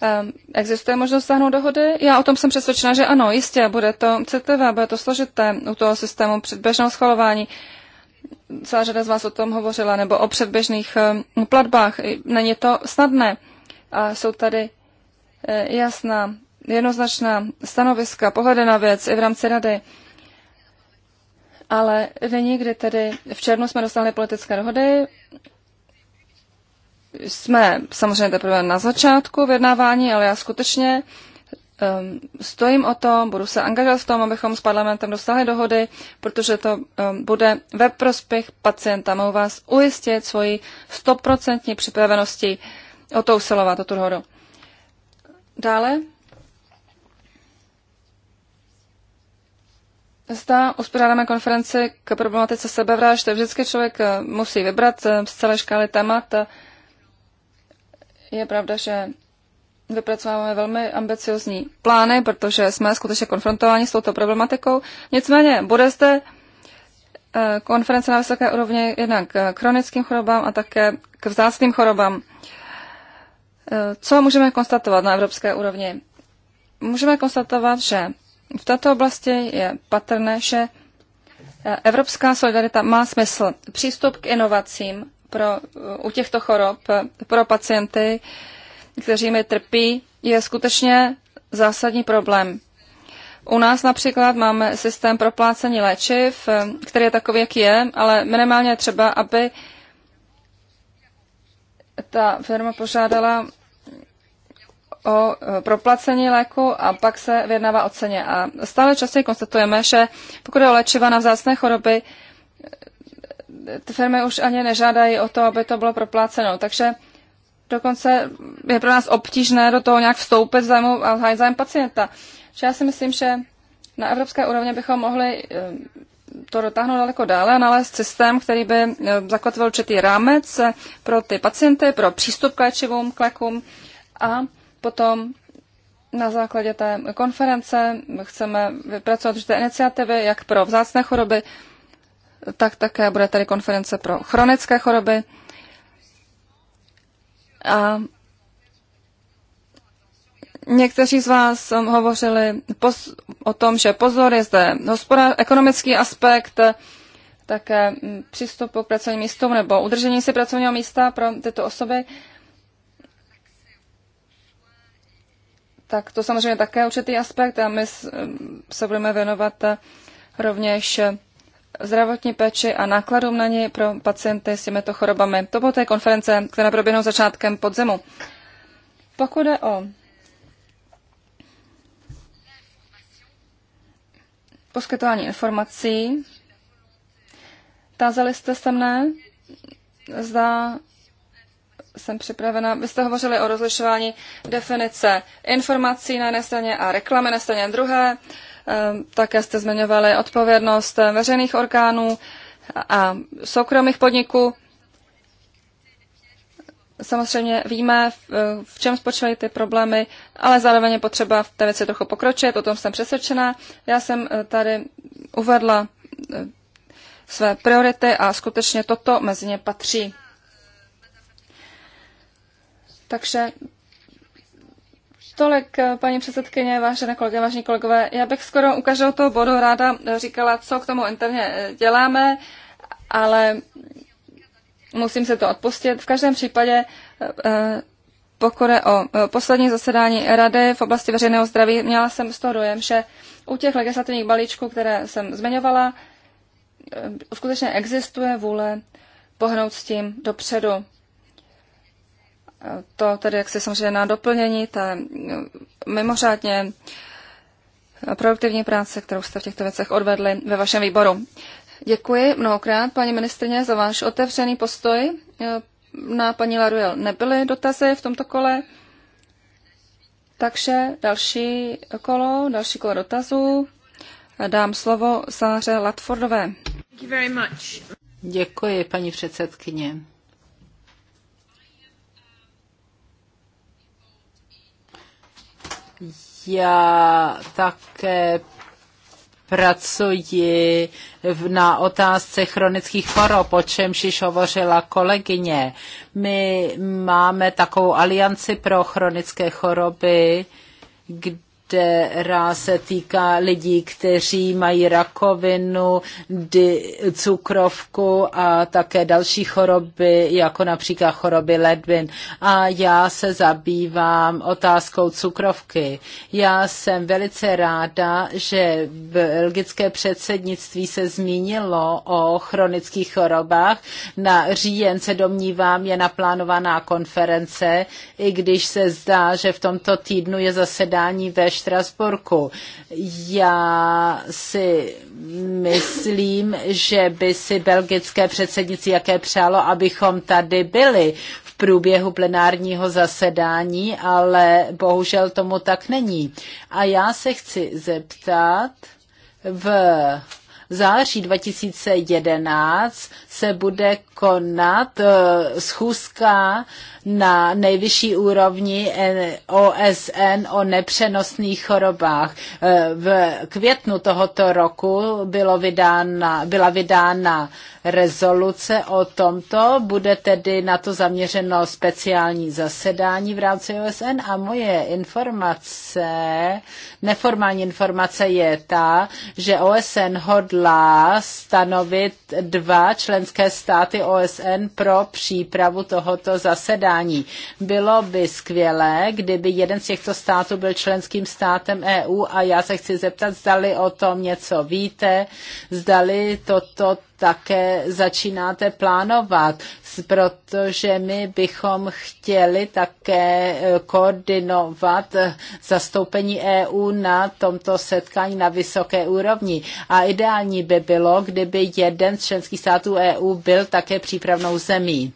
Ehm, existuje možnost stáhnout dohody? Já o tom jsem přesvědčena, že ano, jistě, bude to citlivé, bude to složité u toho systému předběžného schvalování celá řada z vás o tom hovořila, nebo o předběžných eh, platbách. Není to snadné. A jsou tady eh, jasná, jednoznačná stanoviska, pohledy na věc i v rámci rady. Ale není, kdy tedy v červnu jsme dostali politické dohody, jsme samozřejmě teprve na začátku vyjednávání, ale já skutečně uh, um, stojím o to, budu se angažovat v tom, abychom s parlamentem dostali dohody, protože to um, bude ve prospěch pacienta. Mohu vás ujistit svoji stoprocentní připravenosti o to usilovat, o tu dohodu. Dále. Zda uspořádáme konferenci k problematice to Vždycky člověk eh, musí vybrat eh, z celé škály témat. Je pravda, že vypracováváme velmi ambiciozní plány, protože jsme skutečně konfrontováni s touto problematikou. Nicméně bude zde eh, konference na vysoké úrovni jednak k chronickým chorobám a také k vzácným chorobám. Eh, co můžeme konstatovat na evropské úrovni? Můžeme konstatovat, že v této oblasti je patrné, že eh, evropská solidarita má smysl. Přístup k inovacím pro, u těchto chorob pro pacienty kteřími trpí, je skutečně zásadní problém. U nás například máme systém proplácení léčiv, který je takový, jak je, ale minimálně třeba, aby ta firma požádala o e, proplacení léku a pak se vyjednává o ceně. A stále častěji konstatujeme, že pokud je o léčiva na vzácné choroby, e, ty firmy už ani nežádají o to, aby to bylo propláceno. Takže dokonce je pro nás obtížné do toho nějak vstoupit zájmu a hájit zájem pacienta. Že já si myslím, že na evropské úrovni bychom mohli eh, to dotáhnout daleko dále a nalézt systém, který by eh, zakotvil určitý rámec eh, pro ty pacienty, pro přístup k léčivům, k lékům a potom na základě té konference chceme vypracovat určité iniciativy, jak pro vzácné choroby, tak také bude tady konference pro chronické choroby a Někteří z vás hovořili o tom, že pozor, je zde ekonomický aspekt, také mm, přístupu k pracovním místům nebo udržení si pracovního místa pro tyto osoby. Tak to samozřejmě také určitý aspekt a my mm, se budeme věnovat rovněž zdravotní péči a nákladům na ní pro pacienty s těmito chorobami. To bylo té konference, která proběhnou začátkem podzimu. Pokud jde o poskytování informací, tázali jste se mne, zda jsem připravena. Vy jste hovořili o rozlišování definice informací na jedné straně a reklamy na straně druhé. Uh, Ehm, také jste zmiňovali odpovědnost eh, veřejných orgánů a soukromých podniků. Samozřejmě víme, eh, v čem spočívají ty problémy, ale zároveň je potřeba v té věci trochu pokročit, o tom jsem přesvědčená. Já jsem eh, tady uvedla své priority a skutečně toto mezi ně patří. Takže Tolik, eh, paní předsedkyně, vážené kolegy, vážení kolegové. Já bych skoro u každého toho bodu ráda říkala, co k tomu interně eh, děláme, ale musím se to odpustit. V každém případě, eh, pokud je o poslední zasedání Rady v oblasti veřejného zdraví, měla jsem z toho dojem, že u těch legislativních balíčků, které jsem zmiňovala, skutečně existuje vůle pohnout s tím dopředu. To tedy jak se samozřejmě na doplnění té no, mimořádně produktivní práce, kterou jste v těchto věcech odvedli ve vašem výboru. Děkuji mnohokrát, paní ministrině, za váš otevřený postoj. Na paní Laruel nebyly dotazy v tomto kole, takže další kolo, další kolo dotazů. Dám slovo Sáře Latfordové. Děkuji, paní předsedkyně. Já také pracuji na otázce chronických chorob, o čemž již hovořila kolegyně. My máme takovou alianci pro chronické choroby, kde která se týká lidí, kteří mají rakovinu, cukrovku a také další choroby, jako například choroby ledvin. A já se zabývám otázkou cukrovky. Já jsem velice ráda, že belgické předsednictví se zmínilo o chronických chorobách. Na říjen se domnívám je naplánovaná konference, i když se zdá, že v tomto týdnu je zasedání ve Štrasburku. Já si myslím, že by si belgické předsednici jaké přálo, abychom tady byli v průběhu plenárního zasedání, ale bohužel tomu tak není. A já se chci zeptat v září 2011 se bude konat eh, schůzka na nejvyšší úrovni OSN o nepřenosných chorobách. E, v květnu tohoto roku bylo vydána, byla vydána rezoluce o tomto. Bude tedy na to zaměřeno speciální zasedání v rámci OSN a moje informace, neformální informace je ta, že OSN hodlá stanovit dva členské státy OSN pro přípravu tohoto zasedání jednání. Bylo by skvělé, kdyby jeden z těchto států byl členským státem EU a já se chci zeptat, zdali o tom něco víte, zdali toto také začínáte plánovat, protože my bychom chtěli také eh, koordinovat eh, zastoupení EU na tomto setkání na vysoké úrovni. A ideální by bylo, kdyby jeden z členských států EU byl také přípravnou zemí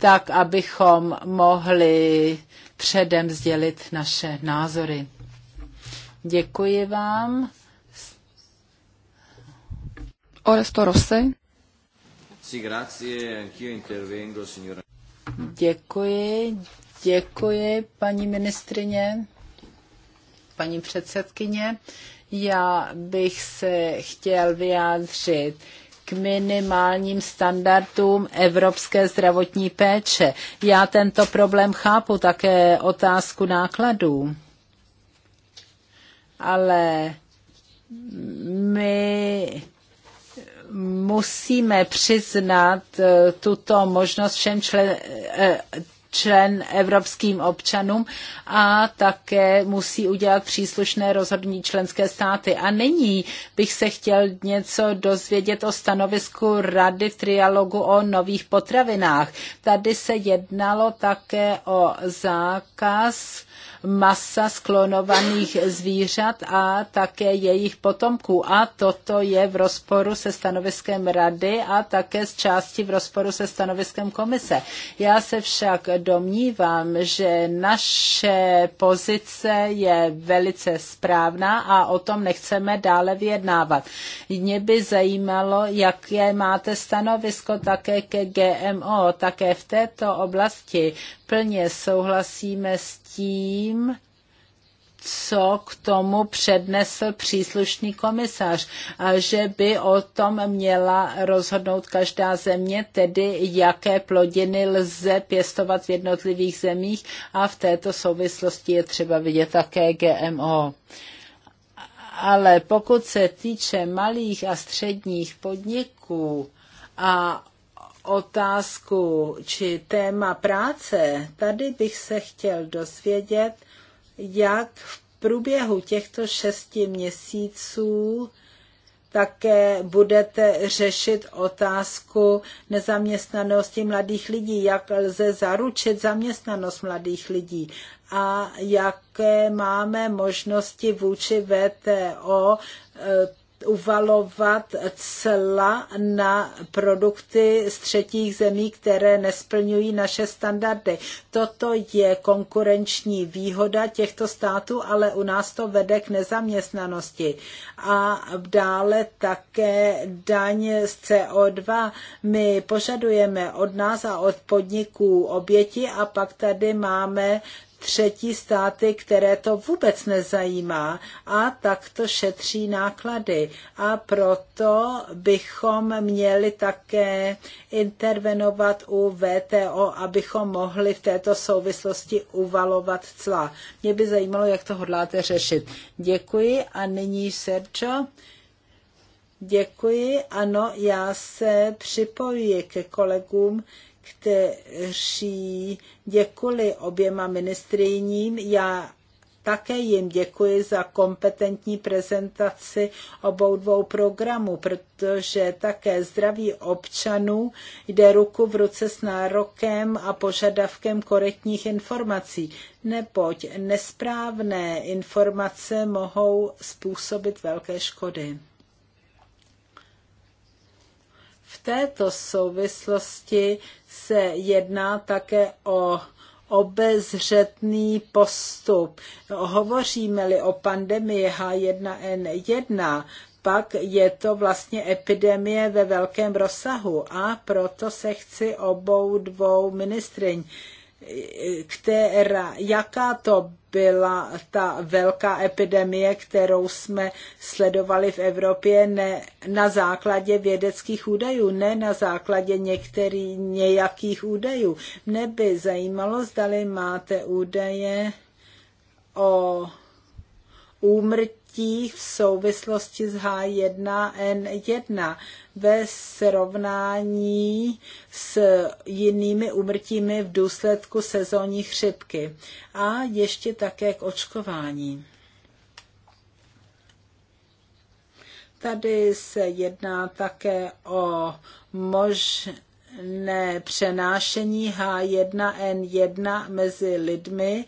tak abychom mohli předem sdělit naše názory. Děkuji vám. Oresto Rossi. Děkuji, děkuji, paní ministrině, paní předsedkyně. Já bych se chtěl vyjádřit k minimálním standardům evropské zdravotní péče. Já tento problém chápu také otázku nákladů. Ale my musíme přiznat eh, tuto možnost všem člen, eh, člen evropským občanům a také musí udělat příslušné rozhodnutí členské státy. A nyní bych se chtěl něco dozvědět o stanovisku Rady v trialogu o nových potravinách. Tady se jednalo také o zákaz masa sklonovaných zvířat a také jejich potomků. A toto je v rozporu se stanoviskem rady a také z části v rozporu se stanoviskem komise. Já se však domnívám, že naše pozice je velice správná a o tom nechceme dále vyjednávat. Mě by zajímalo, jaké máte stanovisko také ke GMO. Také v této oblasti plně souhlasíme s tím, co k tomu přednesl příslušný komisař a že by o tom měla rozhodnout každá země, tedy jaké plodiny lze pěstovat v jednotlivých zemích a v této souvislosti je třeba vidět také GMO. Ale pokud se týče malých a středních podniků a otázku či téma práce, tady bych se chtěl dozvědět, jak v průběhu těchto šesti měsíců také budete řešit otázku nezaměstnanosti mladých lidí, jak lze zaručit zaměstnanost mladých lidí a jaké máme možnosti vůči VTO eh, uvalovat cela na produkty z třetích zemí, které nesplňují naše standardy. Toto je konkurenční výhoda těchto států, ale u nás to vede k nezaměstnanosti. A dále také daň z CO2. My požadujeme od nás a od podniků oběti a pak tady máme třetí státy, které to vůbec nezajímá a tak to šetří náklady. A proto bychom měli také intervenovat u VTO, abychom mohli v této souvislosti uvalovat cla. Mě by zajímalo, jak to hodláte řešit. Děkuji a nyní Sergio. Děkuji, ano, já se připojuji ke kolegům, kteří děkuli oběma ministriním. Já také jim děkuji za kompetentní prezentaci obou dvou programů, protože také zdraví občanů jde ruku v ruce s nárokem a požadavkem korektních informací, neboť nesprávné informace mohou způsobit velké škody. V této souvislosti se jedná také o obezřetný postup. Hovoříme-li o pandemii H1N1, pak je to vlastně epidemie ve velkém rozsahu a proto se chci obou dvou ministryň která, jaká to byla ta velká epidemie, kterou jsme sledovali v Evropě, ne na základě vědeckých údajů, ne na základě některých nějakých údajů. Mne by zajímalo, zdali máte údaje o úmrtí dětí v souvislosti s H1N1 ve srovnání s jinými umrtími v důsledku sezónní chřipky a ještě také k očkování. Tady se jedná také o možné přenášení H1N1 mezi lidmi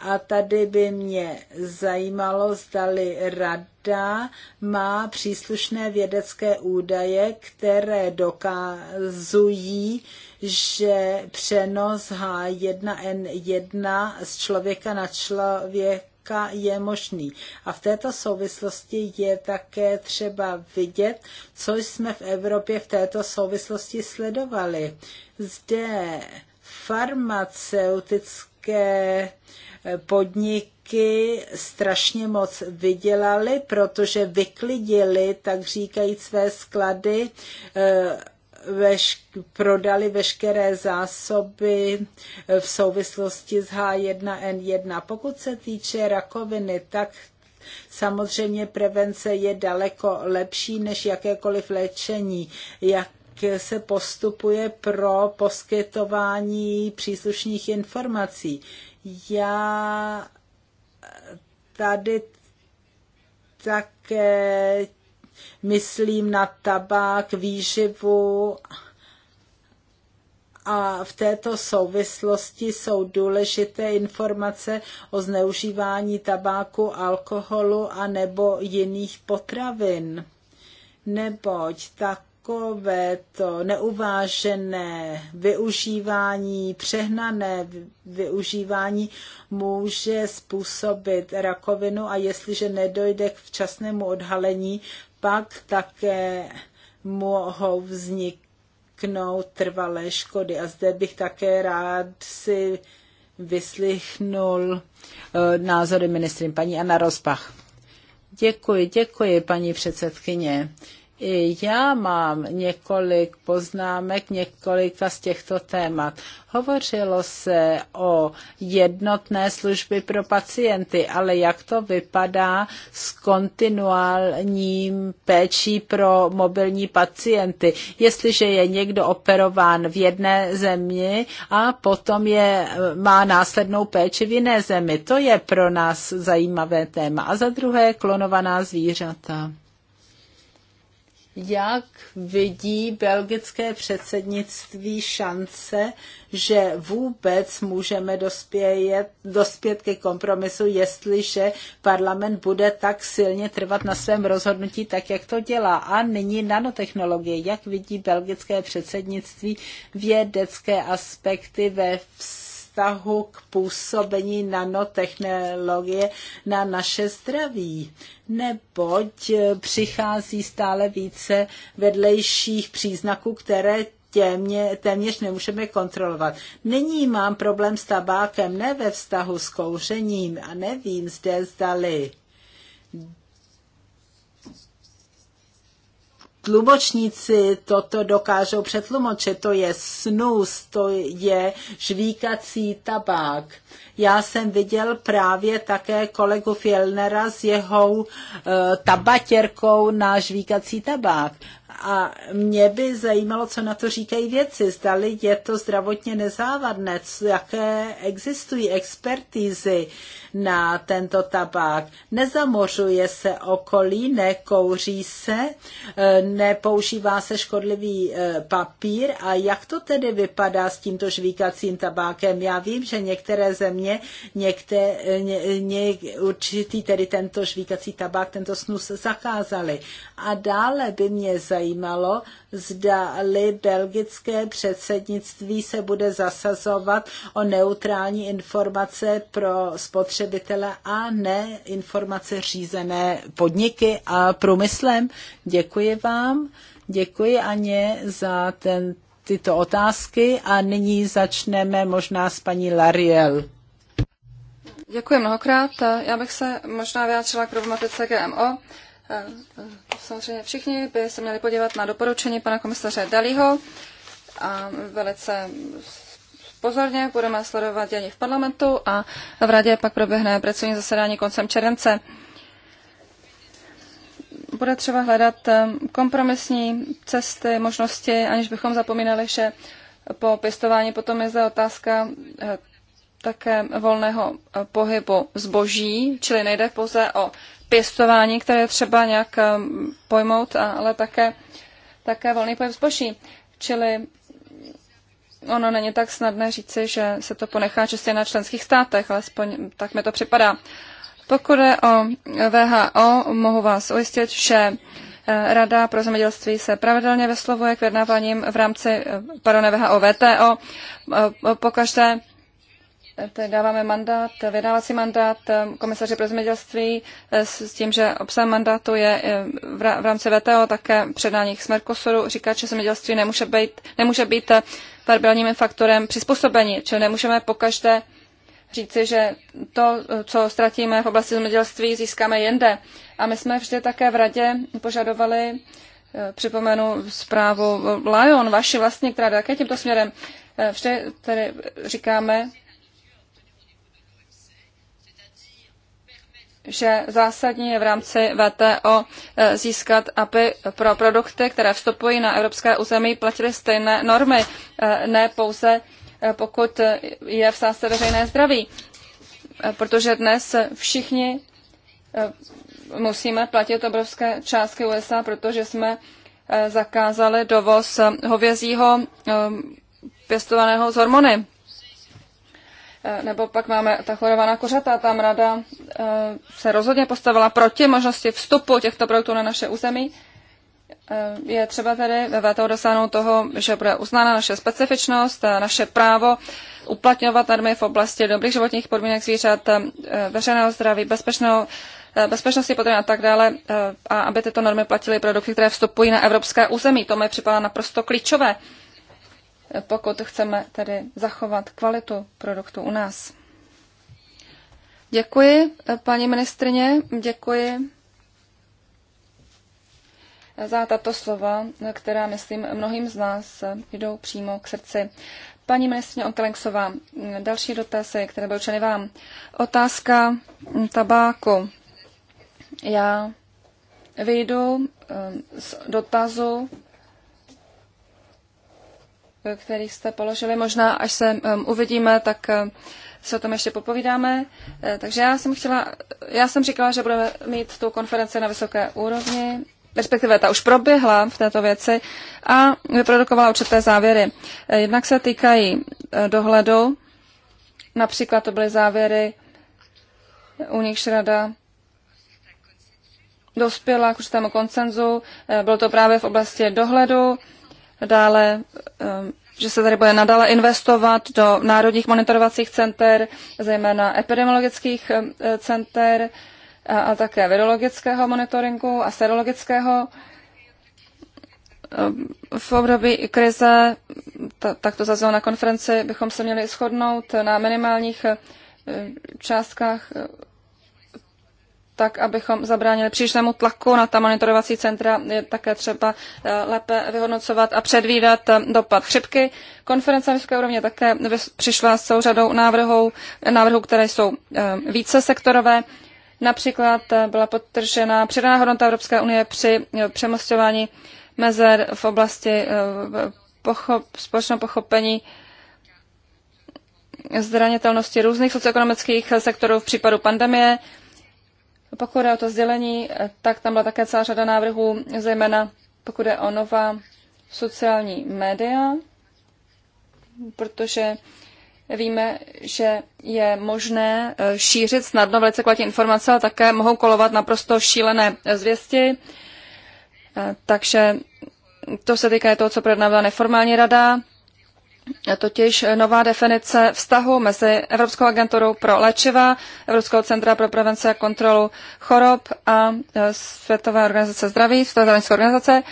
a tady by mě zajímalo, zdali rada má příslušné vědecké údaje, které dokazují, že přenos H1N1 z člověka na člověka je možný. A v této souvislosti je také třeba vidět, co jsme v Evropě v této souvislosti sledovali. Zde farmaceutické velké podniky strašně moc vydělali, protože vyklidili, tak říkají, své sklady, eh, veš- prodali veškeré zásoby eh, v souvislosti s H1N1. Pokud se týče rakoviny, tak Samozřejmě prevence je daleko lepší než jakékoliv léčení. Jak se postupuje pro poskytování příslušných informací. Já tady také myslím na tabák, výživu a v této souvislosti jsou důležité informace o zneužívání tabáku, alkoholu a nebo jiných potravin. Neboť tak to neuvážené využívání, přehnané využívání může způsobit rakovinu a jestliže nedojde k včasnému odhalení, pak také mohou vzniknout trvalé škody. A zde bych také rád si vyslychnul eh, názory ministrin paní Anna Rozbach. Děkuji, děkuji, paní předsedkyně. Já mám několik poznámek, několika z těchto témat. Hovořilo se o jednotné služby pro pacienty, ale jak to vypadá s kontinuálním péčí pro mobilní pacienty? Jestliže je někdo operován v jedné zemi a potom je, má následnou péči v jiné zemi, to je pro nás zajímavé téma. A za druhé klonovaná zvířata jak vidí belgické předsednictví šance, že vůbec můžeme dospět, dospět ke kompromisu, jestliže parlament bude tak silně trvat na svém rozhodnutí, tak jak to dělá. A nyní nanotechnologie. Jak vidí belgické předsednictví vědecké aspekty ve vztahu vztahu k působení nanotechnologie na naše zdraví, neboť eh, přichází stále více vedlejších příznaků, které Těmě, téměř nemůžeme kontrolovat. Nyní mám problém s tabákem, ne ve vztahu s kouřením a nevím zde zdali tlumočníci toto dokážou přetlumočit. To je snus, to je žvíkací tabák. Já jsem viděl právě také kolegu Fielnera s jeho e, tabatěrkou na žvíkací tabák. A mě by zajímalo, co na to říkají věci. Zdali je to zdravotně nezávadné, jaké existují expertízy na tento tabák. Nezamořuje se okolí, nekouří se, e, nepoužívá se škodlivý e, papír. A jak to tedy vypadá s tímto žvíkacím tabákem? Já vím, že některé země, některé, ně, ně, určitý tedy tento žvíkací tabák, tento snus zakázali. A dále by mě zajímalo, zajímalo, zda-li belgické předsednictví se bude zasazovat o neutrální informace pro spotřebitele a ne informace řízené podniky a průmyslem. Děkuji vám. Děkuji Aně za ten, tyto otázky a nyní začneme možná s paní Lariel. Děkuji mnohokrát. Já bych se možná vyjádřila k problematice GMO samozřejmě všichni by se měli podívat na doporučení pana komisaře Dalího a velice pozorně budeme sledovat dění v parlamentu a v radě pak proběhne pracovní zasedání koncem července. Bude třeba hledat um, kompromisní cesty, možnosti, aniž bychom zapomínali, že po pěstování potom je zde otázka eh, také volného eh, pohybu zboží, čili nejde pouze o pěstování, které je třeba nějak eh, pojmout, ale také, také volný pojem zboží. Čili ono není tak snadné říci, že se to ponechá čistě na členských státech, alespoň tak mi to připadá. Pokud je o VHO, mohu vás ujistit, že eh, Rada pro zemědělství se pravidelně vyslovuje k vyjednáváním v rámci, eh, pardon, VHO, VTO. Pokaždé dáváme mandát, vydávací mandát eh, komisaři pro zemědělství eh, s tím, že obsahem mandátu je eh, v rámci VTO také předání k Mercosuru. Říká, že zemědělství nemůže být, nemůže být variabilním faktorem přizpůsobení, čili nemůžeme pokaždé říci, že to, co ztratíme v oblasti zemědělství, získáme jinde. A my jsme vždy také v radě požadovali, připomenu zprávu Lion, vaši vlastní, která také tímto směrem vždy tedy říkáme, že zásadní je v rámci VTO eh, získat, aby pro produkty, které vstupují na evropské území, platily stejné normy, eh, ne pouze eh, pokud je v sázce veřejné zdraví. Protože dnes všichni musíme platit obrovské částky USA, protože jsme zakázali dovoz hovězího pěstovaného z hormony. Eh, nebo pak máme ta chorovaná kořata, tam rada eh, se rozhodně postavila proti možnosti vstupu těchto produktů na naše území. Eh, je třeba tedy ve VTO dosáhnout toho, že bude uznána naše specifičnost, naše právo uplatňovat normy v oblasti dobrých životních podmínek zvířat, veřejného zdraví, bezpečného bezpečnosti potravin a tak dále, a aby tyto normy platily produkty, které vstupují na evropské území. To mi připadá naprosto klíčové pokud chceme tedy zachovat kvalitu produktu u nás. Děkuji, paní ministrině, děkuji za tato slova, která, myslím, mnohým z nás jdou přímo k srdci. Paní ministrině Onkelenksová, další dotazy, které byly učeny vám. Otázka tabáku. Já vyjdu eh, z dotazu který jste položili. Možná, až se um, uvidíme, tak um, se o tom ještě popovídáme. E, takže já jsem chtěla, já jsem říkala, že budeme mít tu konferenci na vysoké úrovni, respektive ta už proběhla v této věci a vyprodukovala určité závěry. E, jednak se týkají e, dohledu, například to byly závěry, u nichž rada dospěla k určitému koncenzu. Bylo to právě v oblasti dohledu, dále, ehm, že se tady bude nadále investovat do národních monitorovacích center, zejména epidemiologických ehm, center a, také virologického monitoringu a serologického. Ehm, v období krize, tak to zaznělo na konferenci, bychom se měli shodnout na minimálních částkách tak abychom zabránili přílišnému tlaku na ta monitorovací centra, je také třeba eh, lépe vyhodnocovat a předvídat eh, dopad chřipky. Konference vysoké úrovně také přišla s celou řadou návrhů, návrhů které jsou eh, více sektorové. Například byla podtržena přidaná hodnota Evropské unie při přemostování mezer v oblasti pochop, společného pochopení zranitelnosti různých socioekonomických sektorů v případu pandemie pokud jde o to sdělení, tak tam byla také celá řada návrhů, zejména pokud je o nová sociální média, protože víme, že je možné eh, šířit snadno velice kvalitní informace, ale také mohou kolovat naprosto šílené zvěsti. Eh, takže to se týká toho, co projednávala neformální rada totiž nová definice vztahu mezi Evropskou agenturou pro léčiva, Evropskou centra pro prevenci a kontrolu chorob a e, Světové organizace zdraví, Světové organizace.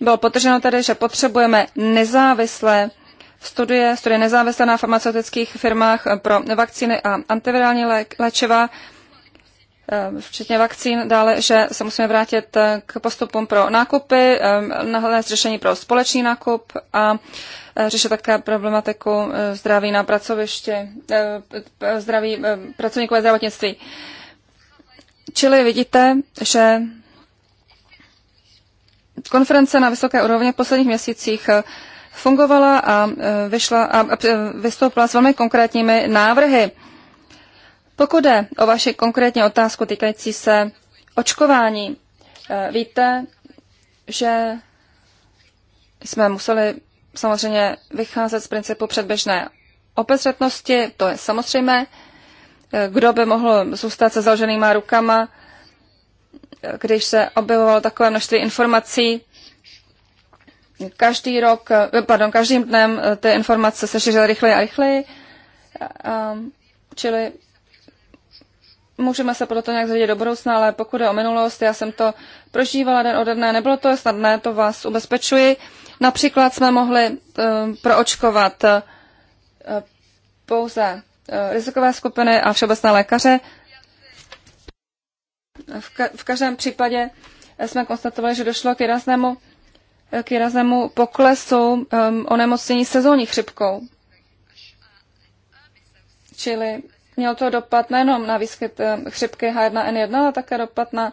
Bylo potrženo tedy, že potřebujeme nezávislé studie, studie nezávislé na farmaceutických firmách pro vakcíny a antivirální léčiva, e, včetně vakcín, dále, že se musíme vrátit e, k postupům pro nákupy, nahlédnout řešení pro společný nákup a Eh, řešit také problematiku eh, zdraví na pracovišti, eh, zdraví pracovníků a zdravotnictví. Čili vidíte, že konference na vysoké úrovni v posledních měsících fungovala a, vyšla, a vystoupila s velmi konkrétními návrhy. Pokud je o vaši konkrétní otázku týkající se očkování, víte, že jsme museli samozřejmě vycházet z principu předběžné opezřetnosti, to je samozřejmé. Kdo by mohl zůstat se založenýma rukama, když se objevovalo takové množství informací, každý rok, pardon, každým dnem ty informace se šířily rychleji a rychleji, čili můžeme se proto nějak zvědět do budoucna, ale pokud je o minulost, já jsem to prožívala den ode dne, nebylo to snadné, to vás ubezpečuji. Například jsme mohli eh, proočkovat eh, pouze eh, rizikové skupiny a všeobecné lékaře. V, každém případě jsme konstatovali, že došlo k výraznému, k výraznému poklesu um, onemocnění sezónní chřipkou. Čili mělo to dopad nejenom na výskyt chřipky H1N1, ale také dopad na,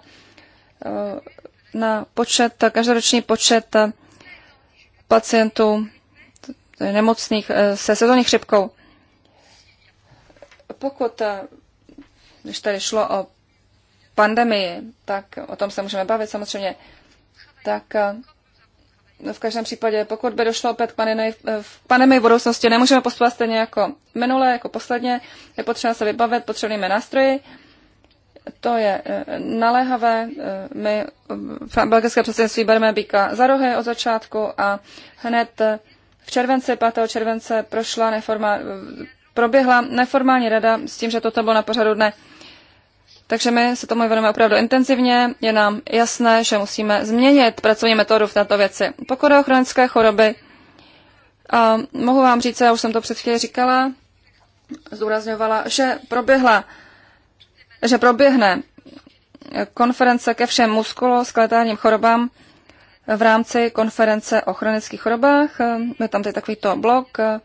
na počet, každoroční počet pacientů nemocných eh, se sezónní chřipkou. Pokud, eh, když tady šlo o pandemii, tak o tom se můžeme bavit samozřejmě, tak eh, v každém případě, pokud by došlo opět k v pandemii v budoucnosti, nemůžeme postupovat stejně jako minule, jako posledně. Je potřeba se vybavit potřebnými nástroji to je eh, naléhavé. Eh, my v eh, belgické předsednictví bereme býka za rohy od začátku a hned v červenci, 5. července, prošla neforma, proběhla neformální rada s tím, že toto bylo na pořadu dne. Takže my se tomu věnujeme opravdu intenzivně. Je nám jasné, že musíme změnit pracovní metodu v této věci. Pokud o chronické choroby, a mohu vám říct, já už jsem to před chvíli říkala, zdůrazňovala, že proběhla že proběhne konference ke všem muskuloskeletálním chorobám v rámci konference o chronických chorobách. Je tam tady takovýto blok. A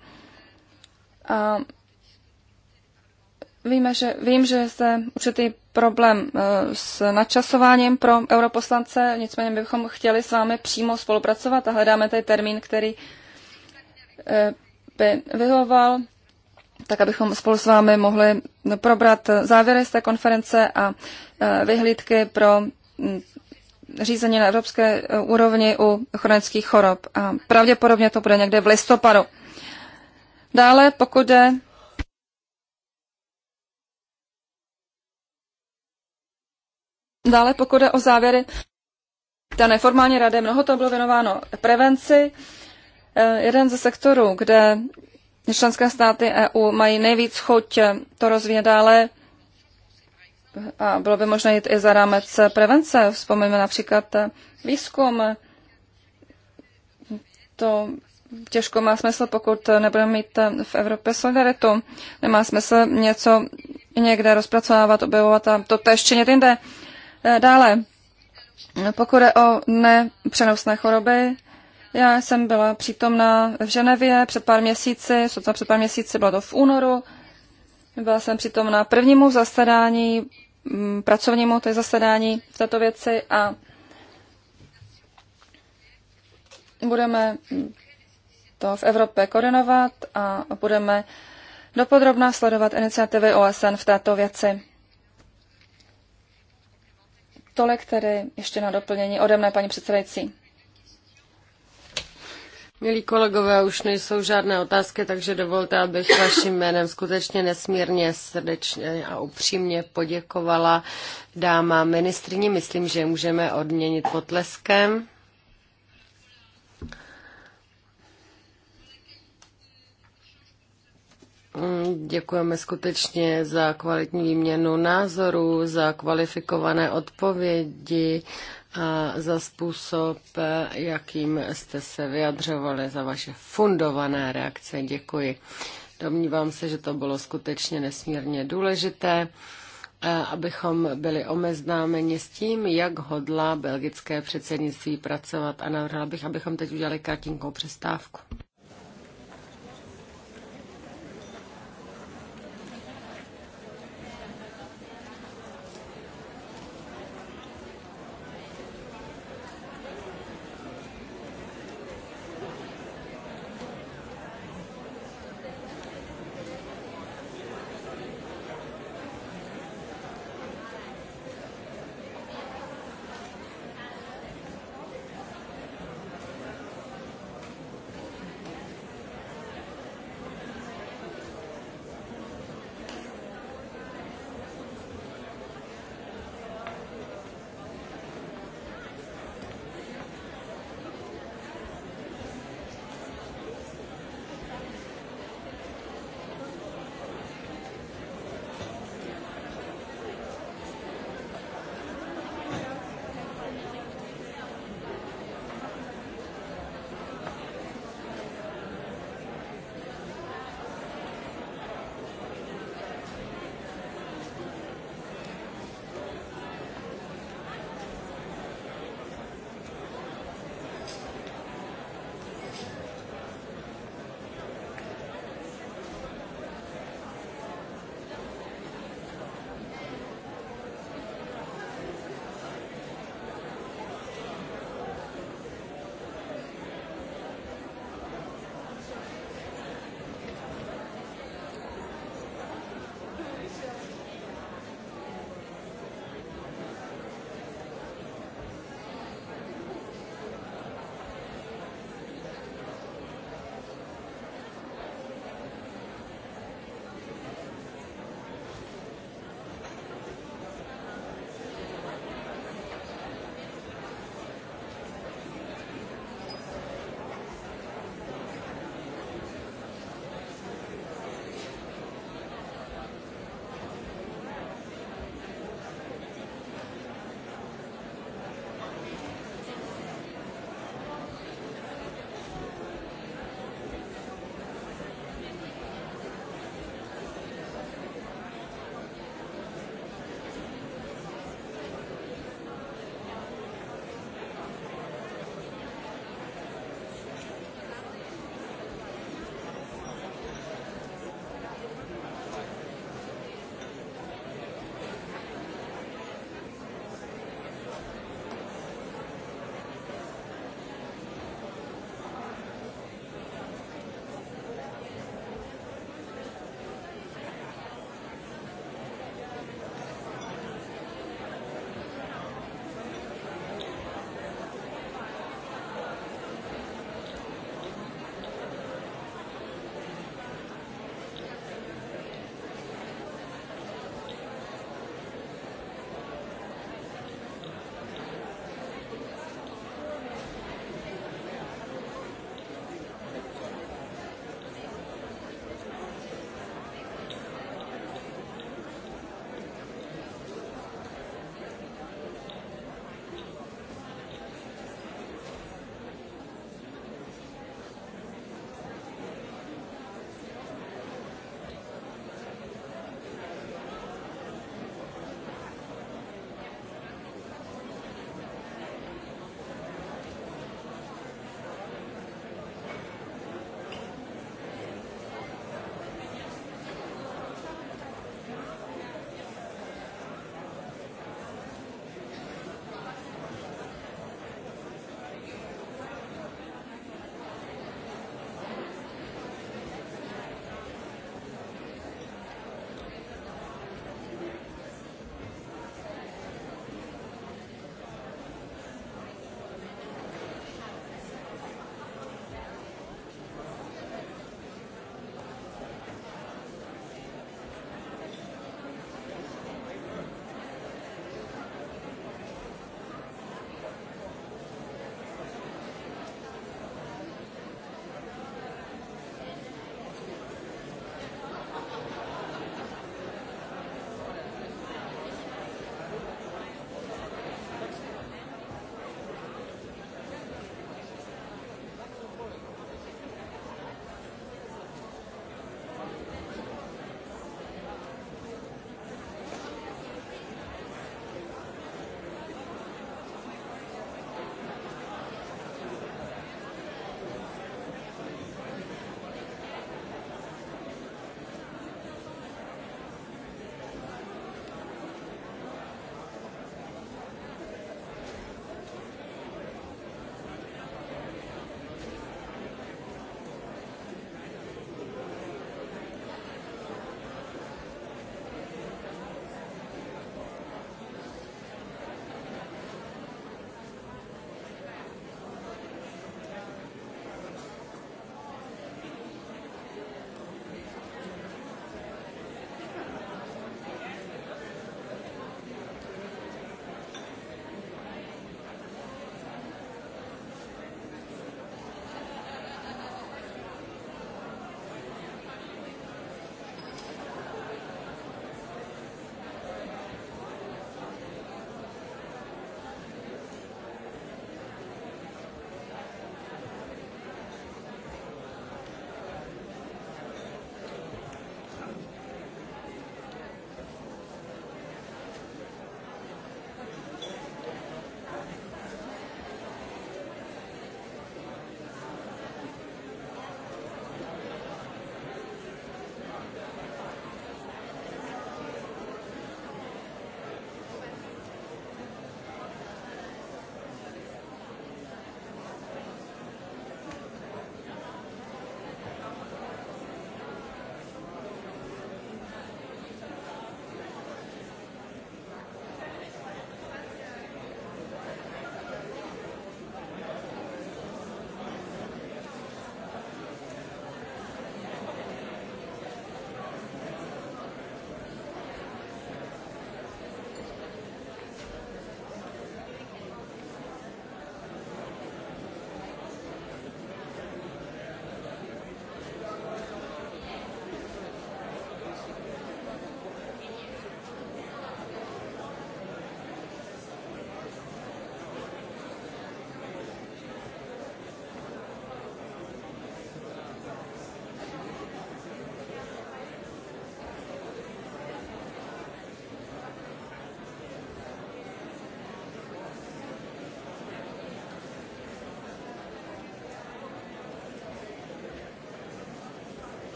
víme, že, vím, že se určitý problém eh, s nadčasováním pro europoslance, nicméně bychom chtěli s vámi přímo spolupracovat a hledáme tady termín, který eh, by vyhoval tak abychom spolu s vámi mohli probrat závěry z té konference a e, vyhlídky pro řízení na evropské e, úrovni u chronických chorob. A pravděpodobně to bude někde v listopadu. Dále, pokud je Dále, pokud jde o závěry té neformální rady, mnoho to bylo věnováno prevenci. E, jeden ze sektorů, kde členské státy EU mají nejvíc chuť to rozvíjet dále a bylo by možné jít i za rámec prevence. Vzpomeňme například výzkum. To těžko má smysl, pokud nebudeme mít v Evropě solidaritu. Nemá smysl něco někde rozpracovávat, objevovat a to tež činit jinde. Dále, pokud je o nepřenosné choroby, já jsem byla přítomna v Ženevě před pár měsíci, sotva před pár měsíci, bylo to v únoru. Byla jsem přítomna prvnímu zasedání, mm, pracovnímu to je zasedání v této věci a budeme to v Evropě koordinovat a budeme dopodrobná sledovat iniciativy OSN v této věci. Tolik tedy ještě na doplnění ode mne, paní předsedající. Milí kolegové, už nejsou žádné otázky, takže dovolte, abych vaším jménem skutečně nesmírně srdečně a upřímně poděkovala dáma ministrině. Myslím, že můžeme odměnit potleskem. Děkujeme skutečně za kvalitní výměnu názorů, za kvalifikované odpovědi za způsob, jakým jste se vyjadřovali, za vaše fundované reakce. Děkuji. Domnívám se, že to bylo skutečně nesmírně důležité, abychom byli omeznámeni s tím, jak hodlá belgické předsednictví pracovat a navrhla bych, abychom teď udělali kartinkou přestávku.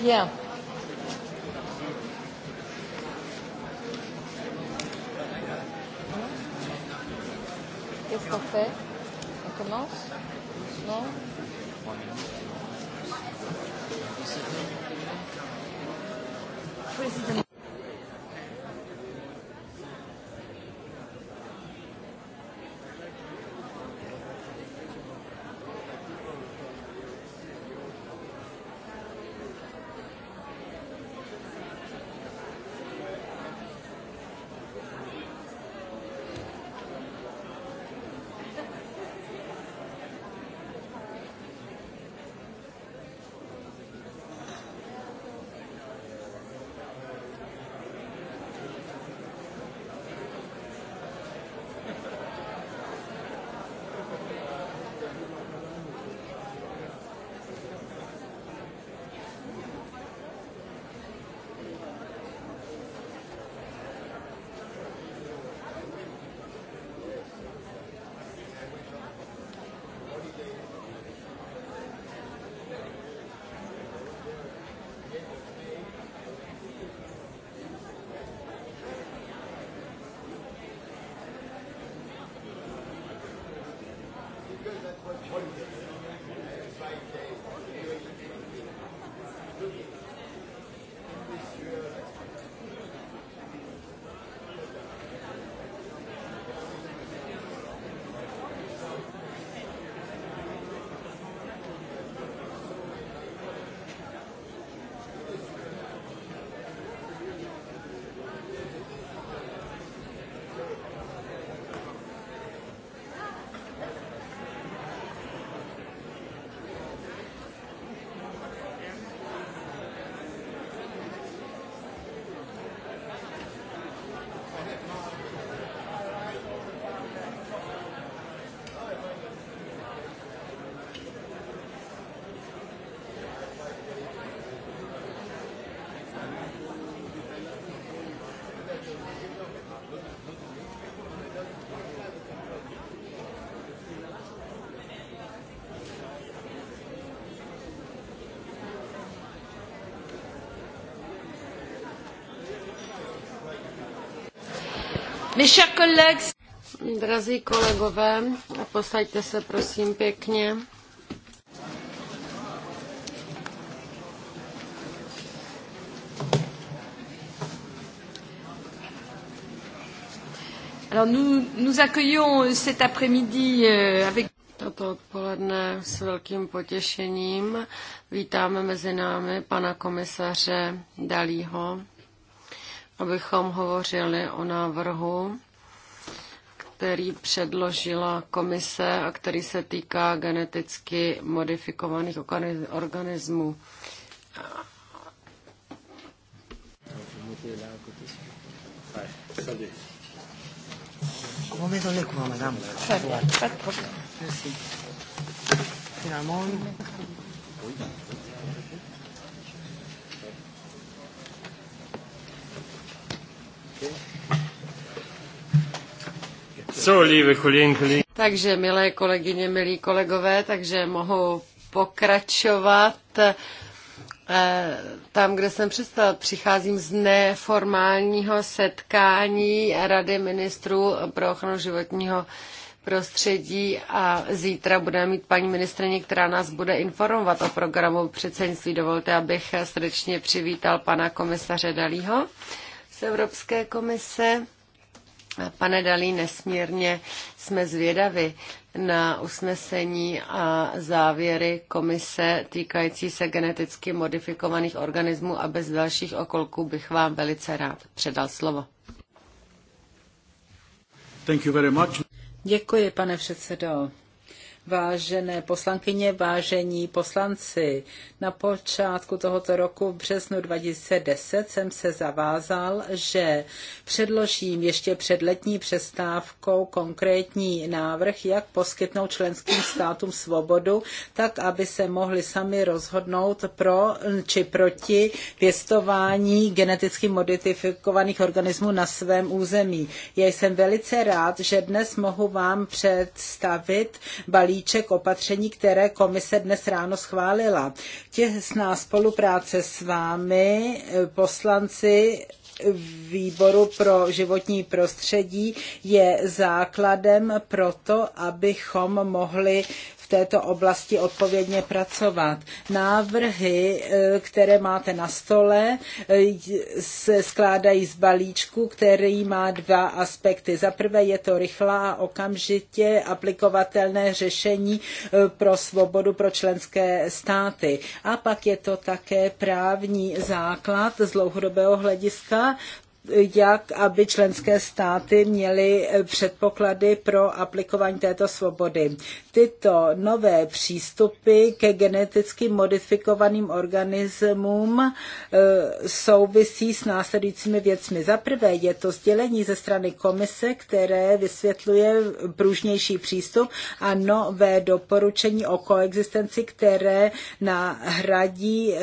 Bien. Qu'est-ce qu'on fait On commence Non Président. Drazí kolegové, posaďte se prosím pěkně. Alors nous, nous accueillons euh, cet après-midi euh, avec toto odpoledne s velkým potěšením vítáme mezi námi pana komisaře Dalího abychom hovořili o návrhu, který předložila komise a který se týká geneticky modifikovaných organismů. On Merci. So, liebe Kolleginnen, Kollegen. Takže, milé kolegyně, milí kolegové, takže mohu pokračovat eh, tam, kde jsem přestal. Přicházím z neformálního setkání Rady ministrů pro ochranu životního prostředí a zítra budeme mít paní ministrině, která nás bude informovat o programu předsednictví. Dovolte, abych srdečně přivítal pana komisaře Dalího. Evropské komise. Pane Dalí, nesmírně jsme zvědavi na usnesení a závěry komise týkající se geneticky modifikovaných organismů a bez dalších okolků bych vám velice rád předal slovo. Thank you very much. Děkuji, pane předsedo. Vážené poslankyně, vážení poslanci, na počátku tohoto roku v březnu 2010 jsem se zavázal, že předložím ještě před letní přestávkou konkrétní návrh, jak poskytnout členským státům svobodu, tak aby se mohli sami rozhodnout pro či proti pěstování geneticky modifikovaných organismů na svém území. Já jsem velice rád, že dnes mohu vám představit balíček balíček opatření, které komise dnes ráno schválila. Těsná spolupráce s vámi, poslanci výboru pro životní prostředí je základem pro to, abychom mohli této oblasti odpovědně pracovat. Návrhy, eh, které máte na stole, eh, se skládají z balíčku, který má dva aspekty. Za prvé je to rychlá a okamžitě aplikovatelné řešení eh, pro svobodu pro členské státy. A pak je to také právní základ z dlouhodobého hlediska jak aby členské státy měly eh, předpoklady pro aplikování této svobody. Tyto nové přístupy ke geneticky modifikovaným organismům eh, souvisí s následujícími věcmi. Za prvé je to sdělení ze strany komise, které vysvětluje pružnější přístup a nové doporučení o koexistenci, které nahradí eh,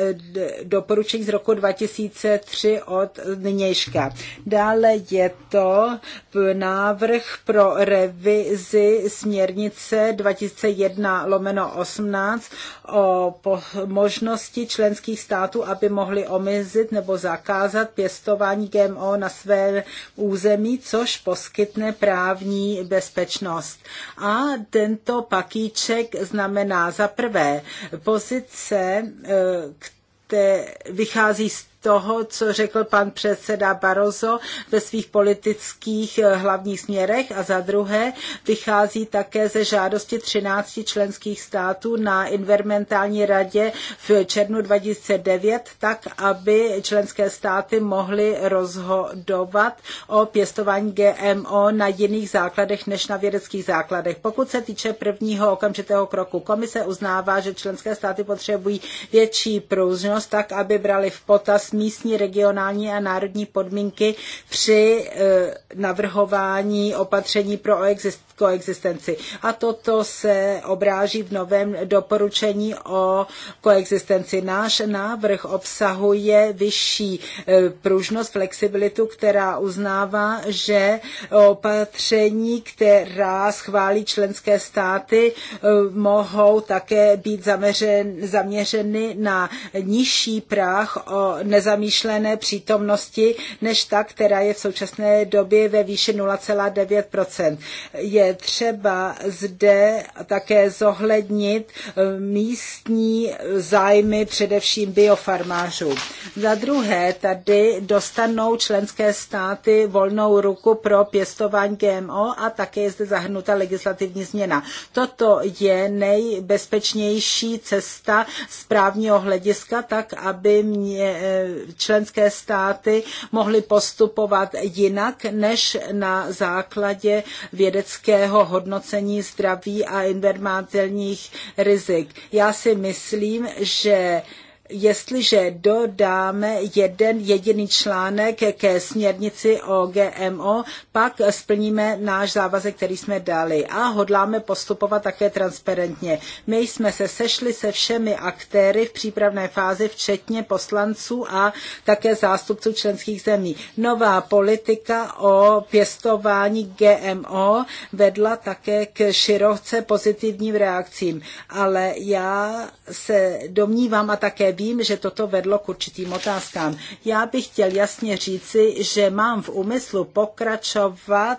doporučení z roku 2003 od nynějška. Dále je to návrh pro revizi směrnice 2001 lomeno 18 o možnosti členských států, aby mohli omezit nebo zakázat pěstování GMO na své území, což poskytne právní bezpečnost. A tento pakíček znamená za prvé pozice, eh, které vychází z toho, co řekl pan předseda Barroso ve svých politických eh, hlavních směrech a za druhé vychází také ze žádosti 13 členských států na environmentální radě v červnu 2009, tak aby členské státy mohly rozhodovat o pěstování GMO na jiných základech než na vědeckých základech. Pokud se týče prvního okamžitého kroku, komise uznává, že členské státy potřebují větší pružnost, tak aby brali v potaz místní, regionální a národní podmínky při e, navrhování opatření pro koexistenci. A toto se obráží v novém doporučení o koexistenci. Náš návrh obsahuje vyšší e, pružnost, flexibilitu, která uznává, že opatření, která schválí členské státy, e, mohou také být zaměřeny na nižší práh o ne nezamýšlené přítomnosti než ta, která je v současné době ve výši 0,9 Je třeba zde také zohlednit eh, místní zájmy především biofarmářů. Za druhé, tady dostanou členské státy volnou ruku pro pěstování GMO a také je zde zahrnuta legislativní změna. Toto je nejbezpečnější cesta z právního hlediska, tak aby mě, eh, členské státy mohly postupovat jinak než na základě vědeckého hodnocení zdraví a environmentálních rizik. Já si myslím, že jestliže dodáme jeden jediný článek ke směrnici o GMO, pak splníme náš závazek, který jsme dali a hodláme postupovat také transparentně. My jsme se sešli se všemi aktéry v přípravné fázi, včetně poslanců a také zástupců členských zemí. Nová politika o pěstování GMO vedla také k široce pozitivním reakcím, ale já se domnívám a také vím, že toto vedlo k určitým otázkám. Já bych chtěl jasně říci, že mám v úmyslu pokračovat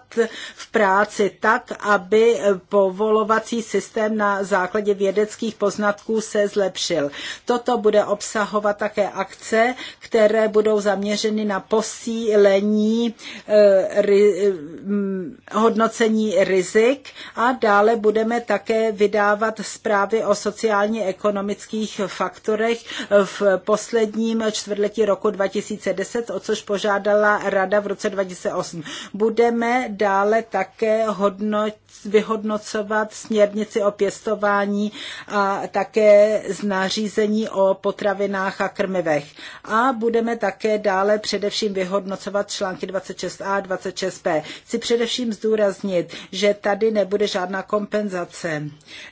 v práci tak, aby povolovací systém na základě vědeckých poznatků se zlepšil. Toto bude obsahovat také akce, které budou zaměřeny na posílení eh, mm, hodnocení rizik a dále budeme také vydávat zprávy o sociálně ekonomických faktorech v posledním čtvrtletí roku 2010, o což požádala Rada v roce 2008. Budeme dále také hodnotit vyhodnocovat směrnici o pěstování a také z nařízení o potravinách a krmivech. A budeme také dále především vyhodnocovat články 26a a 26b. Chci především zdůraznit, že tady nebude žádná kompenzace.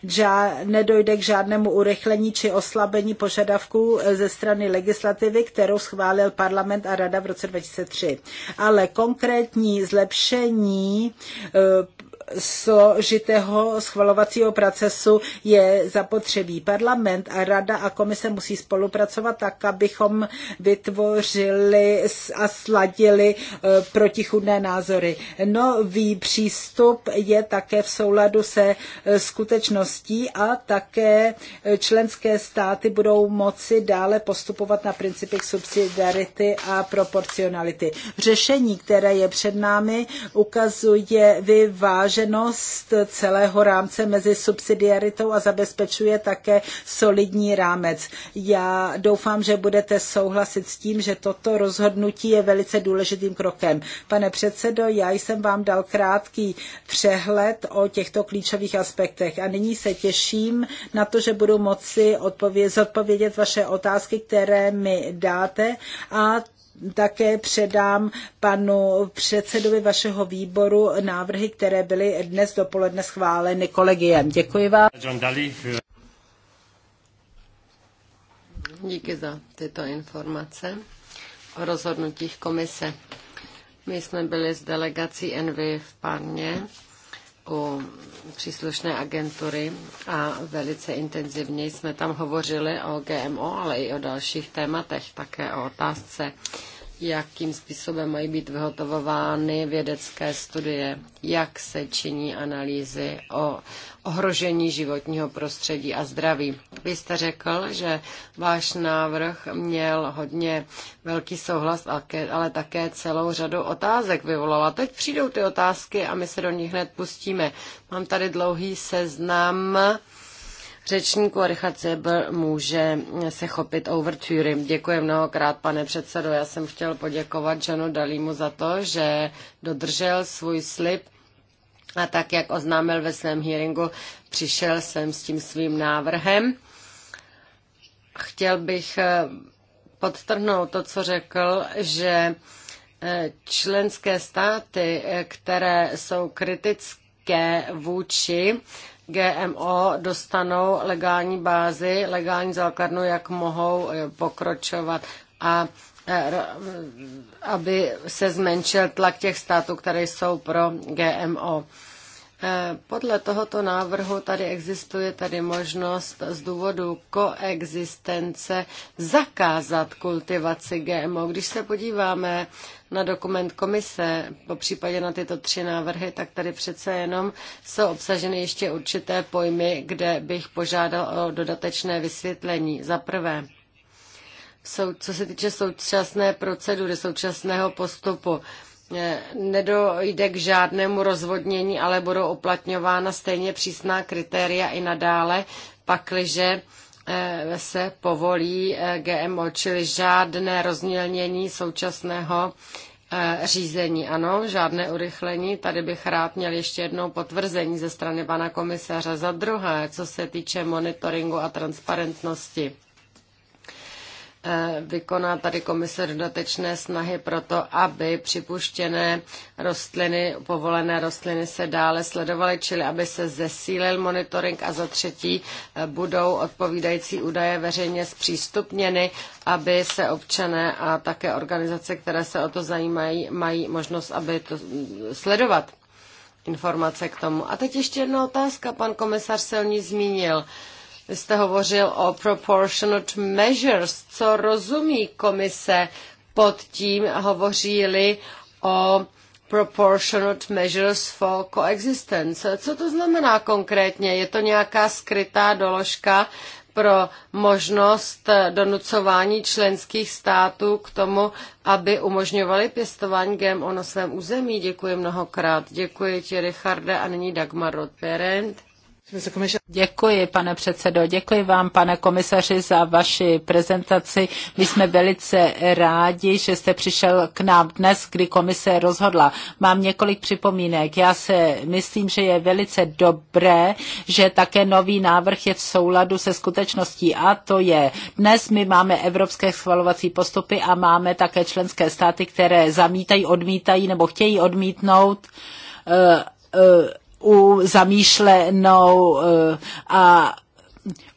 Ža- nedojde k žádnému urychlení či oslabení požadavků ze strany legislativy, kterou schválil parlament a rada v roce 2003. Ale konkrétní zlepšení eh, složitého schvalovacího procesu je zapotřebí. Parlament a rada a komise musí spolupracovat tak, abychom vytvořili a sladili e, protichudné názory. Nový přístup je také v souladu se e, skutečností a také e, členské státy budou moci dále postupovat na principech subsidiarity a proporcionality. Řešení, které je před námi, ukazuje vyvážení vyváženost celého rámce mezi subsidiaritou a zabezpečuje také solidní rámec. Já doufám, že budete souhlasit s tím, že toto rozhodnutí je velice důležitým krokem. Pane předsedo, já jsem vám dal krátký přehled o těchto klíčových aspektech a nyní se těším na to, že budu moci odpovědět, zodpovědět vaše otázky, které mi dáte a také předám panu předsedovi vašeho výboru návrhy, které byly dnes dopoledne schváleny kolegiem. Děkuji vám. Díky za tyto informace o rozhodnutích komise. My jsme byli s delegací Envy v Parmě u příslušné agentury a velice intenzivně jsme tam hovořili o GMO, ale i o dalších tématech, také o otázce jakým způsobem mají být vyhotovovány vědecké studie, jak se činí analýzy o ohrožení životního prostředí a zdraví. Vy jste řekl, že váš návrh měl hodně velký souhlas, ale také celou řadu otázek vyvolala. Teď přijdou ty otázky a my se do nich hned pustíme. Mám tady dlouhý seznam řečníků a Richard Zebel může se chopit overtury. Děkuji mnohokrát, pane předsedo. Já jsem chtěl poděkovat Janu Dalímu za to, že dodržel svůj slib a tak, jak oznámil ve svém hearingu, přišel jsem s tím svým návrhem. Chtěl bych eh, podtrhnout to, co řekl, že eh, členské státy, eh, které jsou kritické vůči GMO dostanou legální bázi, legální základnu, jak mohou eh, pokročovat a eh, aby se zmenšil tlak těch států, které jsou pro GMO. Podle tohoto návrhu tady existuje tady možnost z důvodu koexistence zakázat kultivaci GMO. Když se podíváme na dokument komise, po případě na tyto tři návrhy, tak tady přece jenom jsou obsaženy ještě určité pojmy, kde bych požádal o dodatečné vysvětlení. Za prvé, co se týče současné procedury, současného postupu, Vlastně nedojde k žádnému rozvodnění, ale budou uplatňována stejně přísná kritéria i nadále, pakliže eh, se povolí eh, GMO, čili žádné rozmělnění současného eh, řízení. Ano, žádné urychlení. Tady bych rád měl ještě jednou potvrzení ze strany pana komisaře. Za druhé, co se týče monitoringu a transparentnosti. Eh, vykoná tady komise dodatečné snahy pro to, aby připuštěné rostliny, povolené rostliny se dále sledovaly, čili aby se zesílil monitoring a za třetí eh, budou odpovídající údaje veřejně zpřístupněny, aby se občané a také organizace, které se o to zajímají, mají možnost, aby to mm, sledovat informace k tomu. A teď ještě jedna otázka. Pan komisař se o ní zmínil. Vy jste hovořil o proportionate measures. Co rozumí komise pod tím, hovoří-li o proportionate measures for coexistence. Co to znamená konkrétně? Je to nějaká skrytá doložka pro možnost donucování členských států k tomu, aby umožňovali pěstování GMO na svém území? Děkuji mnohokrát. Děkuji ti, Richarde, a nyní Dagmar Rothberend. Děkuji, pane předsedo. Děkuji vám, pane komisaři, za vaši prezentaci. My jsme velice rádi, že jste přišel k nám dnes, kdy komise rozhodla. Mám několik připomínek. Já se myslím, že je velice dobré, že také nový návrh je v souladu se skutečností a to je. Dnes my máme evropské schvalovací postupy a máme také členské státy, které zamítají, odmítají nebo chtějí odmítnout uh, uh, u zamýšlenou eh, a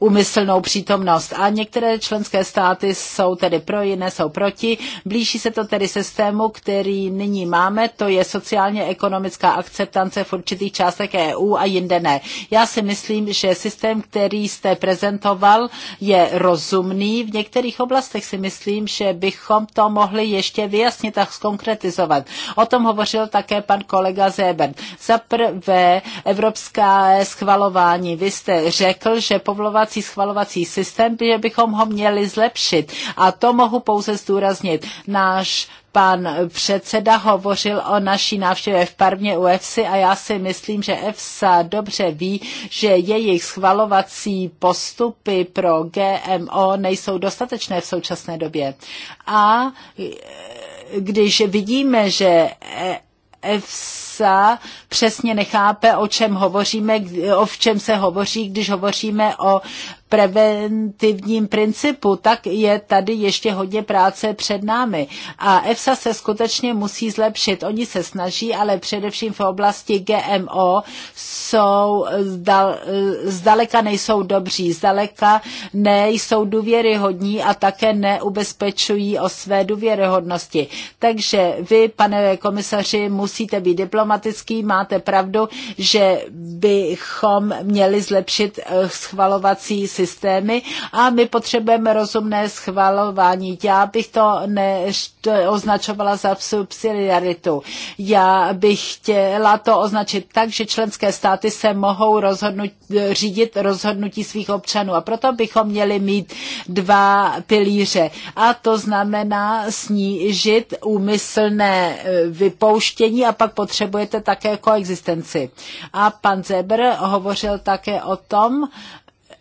úmyslnou přítomnost. A některé členské státy jsou tedy pro, jiné jsou proti. Blíží se to tedy systému, který nyní máme, to je sociálně-ekonomická akceptance v určitých částech EU a jinde ne. Já si myslím, že systém, který jste prezentoval, je rozumný. V některých oblastech si myslím, že bychom to mohli ještě vyjasnit a zkonkretizovat. O tom hovořil také pan kolega Zeben. Za prvé, evropská schvalování. Vy jste řekl, že povolovat vzdělávací schvalovací systém, že bychom ho měli zlepšit. A to mohu pouze zdůraznit. Náš pan předseda hovořil o naší návštěvě v Parmě u EFSI a já si myslím, že EFSA dobře ví, že jejich schvalovací postupy pro GMO nejsou dostatečné v současné době. A když vidíme, že EFSA přesně nechápe, o čem hovoříme, o čem se hovoří, když hovoříme o preventivním principu, tak je tady ještě hodně práce před námi. A EFSA se skutečně musí zlepšit. Oni se snaží, ale především v oblasti GMO jsou zdal, zdaleka nejsou dobří, zdaleka nejsou důvěryhodní a také neubezpečují o své důvěryhodnosti. Takže vy, pane komisaři, musíte být diplomatický, máte pravdu, že bychom měli zlepšit schvalovací systém systémy a my potřebujeme rozumné schvalování. Já bych to ne, označovala za subsidiaritu. Já bych chtěla to označit tak, že členské státy se mohou rozhodnout, řídit rozhodnutí svých občanů a proto bychom měli mít dva pilíře a to znamená snížit úmyslné e, vypouštění a pak potřebujete také koexistenci. A pan Zeber hovořil také o tom,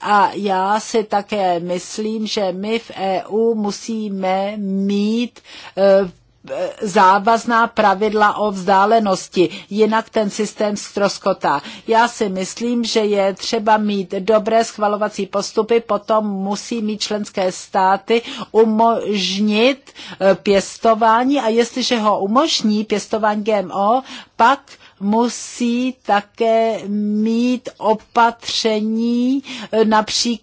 a já si také myslím, že my v EU musíme mít eh, závazná pravidla o vzdálenosti, jinak ten systém ztroskotá. Já si myslím, že je třeba mít dobré schvalovací postupy, potom musí mít členské státy umožnit eh, pěstování a jestliže ho umožní pěstování GMO, pak musí také mít opatření eh, například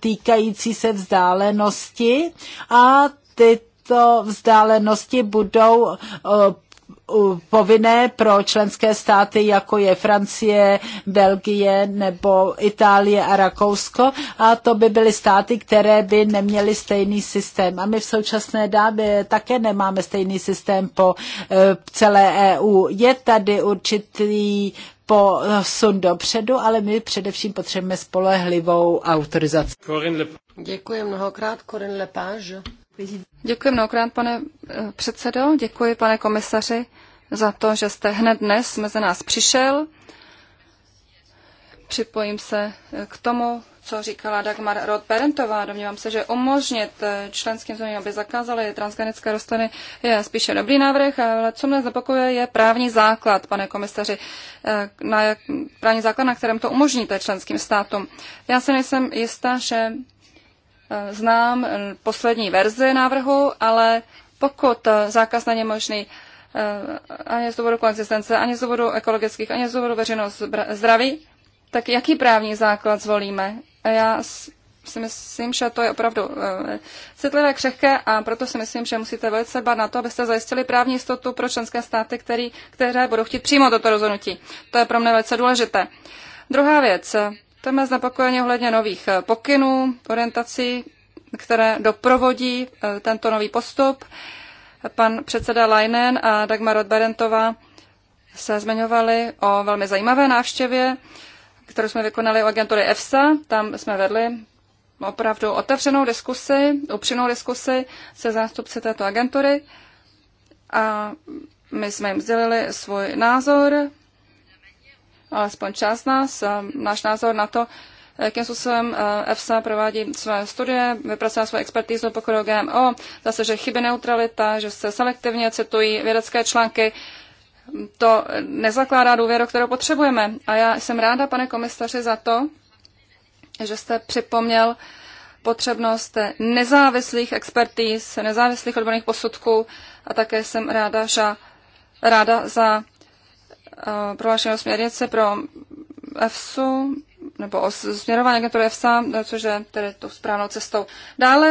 týkající se vzdálenosti a tyto vzdálenosti budou eh, povinné pro členské státy, jako je Francie, Belgie nebo Itálie a Rakousko. A to by byly státy, které by neměly stejný systém. A my v současné době také nemáme stejný systém po eh, celé EU. Je tady určitý posun dopředu, ale my především potřebujeme spolehlivou autorizaci. Děkuji mnohokrát, Corinne Lepage. Děkuji mnohokrát, pane eh, předsedo, děkuji, pane komisaři, za to, že jste hned dnes mezi nás přišel. Připojím se eh, k tomu, co říkala Dagmar Roth-Perentová. Domnívám se, že umožnit eh, členským zemím, aby zakázali transgenické rostliny, je spíše dobrý návrh, ale co mě zapakuje, je právní základ, pane komisaři, na právní základ, na kterém to umožníte členským státům. Já se nejsem jistá, že Eh, znám eh, poslední verzi návrhu, ale pokud eh, zákaz není možný ani z důvodu konzistence, ani z důvodu ekologických, ani z důvodu veřejného zdraví, tak jaký právní základ zvolíme? Já si myslím, že to je opravdu citlivé, křehké a proto si myslím, že musíte velice dbát na to, abyste zajistili právní jistotu pro členské státy, který, které budou chtít přijmout toto rozhodnutí. To je pro mě velice důležité. Druhá věc. To má znepokojení ohledně nových eh, pokynů, orientací, které doprovodí eh, tento nový postup. Pan předseda Leinen a Dagmar Rodberentova se zmiňovali o velmi zajímavé návštěvě, kterou jsme vykonali u agentury EFSA. Tam jsme vedli opravdu otevřenou diskusi, upřímnou diskusi se zástupci této agentury a my jsme jim sdělili svůj názor alespoň část nás, náš názor na to, jakým způsobem EFSA provádí své studie, vypracuje svou expertizu, pokud o GMO, zase, že chybí neutralita, že se selektivně citují vědecké články, to nezakládá důvěru, kterou potřebujeme. A já jsem ráda, pane komisaři, za to, že jste připomněl potřebnost nezávislých expertíz, nezávislých odborných posudků a také jsem ráda, že, ráda za Eh, o směrnice pro EFSU, nebo o směrování agentury EFSA, eh, což je tedy tou správnou cestou. Dále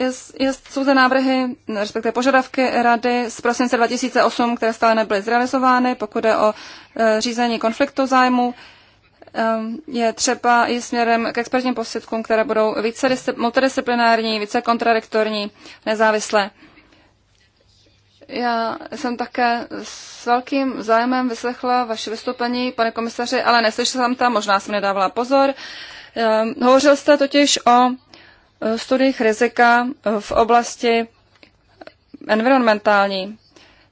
je, eh, je, jsou zde návrhy, respektive požadavky Rady z prosince 2008, které stále nebyly zrealizovány, pokud je o řízení konfliktu zájmu. Je třeba i směrem k expertním posvědkům, které budou více multidisciplinární, více kontradiktorní, nezávislé. Já jsem také s velkým zájmem vyslechla vaše vystoupení, pane komisaři, ale neslyšela jsem tam, možná jsem nedávala pozor. Ehm, hovořil jste totiž o eh, studiích rizika eh, v oblasti environmentální.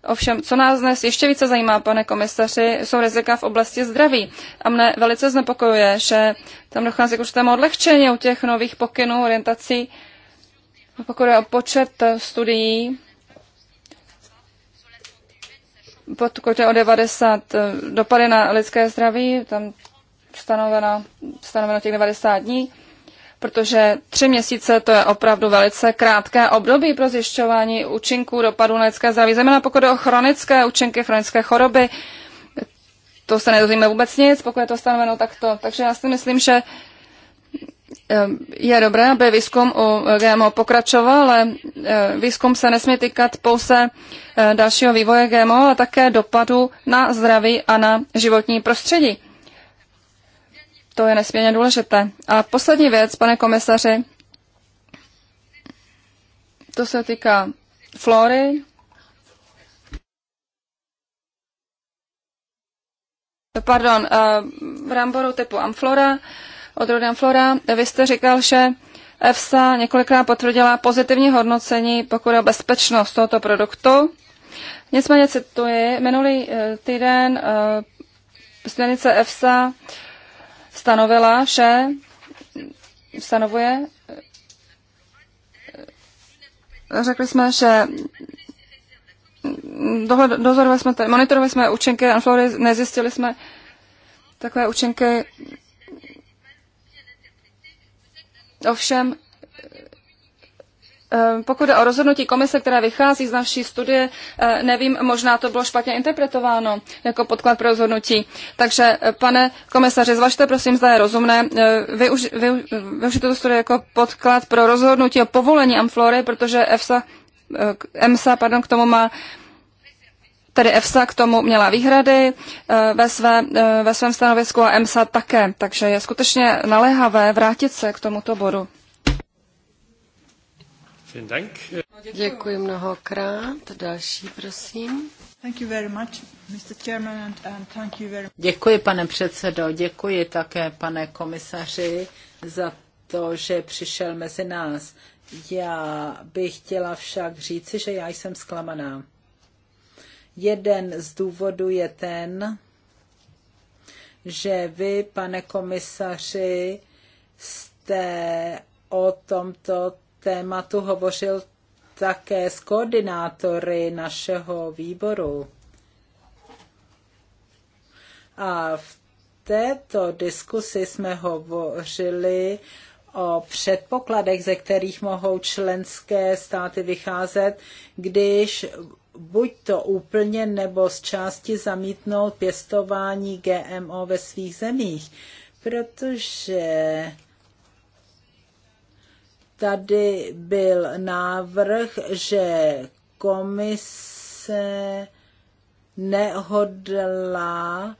Ovšem, co nás dnes ještě více zajímá, pane komisaři, jsou rizika v oblasti zdraví. A mne velice znepokojuje, že tam dochází k určitému odlehčení u těch nových pokynů, orientací, pokud je o počet eh, studií, pokud je o 90 eh, dopady na lidské zdraví, tam stanoveno, stanoveno těch 90 dní, protože tři měsíce to je opravdu velice krátké období pro zjišťování účinků dopadů na lidské zdraví, zejména pokud je o chronické účinky, chronické choroby, to se nedozvíme vůbec nic, pokud je to stanoveno takto. Takže já si myslím, že Ehm, je dobré, aby výzkum u GMO pokračoval, ale ehm, výzkum se nesmí týkat pouze ehm, dalšího vývoje GMO, ale také dopadu na zdraví a na životní prostředí. To je nesmírně důležité. A poslední věc, pane komisaři, to se týká flory. Pardon, uh, bramboru typu amflora. Uh, od Rodam Flora. Vy jste říkal, že EFSA několikrát potvrdila pozitivní hodnocení, pokud je o bezpečnost tohoto produktu. Nicméně cituji, minulý eh, týden eh, směrnice EFSA stanovila, že stanovuje, eh, řekli jsme, že dohled, dozorovali jsme, monitorovali jsme účinky anflory, nezjistili jsme takové účinky, Ovšem, eh, eh, pokud je o rozhodnutí komise, která vychází z naší studie, eh, nevím, možná to bylo špatně interpretováno jako podklad pro rozhodnutí. Takže, pane komisaři, zvažte, prosím, zda je rozumné využít využi, studie tuto studii jako podklad pro rozhodnutí o povolení Amflory, protože EFSA, EMSA pardon, k tomu má Tedy EFSA k tomu měla výhrady eh, ve, své, eh, ve svém stanovisku a EMSA také. Takže je skutečně naléhavé vrátit se k tomuto bodu. Děkuji mnohokrát. Další, prosím. Děkuji, pane předsedo. Děkuji také, pane komisaři, za to, že přišel mezi nás. Já bych chtěla však říci, že já jsem zklamaná. Jeden z důvodů je ten, že vy, pane komisaři, jste o tomto tématu hovořil také s koordinátory našeho výboru. A v této diskusi jsme hovořili o předpokladech, ze kterých mohou členské státy vycházet, když buď to úplně nebo z části zamítnout pěstování GMO ve svých zemích, protože tady byl návrh, že komise nehodlá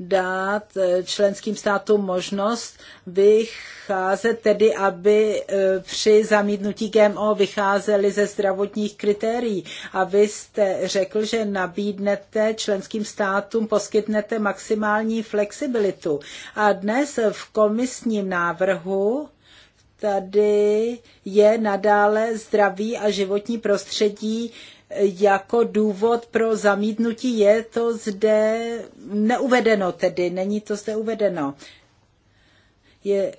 dát eh, členským státům možnost vycházet, tedy aby eh, při zamítnutí GMO vycházeli ze zdravotních kritérií. A vy jste řekl, že nabídnete členským státům, poskytnete maximální flexibilitu. A dnes v komisním návrhu tady je nadále zdraví a životní prostředí jako důvod pro zamítnutí je to zde neuvedeno, tedy není to zde uvedeno. Je,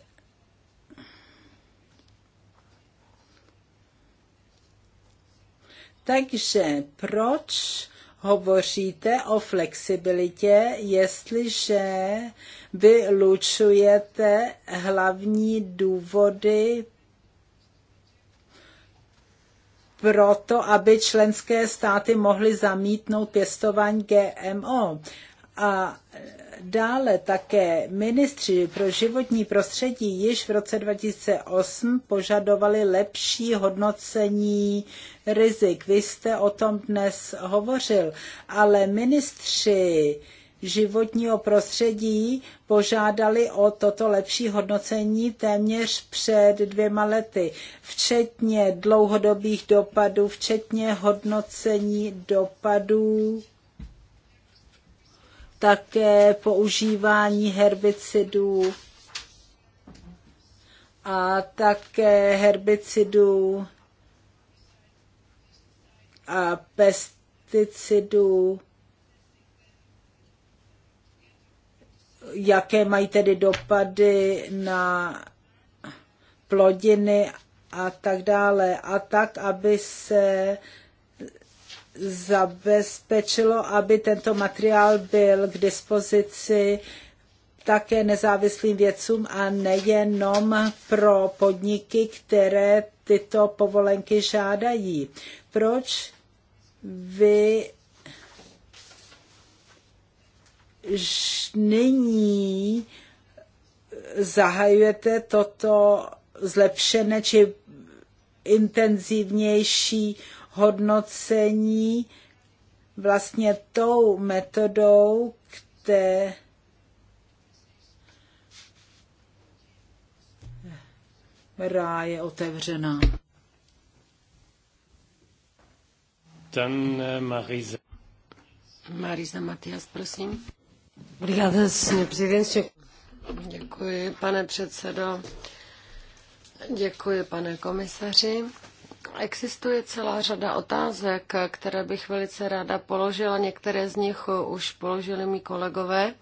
Takže proč hovoříte o flexibilitě, jestliže vylučujete hlavní důvody proto, aby členské státy mohly zamítnout pěstování GMO. A dále také ministři pro životní prostředí již v roce 2008 požadovali lepší hodnocení rizik. Vy jste o tom dnes hovořil, ale ministři životního prostředí požádali o toto lepší hodnocení téměř před dvěma lety, včetně dlouhodobých dopadů, včetně hodnocení dopadů, také používání herbicidů a také herbicidů a pesticidů jaké mají tedy dopady na plodiny a tak dále. A tak, aby se zabezpečilo, aby tento materiál byl k dispozici také nezávislým vědcům a nejenom pro podniky, které tyto povolenky žádají. Proč vy nyní zahajujete toto zlepšené či intenzivnější hodnocení vlastně tou metodou, které která je otevřená. Dan eh, Marisa. Marisa Matias, prosím. Děkuji, pane předsedo. Děkuji, pane komisaři. Existuje celá řada otázek, které bych velice ráda položila. Některé z nich už položili mý kolegové.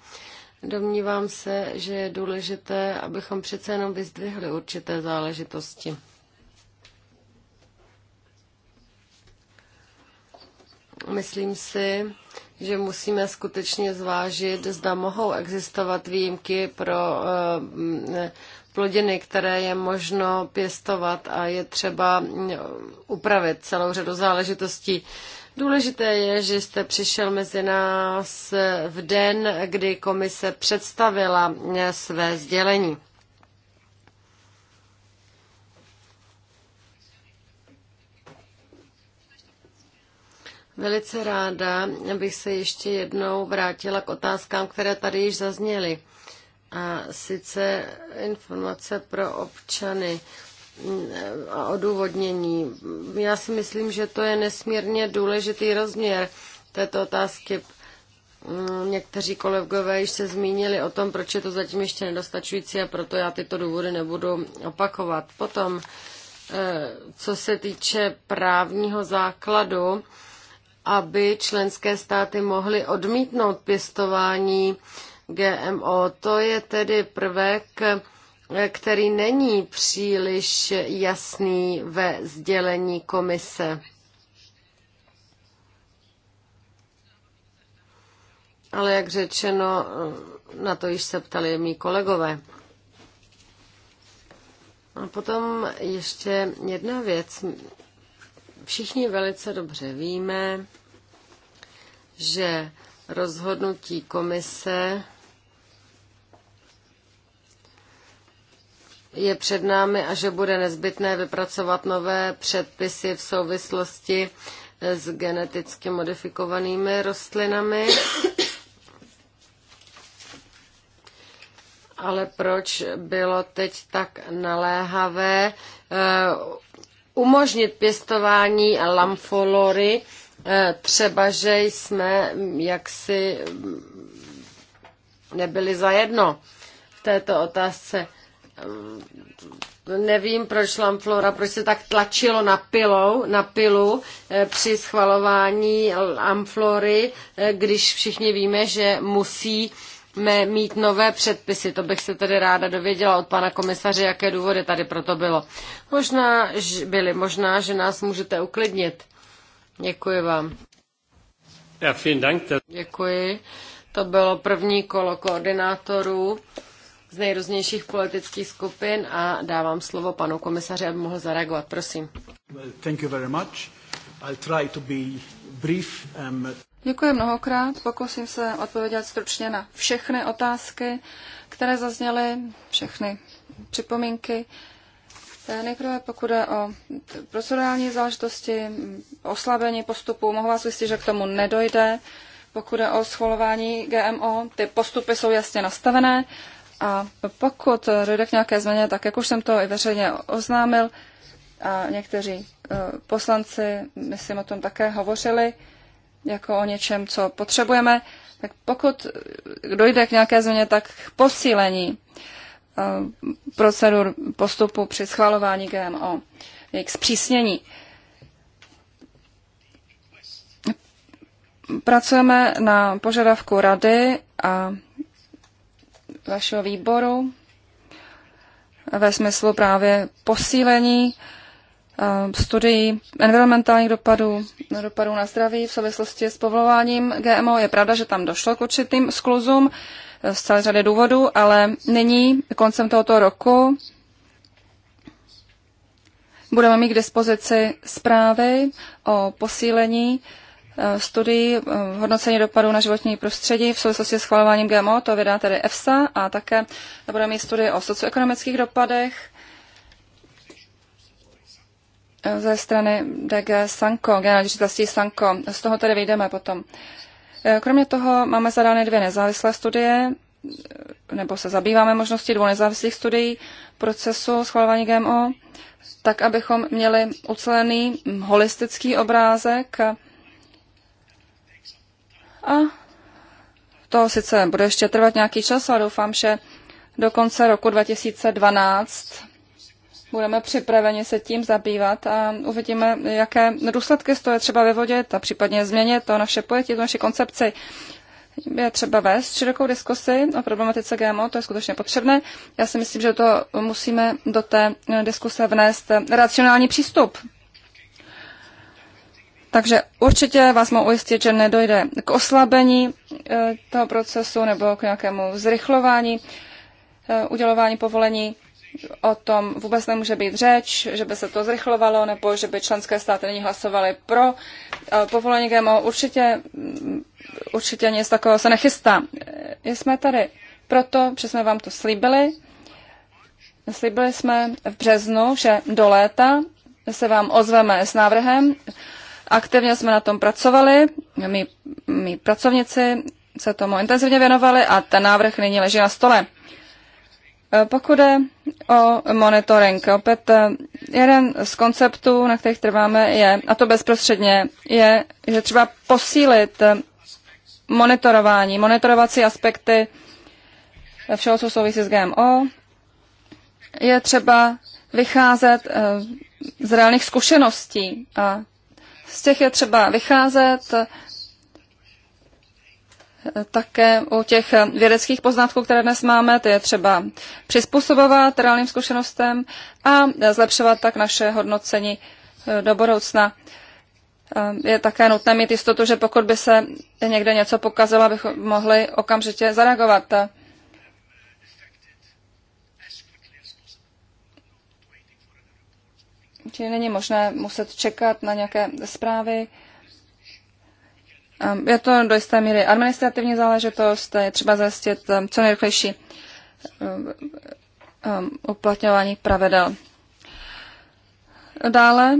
Domnívám se, že je důležité, abychom přece jenom vyzdvihli určité záležitosti. Myslím si, že musíme skutečně zvážit, zda mohou existovat výjimky pro eh, plodiny, které je možno pěstovat a je třeba mm, upravit celou řadu záležitostí. Důležité je, že jste přišel mezi nás v den, kdy komise představila eh, své sdělení. Velice ráda bych se ještě jednou vrátila k otázkám, které tady již zazněly. A sice informace pro občany a odůvodnění. Já si myslím, že to je nesmírně důležitý rozměr této otázky. Mm, Někteří kolegové již se zmínili o tom, proč je to zatím ještě nedostačující a proto já tyto důvody nebudu opakovat. Potom, eh, co se týče právního základu, aby členské státy mohly odmítnout pěstování GMO. To je tedy prvek, který není příliš jasný ve sdělení komise. Ale jak řečeno, na to již se ptali mý kolegové. A potom ještě jedna věc. Všichni velice dobře víme, že rozhodnutí komise je před námi a že bude nezbytné vypracovat nové předpisy v souvislosti s geneticky modifikovanými rostlinami. Ale proč bylo teď tak naléhavé eh, umožnit pěstování lamfolory, eh, třeba, že jsme jaksi mm, nebyli zajedno v této otázce. Mm, nevím, proč Lamflora, proč se tak tlačilo na, pilou, na pilu eh, při schvalování Lamflory, eh, když všichni víme, že musí mít nové předpisy. To bych se tedy ráda dověděla od pana komisaře, jaké důvody tady proto bylo. Možná, že byly, možná, že nás můžete uklidnit. Děkuji vám. Ja, Dank. Děkuji. To bylo první kolo koordinátorů z nejrůznějších politických skupin a dávám slovo panu komisaři, aby mohl zareagovat. Prosím. Well, thank you very much. I'll try to be brief, um... Děkuji mnohokrát. Pokusím se odpovědět stručně na všechny otázky, které zazněly, všechny připomínky. Eh, nejprve pokud je o procedurální záležitosti, oslabení postupu, mohu vás ujistit, že k tomu nedojde. Pokud je o schvalování GMO, ty postupy jsou jasně nastavené a pokud dojde k nějaké změně, tak jak už jsem to i veřejně oznámil, a někteří eh, poslanci, myslím, o tom také hovořili, jako o něčem, co potřebujeme, tak pokud dojde k nějaké změně, tak k posílení eh, procedur postupu při schvalování GMO, jejich zpřísnění. Pracujeme na požadavku rady a vašeho výboru ve smyslu právě posílení Eh, studií environmentálních dopadů, dopadů na zdraví v souvislosti s povolováním GMO. Je pravda, že tam došlo k určitým skluzům eh, z celé řady důvodů, ale nyní, koncem tohoto roku, budeme mít k dispozici zprávy o posílení eh, studií hodnocení dopadů na životní prostředí v souvislosti s schvalováním GMO, to vydá tedy EFSA a také budeme mít studii o socioekonomických dopadech ze strany DG Sanko, generální ředitelství Sanko. Z toho tedy vyjdeme potom. E, kromě toho máme zadány dvě nezávislé studie, nebo se zabýváme možností dvou nezávislých studií procesu schvalování GMO, tak abychom měli ucelený holistický obrázek. A to sice bude ještě trvat nějaký čas, ale doufám, že do konce roku 2012 budeme připraveni se tím zabývat a uvidíme, jaké důsledky z toho je třeba vyvodit a případně změnit to naše pojetí, to naše koncepci. Je třeba vést širokou diskusi o problematice GMO, to je skutečně potřebné. Já si myslím, že to musíme do té diskuse vnést racionální přístup. Takže určitě vás mohu ujistit, že nedojde k oslabení eh, toho procesu nebo k nějakému zrychlování eh, udělování povolení o tom vůbec nemůže být řeč, že by se to zrychlovalo, nebo že by členské státy nyní hlasovaly pro eh, povolení GMO. Určitě, mm, určitě nic takového se nechystá. Eh, jsme tady proto, že jsme vám to slíbili. Slíbili jsme v březnu, že do léta se vám ozveme s návrhem. Aktivně jsme na tom pracovali, my, my pracovníci se tomu intenzivně věnovali a ten návrh nyní leží na stole. Eh, pokud je o monitoring, opět eh, jeden z konceptů, na kterých trváme, je, a to bezprostředně, je, že třeba posílit eh, monitorování, monitorovací aspekty všeho, co souvisí s GMO. Je třeba vycházet z reálných zkušeností a z těch je třeba vycházet také u těch vědeckých poznatků, které dnes máme, ty je třeba přizpůsobovat reálným zkušenostem a zlepšovat tak naše hodnocení eh, do budoucna. Eh, je také nutné mít jistotu, že pokud by se někde něco pokazilo, abychom mohli okamžitě zareagovat. Čili není možné muset čekat na nějaké zprávy. Ehm, je to do jisté míry administrativní záležitost, je třeba zajistit ehm, co nejrychlejší ehm, uplatňování pravidel. Dále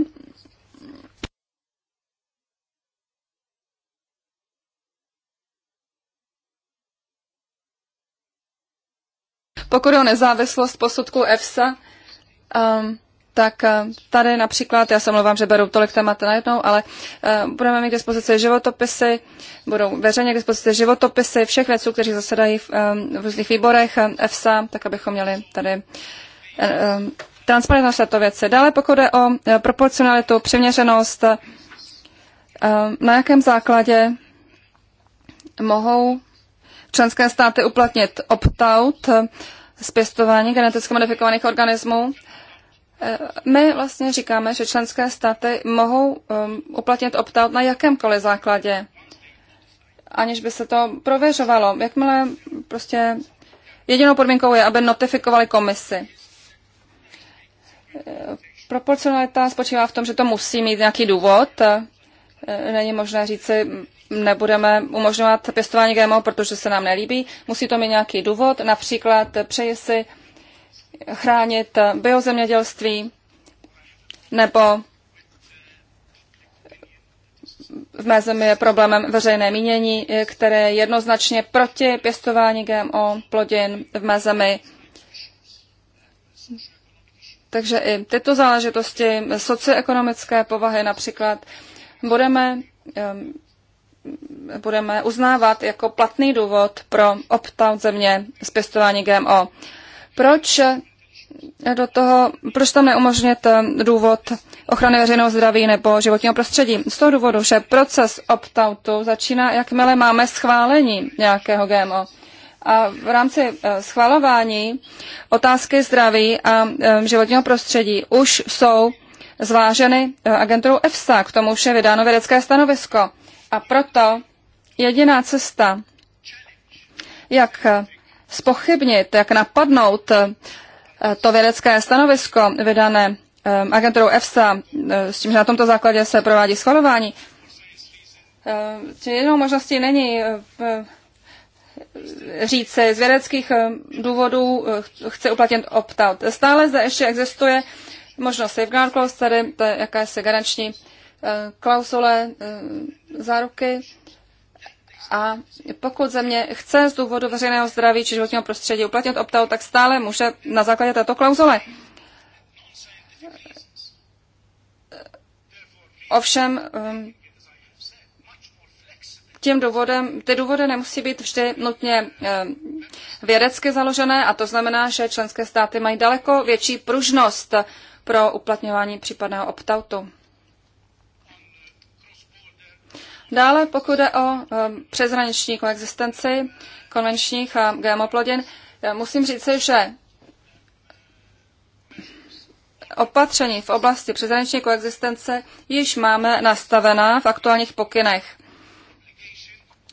Pokud je o nezávislost posudku EFSA, um, tak eh, tady například, já se mluvám, že beru tolik témat najednou, ale eh, budeme mít k dispozici životopisy, budou veřejně k dispozici životopisy všech vědců, kteří zasedají v, eh, v různých výborech EFSA, tak abychom měli tady transparentnost této věci. Dále pokud je o proporcionalitu, přiměřenost, na jakém základě mohou členské státy uplatnit opt-out z pěstování geneticky modifikovaných organismů Eh, my vlastně říkáme, že členské státy mohou um, uplatnit optout na jakémkoliv základě, aniž by se to prověřovalo. Jakmile prostě jedinou podmínkou je, aby notifikovali komisy. Eh, proporcionalita spočívá v tom, že to musí mít nějaký důvod. Eh, není možné říci, nebudeme umožňovat pěstování GMO, protože se nám nelíbí. Musí to mít nějaký důvod, například přeji si, chránit biozemědělství nebo v mé zemi je problémem veřejné mínění, které je jednoznačně proti pěstování GMO plodin v mé zemi. Takže i tyto záležitosti socioekonomické povahy například budeme, budeme uznávat jako platný důvod pro optout země z pěstování GMO. Proč do toho, proč tam neumožnit eh, důvod ochrany veřejného zdraví nebo životního prostředí? Z toho důvodu, že proces opt-outu začíná, jakmile máme schválení nějakého GMO. A v rámci eh, schvalování otázky zdraví a eh, životního prostředí už jsou zváženy agenturou EFSA. K tomu už je vydáno vědecké stanovisko. A proto jediná cesta, jak spochybnit, jak napadnout eh, to vědecké stanovisko vydané eh, agenturou EFSA, eh, s tím, že na tomto základě se provádí schvalování. Jedinou možností není říct z vědeckých důvodů chce uplatnit opt-out. Stále zde ještě existuje možnost safeguard clause, tedy to je jakési garanční klausule záruky, a pokud země chce z důvodu veřejného zdraví či životního prostředí uplatnit opt tak stále může na základě této klauzule. Ovšem, um, tím důvodem, ty důvody nemusí být vždy nutně um, vědecky založené a to znamená, že členské státy mají daleko větší pružnost pro uplatňování případného optautu. Dále, pokud jde o um, přeshraniční koexistenci konvenčních a um, GMO plodin, musím říci, že opatření v oblasti přeshraniční koexistence již máme nastavená v aktuálních pokynech.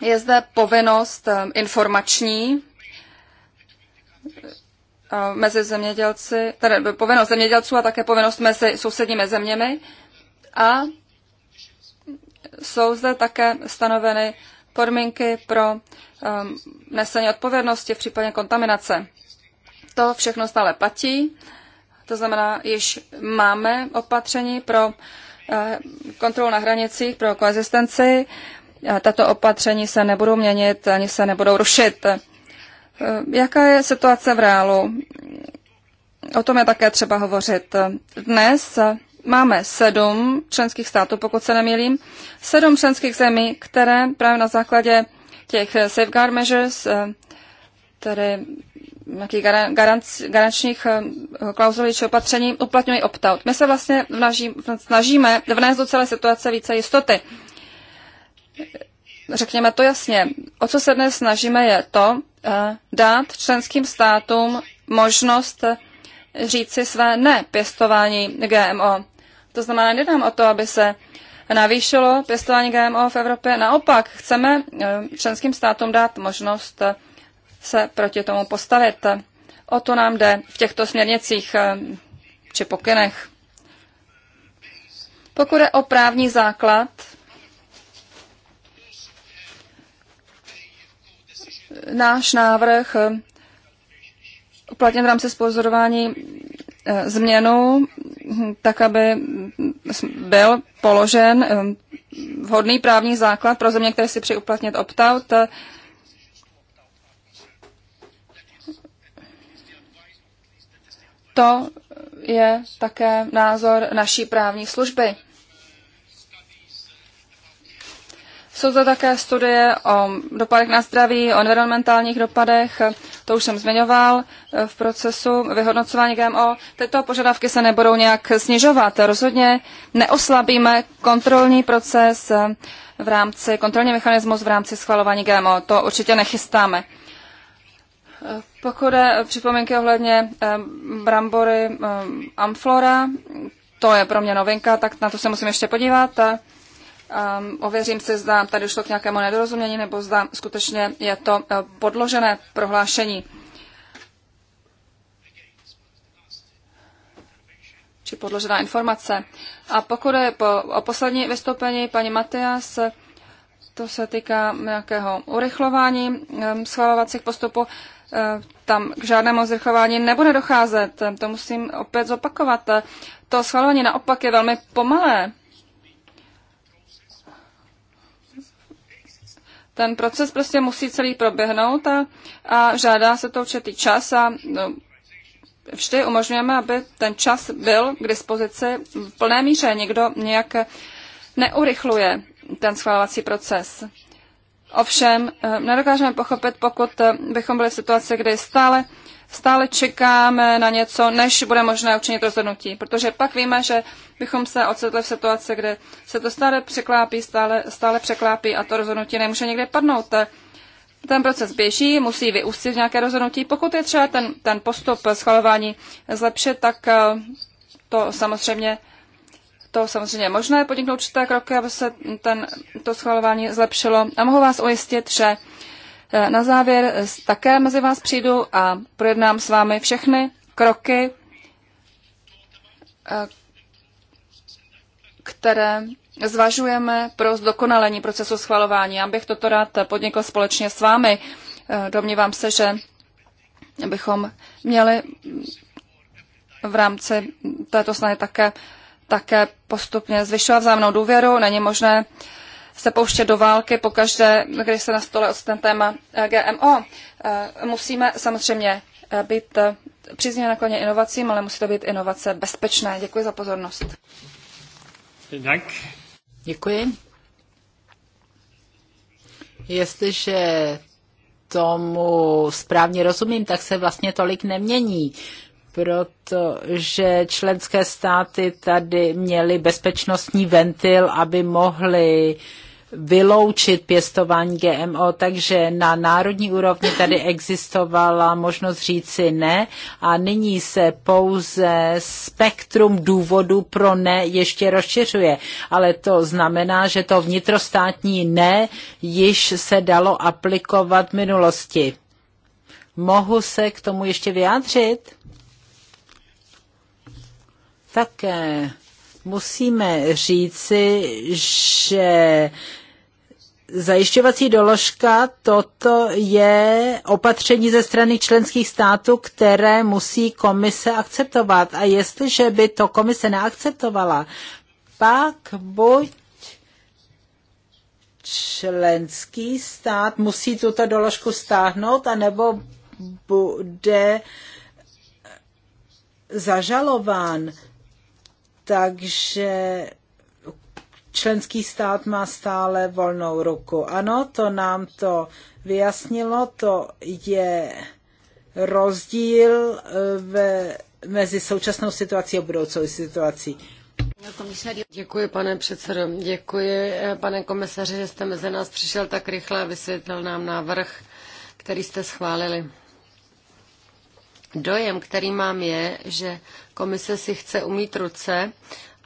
Je zde povinnost um, informační uh, mezi zemědělci, tedy povinnost zemědělců a také povinnost mezi sousedními zeměmi a jsou zde také stanoveny podmínky pro um, nesení odpovědnosti v případě kontaminace. To všechno stále platí, to znamená, již máme opatření pro uh, kontrolu na hranicích, pro koexistenci. Tato opatření se nebudou měnit ani se nebudou rušit. Uh, jaká je situace v reálu? O tom je také třeba hovořit. Dnes máme sedm členských států, pokud se nemýlím, sedm členských zemí, které právě na základě těch safeguard measures, eh, tedy nějakých garančních eh, klauzulí či opatření, uplatňují opt-out. My se vlastně snažíme vnést do celé situace více jistoty. Řekněme to jasně. O co se dnes snažíme je to, eh, dát členským státům možnost říci své ne pěstování GMO. To znamená, nedám o to, aby se navýšilo pěstování GMO v Evropě. Naopak, chceme eh, členským státům dát možnost eh, se proti tomu postavit. O to nám jde v těchto směrnicích eh, či pokynech. Pokud je o právní základ, náš návrh uplatněn v rámci spozorování Eh, změnu, tak aby byl položen eh, vhodný právní základ pro země, které si při uplatnit opt-out. To je také názor naší právní služby. Jsou to také studie o dopadech na zdraví, o environmentálních dopadech, to už jsem zmiňoval eh, v procesu vyhodnocování GMO. Tyto požadavky se nebudou nějak snižovat. Rozhodně neoslabíme kontrolní proces eh, v rámci, kontrolní mechanismus v rámci schvalování GMO. To určitě nechystáme. Eh, pokud je připomínky ohledně brambory amflora, to je pro mě novinka, tak na to se musím ještě podívat. Um, ověřím si, zda tady došlo k nějakému nedorozumění, nebo zda skutečně je to eh, podložené prohlášení. Či podložená informace. A pokud je po, o poslední vystoupení paní Matias, to se týká nějakého urychlování um, schvalovacích postupů, eh, tam k žádnému zrychlování nebude docházet. To musím opět zopakovat. To schvalování naopak je velmi pomalé. Ten proces prostě musí celý proběhnout a, a žádá se to určitý čas a no, vždy umožňujeme, aby ten čas byl k dispozici v plné míře. Nikdo nějak neurychluje ten schvalovací proces. Ovšem, eh, nedokážeme pochopit, pokud eh, bychom byli v situaci, kdy stále stále čekáme na něco, než bude možné učinit rozhodnutí, protože pak víme, že bychom se ocitli v situaci, kde se to stále překlápí, stále, stále překlápí a to rozhodnutí nemůže někde padnout. Ten proces běží, musí vyústit nějaké rozhodnutí. Pokud je třeba ten, ten postup schvalování zlepšit, tak eh, to samozřejmě to samozřejmě je možné podniknout určité kroky, aby se ten, to schvalování zlepšilo. A mohu vás ujistit, že E, na závěr e, také mezi vás přijdu a projednám s vámi všechny kroky, e, které zvažujeme pro zdokonalení procesu schvalování. Já bych toto rád podnikl společně s vámi. Domnívám se, že bychom měli v rámci této snahy také, také postupně zvyšovat vzájemnou důvěru. Není možné uh, se pouštět do války pokaždé, když se na stole odstane téma eh, GMO. Eh, musíme samozřejmě eh, být přízně nakloně inovacím, ale musí to být inovace bezpečné. Děkuji za pozornost. Děkuji. Jestliže tomu správně rozumím, tak se vlastně tolik nemění, protože členské státy tady měly bezpečnostní ventil, aby mohly uh, vyloučit pěstování GMO, takže na národní úrovni tady existovala možnost říci ne a nyní se pouze spektrum důvodů pro ne ještě rozšiřuje, ale to znamená, že to vnitrostátní ne již se dalo aplikovat v minulosti. Mohu se k tomu ještě vyjádřit? Také musíme říci, že zajišťovací doložka, toto je opatření ze strany členských států, které musí komise akceptovat. A jestliže by to komise neakceptovala, pak buď členský stát musí tuto doložku stáhnout, anebo bude zažalován. Takže členský stát má stále volnou ruku. Ano, to nám to vyjasnilo, to je rozdíl eh, ve, mezi současnou situací a budoucou situací. Děkuji, pane předsedo. Děkuji, eh, pane komisaři, že jste mezi nás přišel tak rychle a vysvětlil nám návrh, který jste schválili. Dojem, který mám, je, že komise si chce umít ruce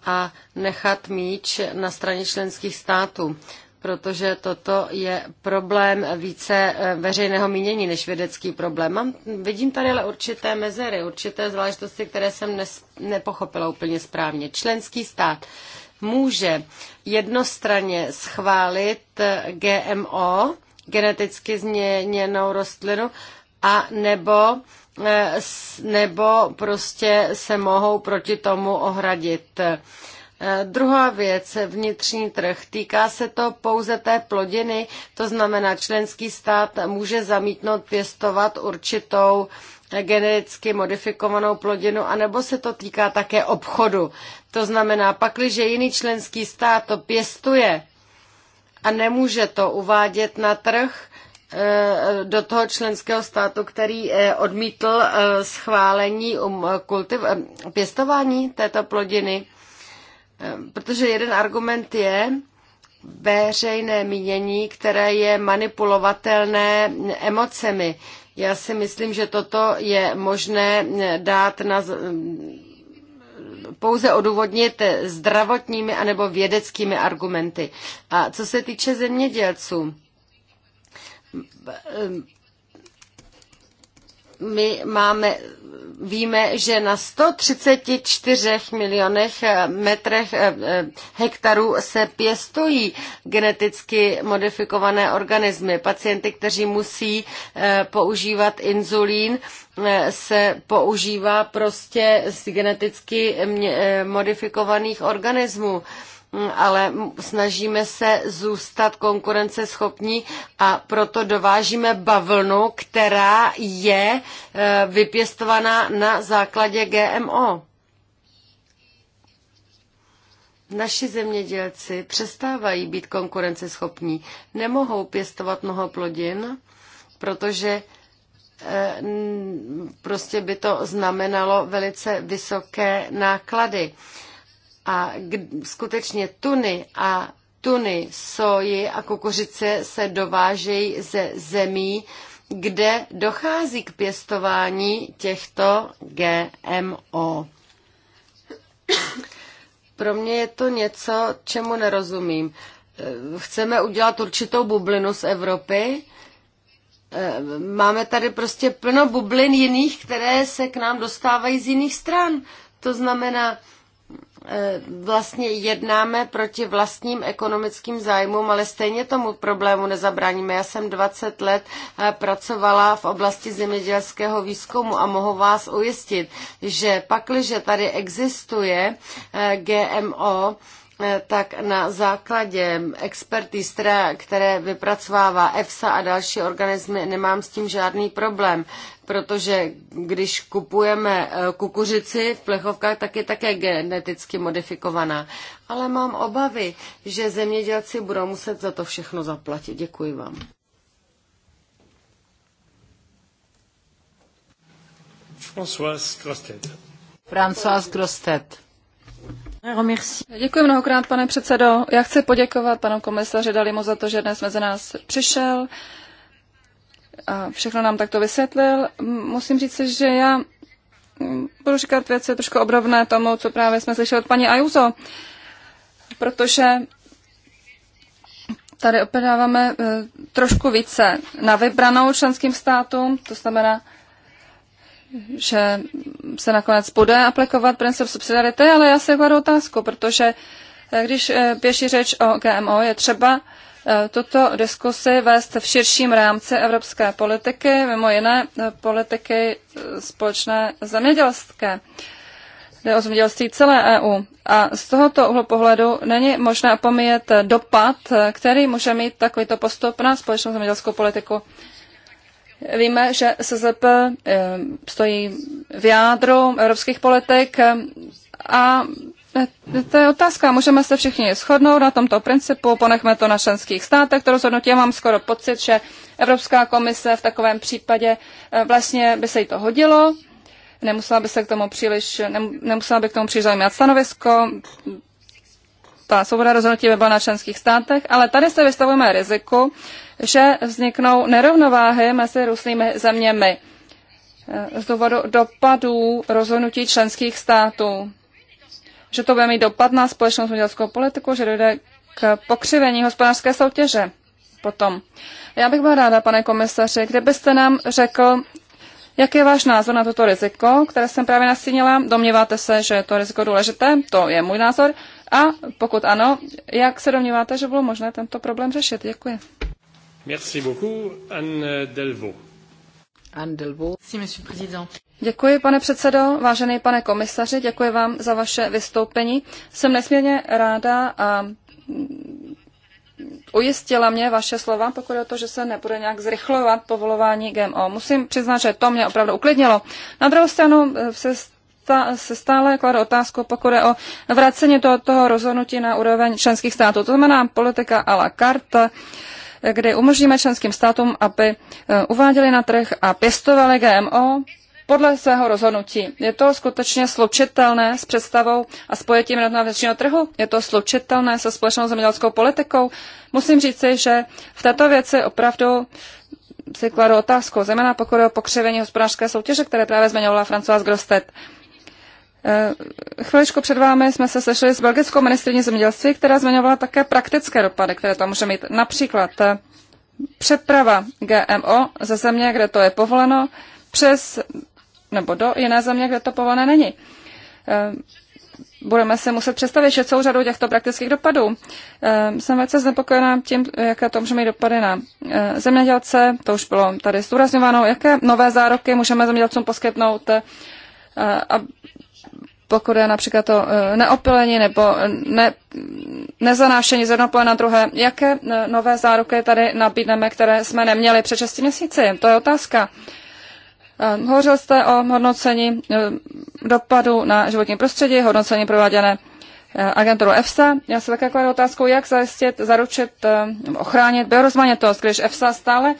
a nechat míč na straně členských států, protože toto je problém více eh, veřejného mínění než vědecký problém. Mám, vidím tady ale určité mezery, určité zvláštnosti, které jsem nes, nepochopila úplně správně. Členský stát může jednostranně schválit eh, GMO, geneticky změněnou rostlinu, a nebo Eh, nebo prostě se mohou proti tomu ohradit. Eh, druhá věc, vnitřní trh. Týká se to pouze té plodiny, to znamená, členský stát může zamítnout pěstovat určitou geneticky modifikovanou plodinu, anebo se to týká také obchodu. To znamená, pakliže jiný členský stát to pěstuje a nemůže to uvádět na trh, Eh, do toho členského státu, který eh, odmítl eh, schválení um, kultiv, pěstování této plodiny. Protože jeden argument je veřejné mínění, které je manipulovatelné emocemi. Já si myslím, že toto je možné dát na pouze odůvodnit zdravotními anebo vědeckými argumenty. A co se týče zemědělců, my máme, víme, že na 134 milionech eh, metrech eh, eh, hektarů se pěstují geneticky modifikované organismy. Pacienty, kteří musí používat inzulín, se používá prostě z geneticky modifikovaných organismů. Mm, ale snažíme se zůstat konkurenceschopní a proto dovážíme bavlnu, která je e, vypěstovaná na základě GMO. Naši zemědělci přestávají být konkurenceschopní. Nemohou pěstovat mnoho plodin, protože e, prostě by to znamenalo velice vysoké náklady. A skutečně tuny a tuny soji a kukuřice se dovážejí ze zemí, kde dochází k pěstování těchto GMO. Pro mě je to něco, čemu nerozumím. Eh, chceme udělat určitou bublinu z Evropy. Eh, máme tady prostě plno bublin jiných, které se k nám dostávají z jiných stran. To znamená, vlastně jednáme proti vlastním ekonomickým zájmům, ale stejně tomu problému nezabráníme. Já jsem 20 let eh, pracovala v oblasti zemědělského výzkumu a mohu vás ujistit, že pakliže tady existuje eh, GMO, eh, tak na základě expertí, které vypracovává EFSA a další organismy, nemám s tím žádný problém protože když kupujeme eh, kukuřici v plechovkách, tak je také geneticky modifikovaná. Ale mám obavy, že zemědělci budou muset za to všechno zaplatit. Děkuji vám. François Grostet. Grostet. Děkuji mnohokrát, pane předsedo. Já chci poděkovat panu komisaři Dalimu za to, že dnes mezi nás přišel všechno nám takto vysvětlil. Musím říct, že já budu říkat věci trošku obrovné tomu, co právě jsme slyšeli od paní Ajuzo, protože tady opět dáváme eh, trošku více na vybranou členským státům, to znamená, že se nakonec bude aplikovat princip subsidiarity, ale já si kladu otázku, protože eh, když eh, běží řeč o GMO, je třeba E, tuto diskusi vést v širším rámci evropské politiky, mimo jiné e, politiky e, společné zemědělské. Jde o zemědělství celé EU. A z tohoto úhlu pohledu není možné pomíjet dopad, který může mít takovýto postup na společnou zemědělskou politiku. Víme, že SZP stojí v jádru evropských politik a to je otázka. Můžeme se všichni shodnout na tomto principu, ponechme to na členských státech, to rozhodnutí. Já mám skoro pocit, že Evropská komise v takovém případě eh, vlastně by se jí to hodilo. Nemusela by se k tomu příliš, nemusela by k tomu příliš zajímat stanovisko. Ta svoboda rozhodnutí by byla na členských státech, ale tady se vystavujeme riziku, že vzniknou nerovnováhy mezi různými zeměmi eh, z důvodu dopadů rozhodnutí členských států že to bude mít dopad na společnou zemědělskou politiku, že dojde k pokřivení hospodářské soutěže potom. Já bych byla ráda, pane komisaři, kdybyste nám řekl, jak je váš názor na toto riziko, které jsem právě nastínila. Domníváte se, že je to riziko důležité? To je můj názor. A pokud ano, jak se domníváte, že bylo možné tento problém řešit? Děkuji. Merci beaucoup, Anne Delvaux. Anne Delvaux. Si, monsieur président. Děkuji, pane předsedo, vážený pane komisaři, děkuji vám za vaše vystoupení. Jsem nesmírně ráda a ujistila mě vaše slova, pokud je o to, že se nebude nějak zrychlovat povolování GMO. Musím přiznat, že to mě opravdu uklidnilo. Na druhou stranu eh, se se stále kladu otázku, pokud je o vracení toho, rozhodnutí na úroveň členských států. To znamená politika à la carte, eh, kdy umožníme členským státům, aby eh, uváděli na trh a pěstovali GMO, podle svého rozhodnutí. Je to skutečně slučitelné s představou a spojetím na většinou trhu? Je to slučitelné se společnou zemědělskou politikou? Musím říci, že v této věci opravdu si kladu otázku, zejména pokud je o pokřivení hospodářské soutěže, které právě zmiňovala François Grostet. Eh, chviličku před vámi jsme se sešli s belgickou ministriní zemědělství, která zmiňovala také praktické dopady, které to může mít. Například eh, přeprava GMO ze země, kde to je povoleno, přes nebo do jiné země, kde to povolené není. Eh, budeme se muset představit, že celou řadu těchto praktických dopadů. Eh, jsem velice znepokojená tím, jaké to může mít dopady na eh, zemědělce, to už bylo tady zdůrazňováno, jaké nové zároky můžeme zemědělcům poskytnout, a pokud je například to neopilení nebo ne, nezanášení z jednoho pole na druhé, jaké nové záruky tady nabídneme, které jsme neměli před 6 měsíci? To je otázka. Eh, hovořil jste o hodnocení eh, dopadu na životní prostředí, hodnocení prováděné eh, agenturu EFSA. Já se také kladu otázku, jak zajistit, zaručit, ochránit biorozmanitost, když EFSA stále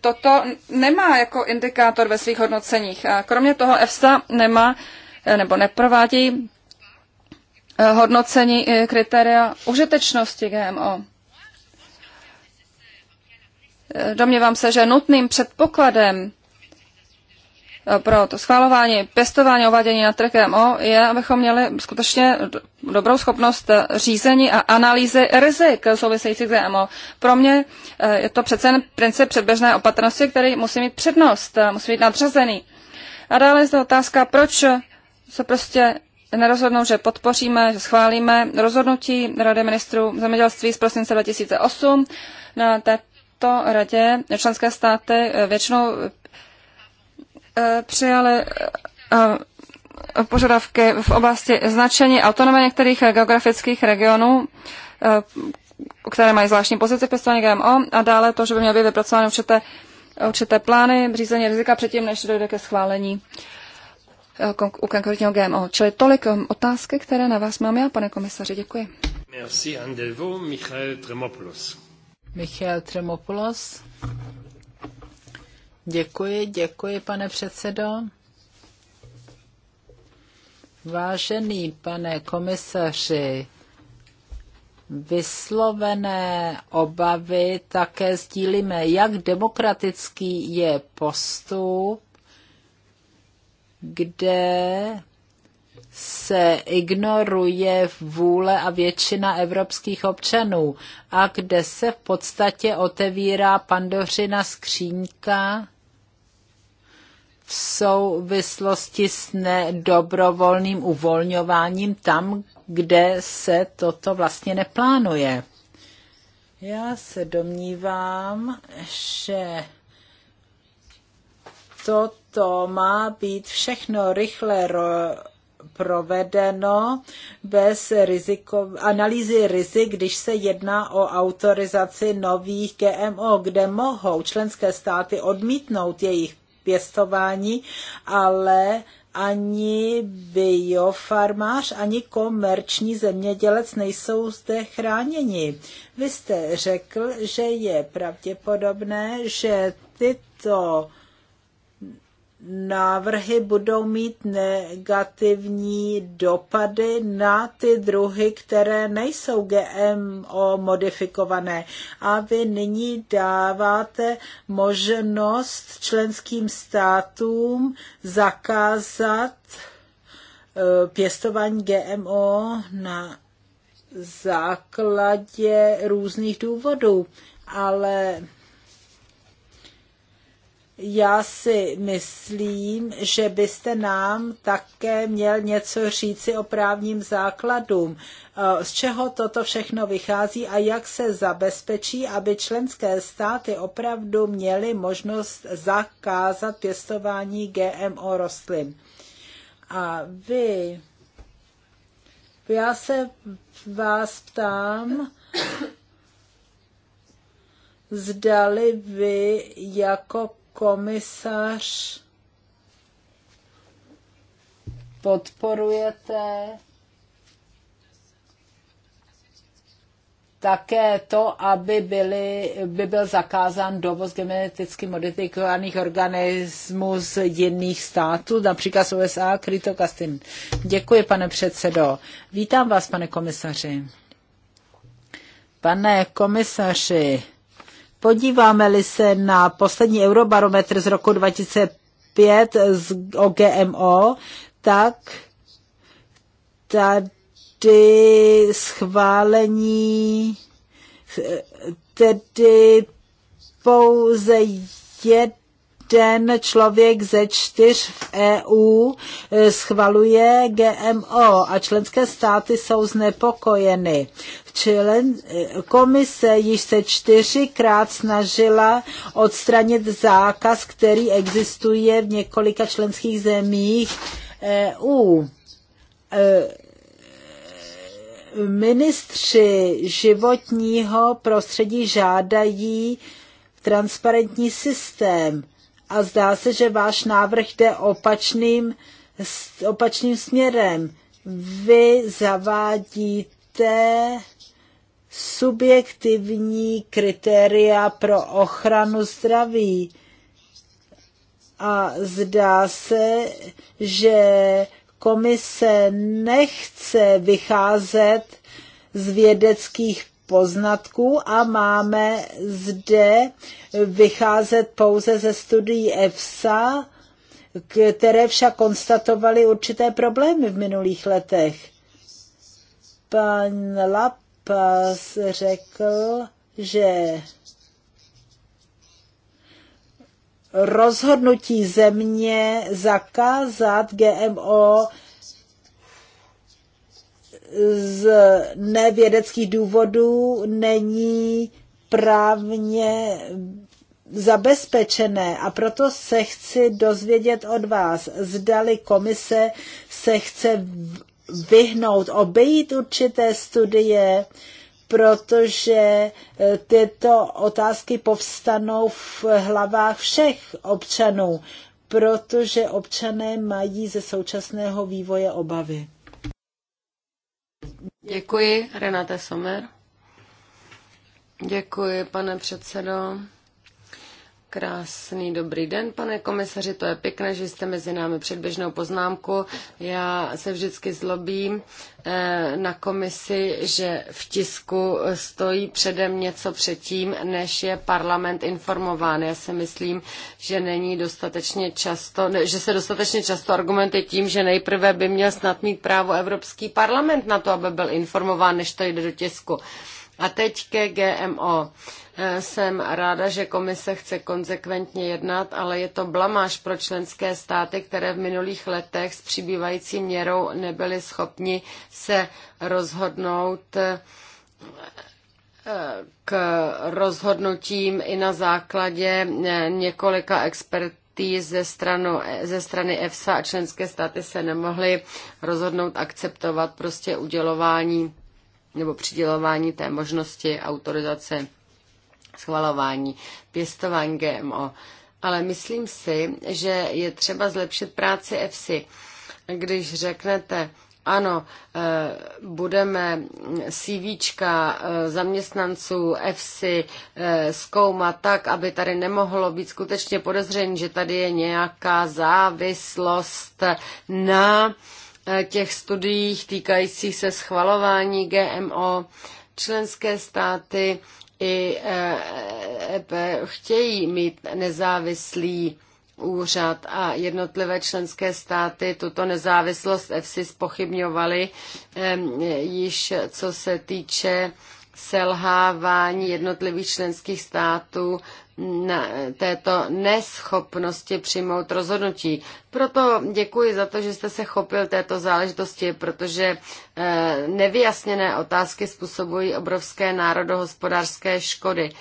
toto nemá jako indikátor ve svých hodnoceních. A kromě toho EFSA nemá nebo neprovádí hodnocení kritéria užitečnosti GMO. Domnívám se, že nutným předpokladem Eh, pro to schvalování, pěstování, ovádění na trh GMO je, abychom měli skutečně dobrou schopnost eh, řízení a analýzy rizik souvisejících GMO. Pro mě eh, je to přece jen princip předběžné opatrnosti, který musí mít přednost, musí být nadřazený. A dále je zde otázka, proč se prostě nerozhodnou, že podpoříme, že schválíme rozhodnutí Rady ministrů zemědělství z prosince 2008. Na této radě členské státy většinou přijali eh, eh, požadavky v oblasti značení autonomie některých geografických regionů, eh, které mají zvláštní pozici pěstování GMO a dále to, že by měly být vypracovány určité, určité plány řízení rizika předtím, než dojde ke schválení u konkrétního GMO. Čili tolik otázky, které na vás mám já, pane komisaři. Děkuji. Merci, Andelvo, Michael Tremopoulos. Michael Tremopoulos. Děkuji, děkuji, pane předsedo. Vážený pane komisaři, vyslovené obavy také sdílíme, jak demokratický je postup, kde se ignoruje vůle a většina evropských občanů a kde se v podstatě otevírá pandořina skřínka v souvislosti s nedobrovolným uvolňováním tam, kde se toto vlastně neplánuje. Já se domnívám, že toto má být všechno rychle provedeno bez riziko, analýzy rizik, když se jedná o autorizaci nových GMO, kde mohou členské státy odmítnout jejich pěstování, ale ani biofarmář, ani komerční zemědělec nejsou zde chráněni. Vy jste řekl, že je pravděpodobné, že tyto návrhy budou mít negativní dopady na ty druhy, které nejsou GMO modifikované. A vy nyní dáváte možnost členským státům zakázat eh, pěstování GMO na základě různých důvodů. Ale já si myslím, že byste nám také měl něco říci o právním základu, eh, z čeho toto všechno vychází a jak se zabezpečí, aby členské státy opravdu měly možnost zakázat pěstování GMO rostlin. A vy, já se vás ptám, zdali vy jako komisař, podporujete také to, aby, byly, by byl zakázán dovoz geneticky modifikovaných organismů z jiných států, například z USA, krytokastin. Děkuji, pane předsedo. Vítám vás, pane komisaři. Pane komisaři, Podíváme-li se na poslední eurobarometr z roku 2005 o GMO, tak tady schválení tedy pouze jeden člověk ze čtyř v EU eh, schvaluje GMO a členské státy jsou znepokojeny. Člen, e, komise již se čtyřikrát snažila odstranit zákaz, který existuje v několika členských zemích EU e, ministři životního prostředí žádají transparentní systém a zdá se, že váš návrh jde opačným, opačným směrem. Vy zavádíte subjektivní kritéria pro ochranu zdraví. A zdá se, že komise nechce vycházet z vědeckých poznatků a máme zde vycházet pouze ze studií EFSA, které však konstatovaly určité problémy v minulých letech. Pan Lap Pas řekl, že rozhodnutí země zakázat GMO z nevědeckých důvodů není právně zabezpečené a proto se chci dozvědět od vás, zdali komise se chce vyhnout, obejít určité studie, protože eh, tyto otázky povstanou v hlavách všech občanů, protože občané mají ze současného vývoje obavy. Děkuji, Renate Somer. Děkuji, pane předsedo. Krásný dobrý den, pane komisaři, to je pěkné, že jste mezi námi předběžnou poznámku. Já se vždycky zlobím eh, na komisi, že v tisku stojí předem něco předtím, než je parlament informován. Já si myslím, že není dostatečně často, že se dostatečně často argumentuje tím, že nejprve by měl snad mít právo Evropský parlament na to, aby byl informován, než to jde do tisku. A teď ke GMO. E, jsem ráda, že komise chce konzekventně jednat, ale je to blamáž pro členské státy, které v minulých letech s přibývající měrou nebyly schopni se rozhodnout e, k rozhodnutím i na základě e, několika expertů ze, stranu, ze strany EFSA a členské státy se nemohly rozhodnout akceptovat prostě udělování nebo přidělování té možnosti autorizace schvalování, pěstování GMO. Ale myslím si, že je třeba zlepšit práci EFSI. Když řeknete, ano, eh, budeme CVčka eh, zaměstnanců EFSI eh, zkoumat tak, aby tady nemohlo být skutečně podezření, že tady je nějaká závislost na Eh, těch studiích týkajících se schvalování GMO. Členské státy i EP eh, e chtějí mít nezávislý úřad a jednotlivé členské státy tuto nezávislost EFSI spochybňovaly již co se týče selhávání jednotlivých členských států na této neschopnosti přijmout rozhodnutí. Proto děkuji za to, že jste se chopil této záležitosti, protože eh, nevyjasněné otázky způsobují obrovské národohospodářské škody.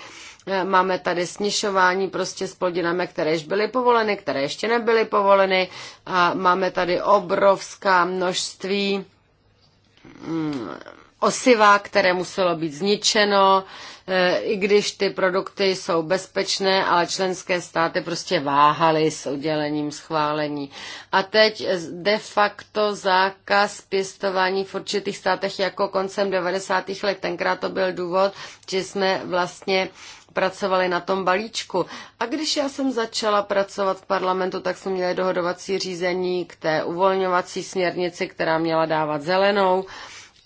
Eh, máme tady snižování prostě s plodinami, které již byly povoleny, které ještě nebyly povoleny. A máme tady obrovská množství mm, osiva, které muselo být zničeno, e, i když ty produkty jsou bezpečné, ale členské státy prostě váhaly s udělením schválení. A teď de facto zákaz pěstování v určitých státech jako koncem 90. let. Tenkrát to byl důvod, že jsme vlastně pracovali na tom balíčku. A když já jsem začala pracovat v parlamentu, tak jsme měli dohodovací řízení k té uvolňovací směrnici, která měla dávat zelenou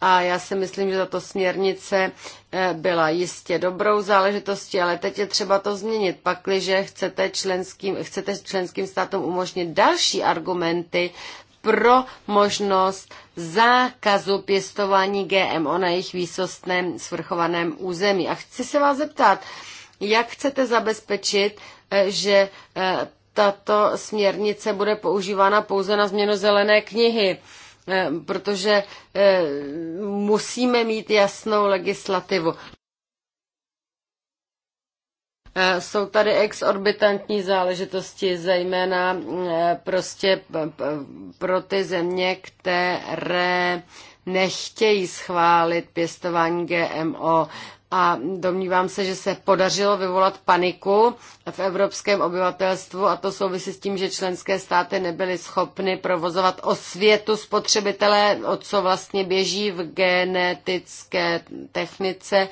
a já si myslím, že tato směrnice eh, byla jistě dobrou záležitostí, ale teď je třeba to změnit. Pakliže chcete členským, chcete členským státům umožnit další argumenty pro možnost zákazu pěstování GMO na jejich výsostném svrchovaném území. A chci se vás zeptat, jak chcete zabezpečit, eh, že eh, tato směrnice bude používána pouze na změnu zelené knihy? Eh, protože eh, musíme mít jasnou legislativu. Eh, jsou tady exorbitantní záležitosti, zejména prostě pro ty země, které nechtějí schválit pěstování GMO a domnívám se, že se podařilo vyvolat paniku v evropském obyvatelstvu a to souvisí s tím, že členské státy nebyly schopny provozovat osvětu spotřebitele, o co vlastně běží v genetické technice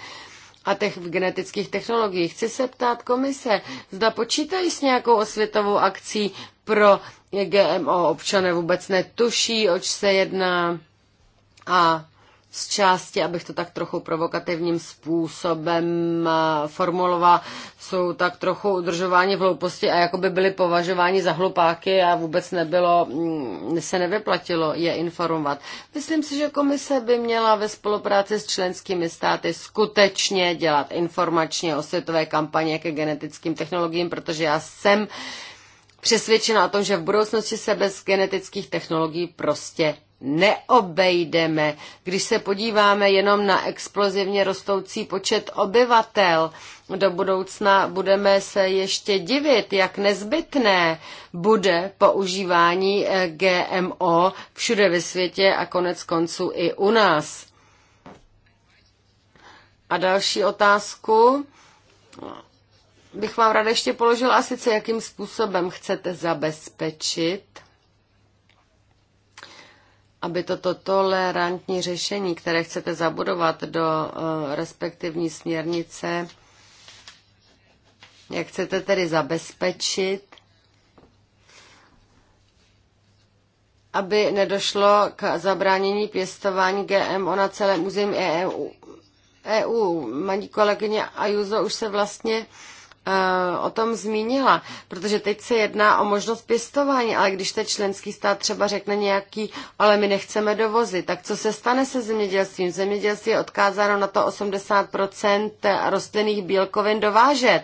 a tech, v genetických technologiích. Chci se ptát komise, zda počítají s nějakou osvětovou akcí pro GMO občané vůbec netuší, oč se jedná a z části, abych to tak trochu provokativním způsobem eh, formulovala, jsou tak trochu udržováni v hlouposti a jako by byli považováni za hlupáky a vůbec nebylo, mm, se nevyplatilo je informovat. Myslím si, že komise by měla ve spolupráci s členskými státy skutečně dělat informačně osvětové kampaně ke genetickým technologiím, protože já jsem přesvědčena o tom, že v budoucnosti se bez genetických technologií prostě neobejdeme. Když se podíváme jenom na explozivně rostoucí počet obyvatel, do budoucna budeme se ještě divit, jak nezbytné bude používání eh, GMO všude ve světě a konec konců i u nás. A další otázku bych vám ráda ještě položila, a sice jakým způsobem chcete zabezpečit, aby toto tolerantní řešení, které chcete zabudovat do eh, respektivní směrnice, jak chcete tedy zabezpečit, aby nedošlo k zabránění pěstování GMO na celém území EU. EU, maní kolegyně Ajuzo už se vlastně Eh, o tom zmínila, protože teď se jedná o možnost pěstování, ale když ten členský stát třeba řekne nějaký, ale my nechceme dovozit, tak co se stane se zemědělstvím? Zemědělství je odkázáno na to 80% rostlinných bílkovin dovážet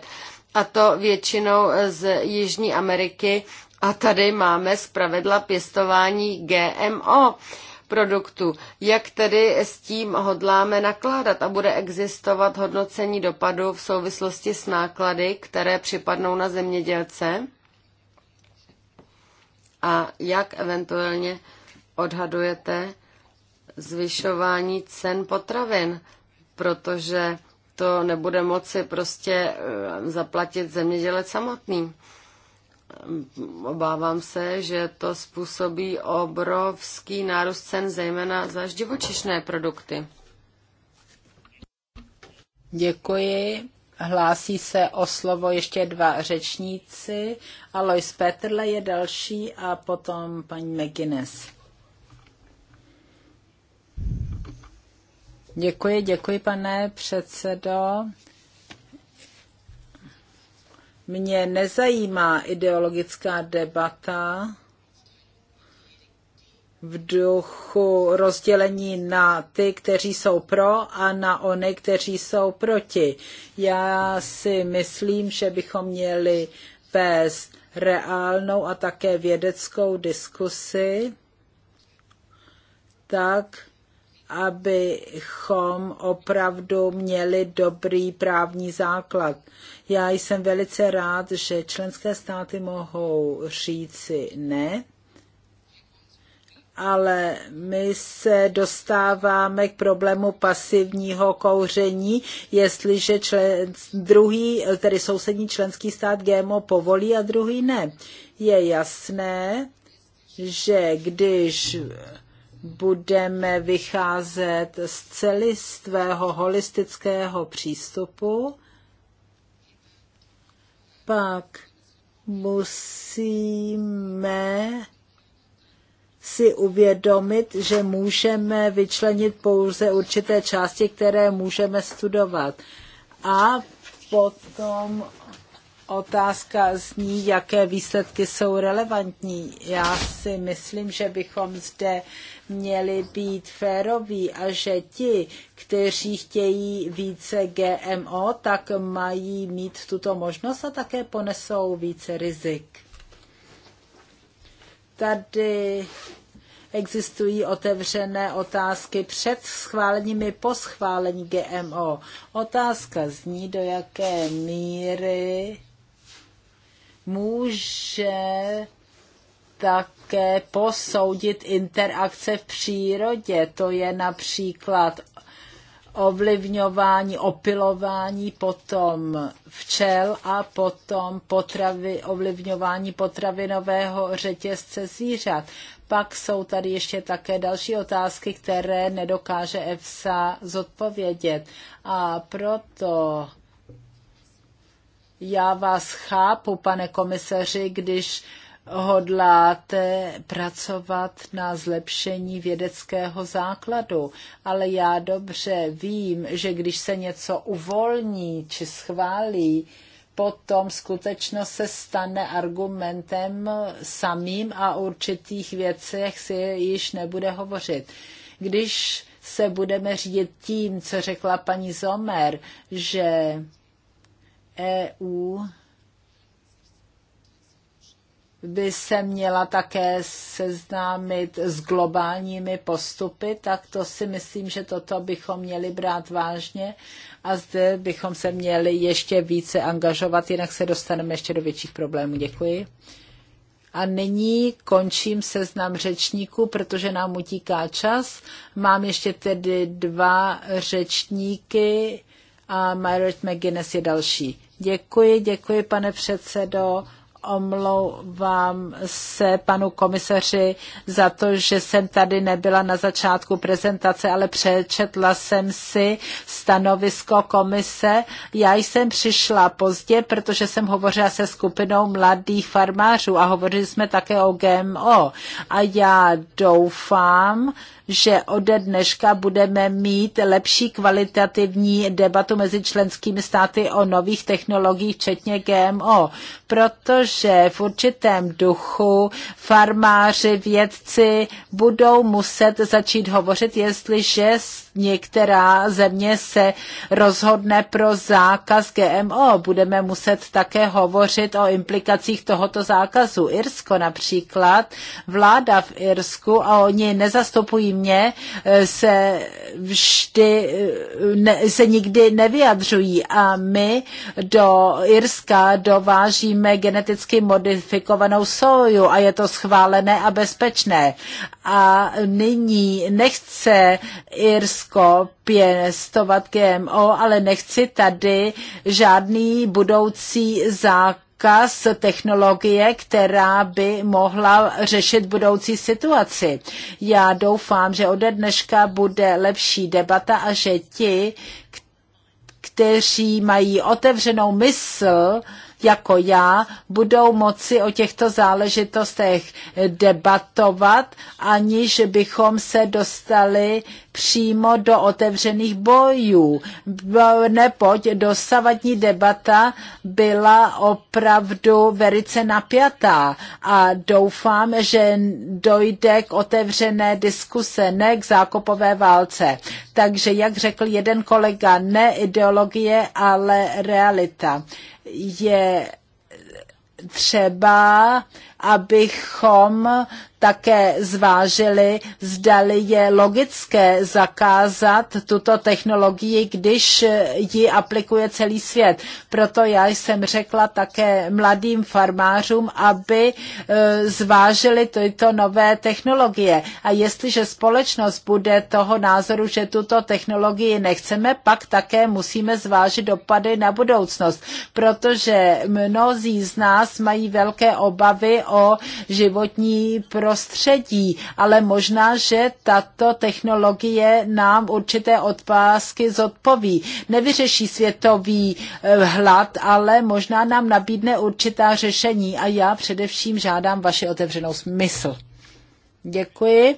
a to většinou z Jižní Ameriky a tady máme zpravedla pěstování GMO produktů. Jak tedy s tím hodláme nakládat a bude existovat hodnocení dopadu v souvislosti s náklady, které připadnou na zemědělce? A jak eventuálně odhadujete zvyšování cen potravin, protože to nebude moci prostě eh, zaplatit zemědělec samotný obávám se, že to způsobí obrovský nárůst cen, zejména za živočišné produkty. Děkuji. Hlásí se o slovo ještě dva řečníci. Alois Petrle je další a potom paní McGuinness. Děkuji, děkuji, pane předsedo. Mě nezajímá ideologická debata v duchu rozdělení na ty, kteří jsou pro a na ony, kteří jsou proti. Já si myslím, že bychom měli vést reálnou a také vědeckou diskusi tak, abychom opravdu měli dobrý právní základ. Já jsem velice rád, že členské státy mohou říci ne, ale my se dostáváme k problému pasivního kouření, jestliže člen, druhý, tedy sousední členský stát GMO povolí a druhý ne. Je jasné, že když budeme vycházet z celistvého holistického přístupu, pak musíme si uvědomit, že můžeme vyčlenit pouze určité části, které můžeme studovat. A potom Otázka zní, jaké výsledky jsou relevantní. Já si myslím, že bychom zde měli být féroví a že ti, kteří chtějí více GMO, tak mají mít tuto možnost a také ponesou více rizik. Tady existují otevřené otázky před schválením i po schválení GMO. Otázka zní, do jaké míry může také posoudit interakce v přírodě. To je například ovlivňování, opilování, potom včel a potom potravy, ovlivňování potravinového řetězce zvířat. Pak jsou tady ještě také další otázky, které nedokáže EFSA zodpovědět. A proto já vás chápu, pane komisaři, když hodláte pracovat na zlepšení vědeckého základu, ale já dobře vím, že když se něco uvolní či schválí, potom skutečno se stane argumentem samým a o určitých věcech si již nebude hovořit. Když se budeme řídit tím, co řekla paní Zomer, že EU by se měla také seznámit s globálními postupy, tak to si myslím, že toto bychom měli brát vážně a zde bychom se měli ještě více angažovat, jinak se dostaneme ještě do větších problémů. Děkuji. A nyní končím seznam řečníků, protože nám utíká čas. Mám ještě tedy dva řečníky a Margaret McGuinness je další. Děkuji, děkuji, pane předsedo omlouvám se panu komisaři za to, že jsem tady nebyla na začátku prezentace, ale přečetla jsem si stanovisko komise. Já jsem přišla pozdě, protože jsem hovořila se skupinou mladých farmářů a hovořili jsme také o GMO. A já doufám, že ode dneška budeme mít lepší kvalitativní debatu mezi členskými státy o nových technologiích, včetně GMO protože v určitém duchu farmáři, vědci budou muset začít hovořit, jestliže některá země se rozhodne pro zákaz GMO. Budeme muset také hovořit o implikacích tohoto zákazu. Irsko například, vláda v Irsku, a oni nezastupují mě, eh, se vždy, eh, ne, se nikdy nevyjadřují a my do Irska dovážíme geneticky modifikovanou soju a je to schválené a bezpečné. A nyní nechce Irsko Norsko pěstovat GMO, ale nechci tady žádný budoucí zákon zákaz technologie, která by mohla řešit budoucí situaci. Já doufám, že ode dneška bude lepší debata a že ti, kteří mají otevřenou mysl, jako já, budou moci o těchto záležitostech debatovat, aniž bychom se dostali přímo do otevřených bojů, neboť dosavadní debata byla opravdu velice napjatá a doufám, že dojde k otevřené diskuse, ne k zákopové válce. Takže, jak řekl jeden kolega, ne ideologie, ale realita. Je třeba abychom také zvážili, zdali je logické zakázat tuto technologii, když ji aplikuje celý svět. Proto já jsem řekla také mladým farmářům, aby e, zvážili tyto nové technologie. A jestliže společnost bude toho názoru, že tuto technologii nechceme, pak také musíme zvážit dopady na budoucnost, protože mnozí z nás mají velké obavy o životní prostředí, ale možná, že tato technologie nám určité odpásky zodpoví. Nevyřeší světový eh, hlad, ale možná nám nabídne určitá řešení a já především žádám vaši otevřenou mysl. Děkuji.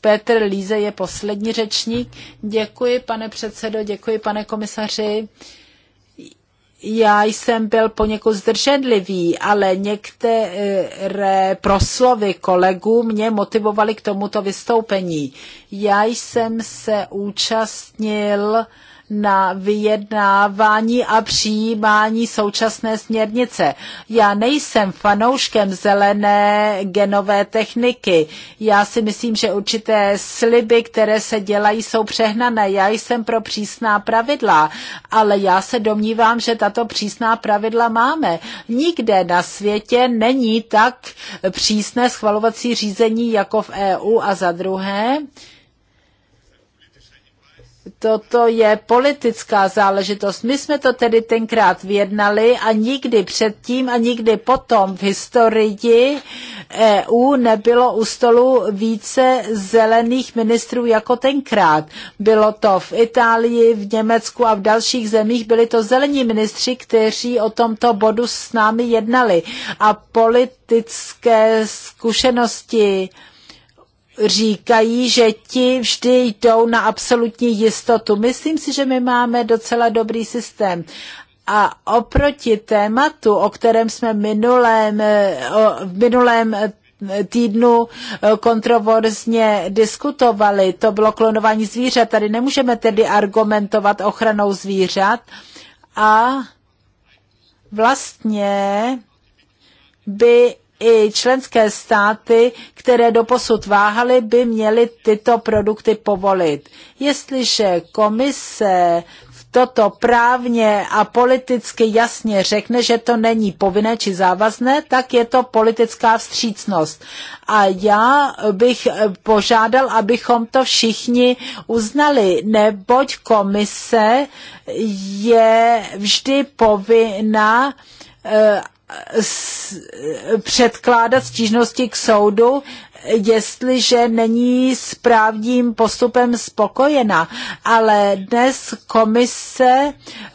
Petr Líze je poslední řečník. Děkuji, pane předsedo, děkuji, pane komisaři já jsem byl poněkud zdrženlivý, ale některé proslovy kolegů mě motivovaly k tomuto vystoupení. Já jsem se účastnil uh, na vyjednávání a přijímání současné směrnice. Já nejsem fanouškem zelené genové techniky. Já si myslím, že určité sliby, které se dělají, jsou přehnané. Já jsem pro přísná pravidla, ale já se domnívám, že tato přísná pravidla máme. Nikde na světě není tak přísné schvalovací řízení jako v EU a za druhé, toto je politická záležitost. My jsme to tedy tenkrát vyjednali a nikdy předtím a nikdy potom v historii EU nebylo u stolu více zelených ministrů jako tenkrát. Bylo to v Itálii, v Německu a v dalších zemích byli to zelení ministři, kteří o tomto bodu s námi jednali. A politické zkušenosti říkají, že ti vždy jdou na absolutní jistotu. Myslím si, že my máme docela dobrý systém. A oproti tématu, o kterém jsme minulém, v minulém eh, eh, týdnu eh, kontroverzně diskutovali, to bylo klonování zvířat. Tady nemůžeme tedy argumentovat ochranou zvířat. A vlastně by i členské státy, které doposud váhaly, by měly tyto produkty povolit. Jestliže komise toto právně a politicky jasně řekne, že to není povinné či závazné, tak je to politická vstřícnost. A já bych eh, požádal, abychom to všichni uznali, neboť komise je vždy povinna eh, předkládat stížnosti k soudu jestliže není správním postupem spokojena. Ale dnes komise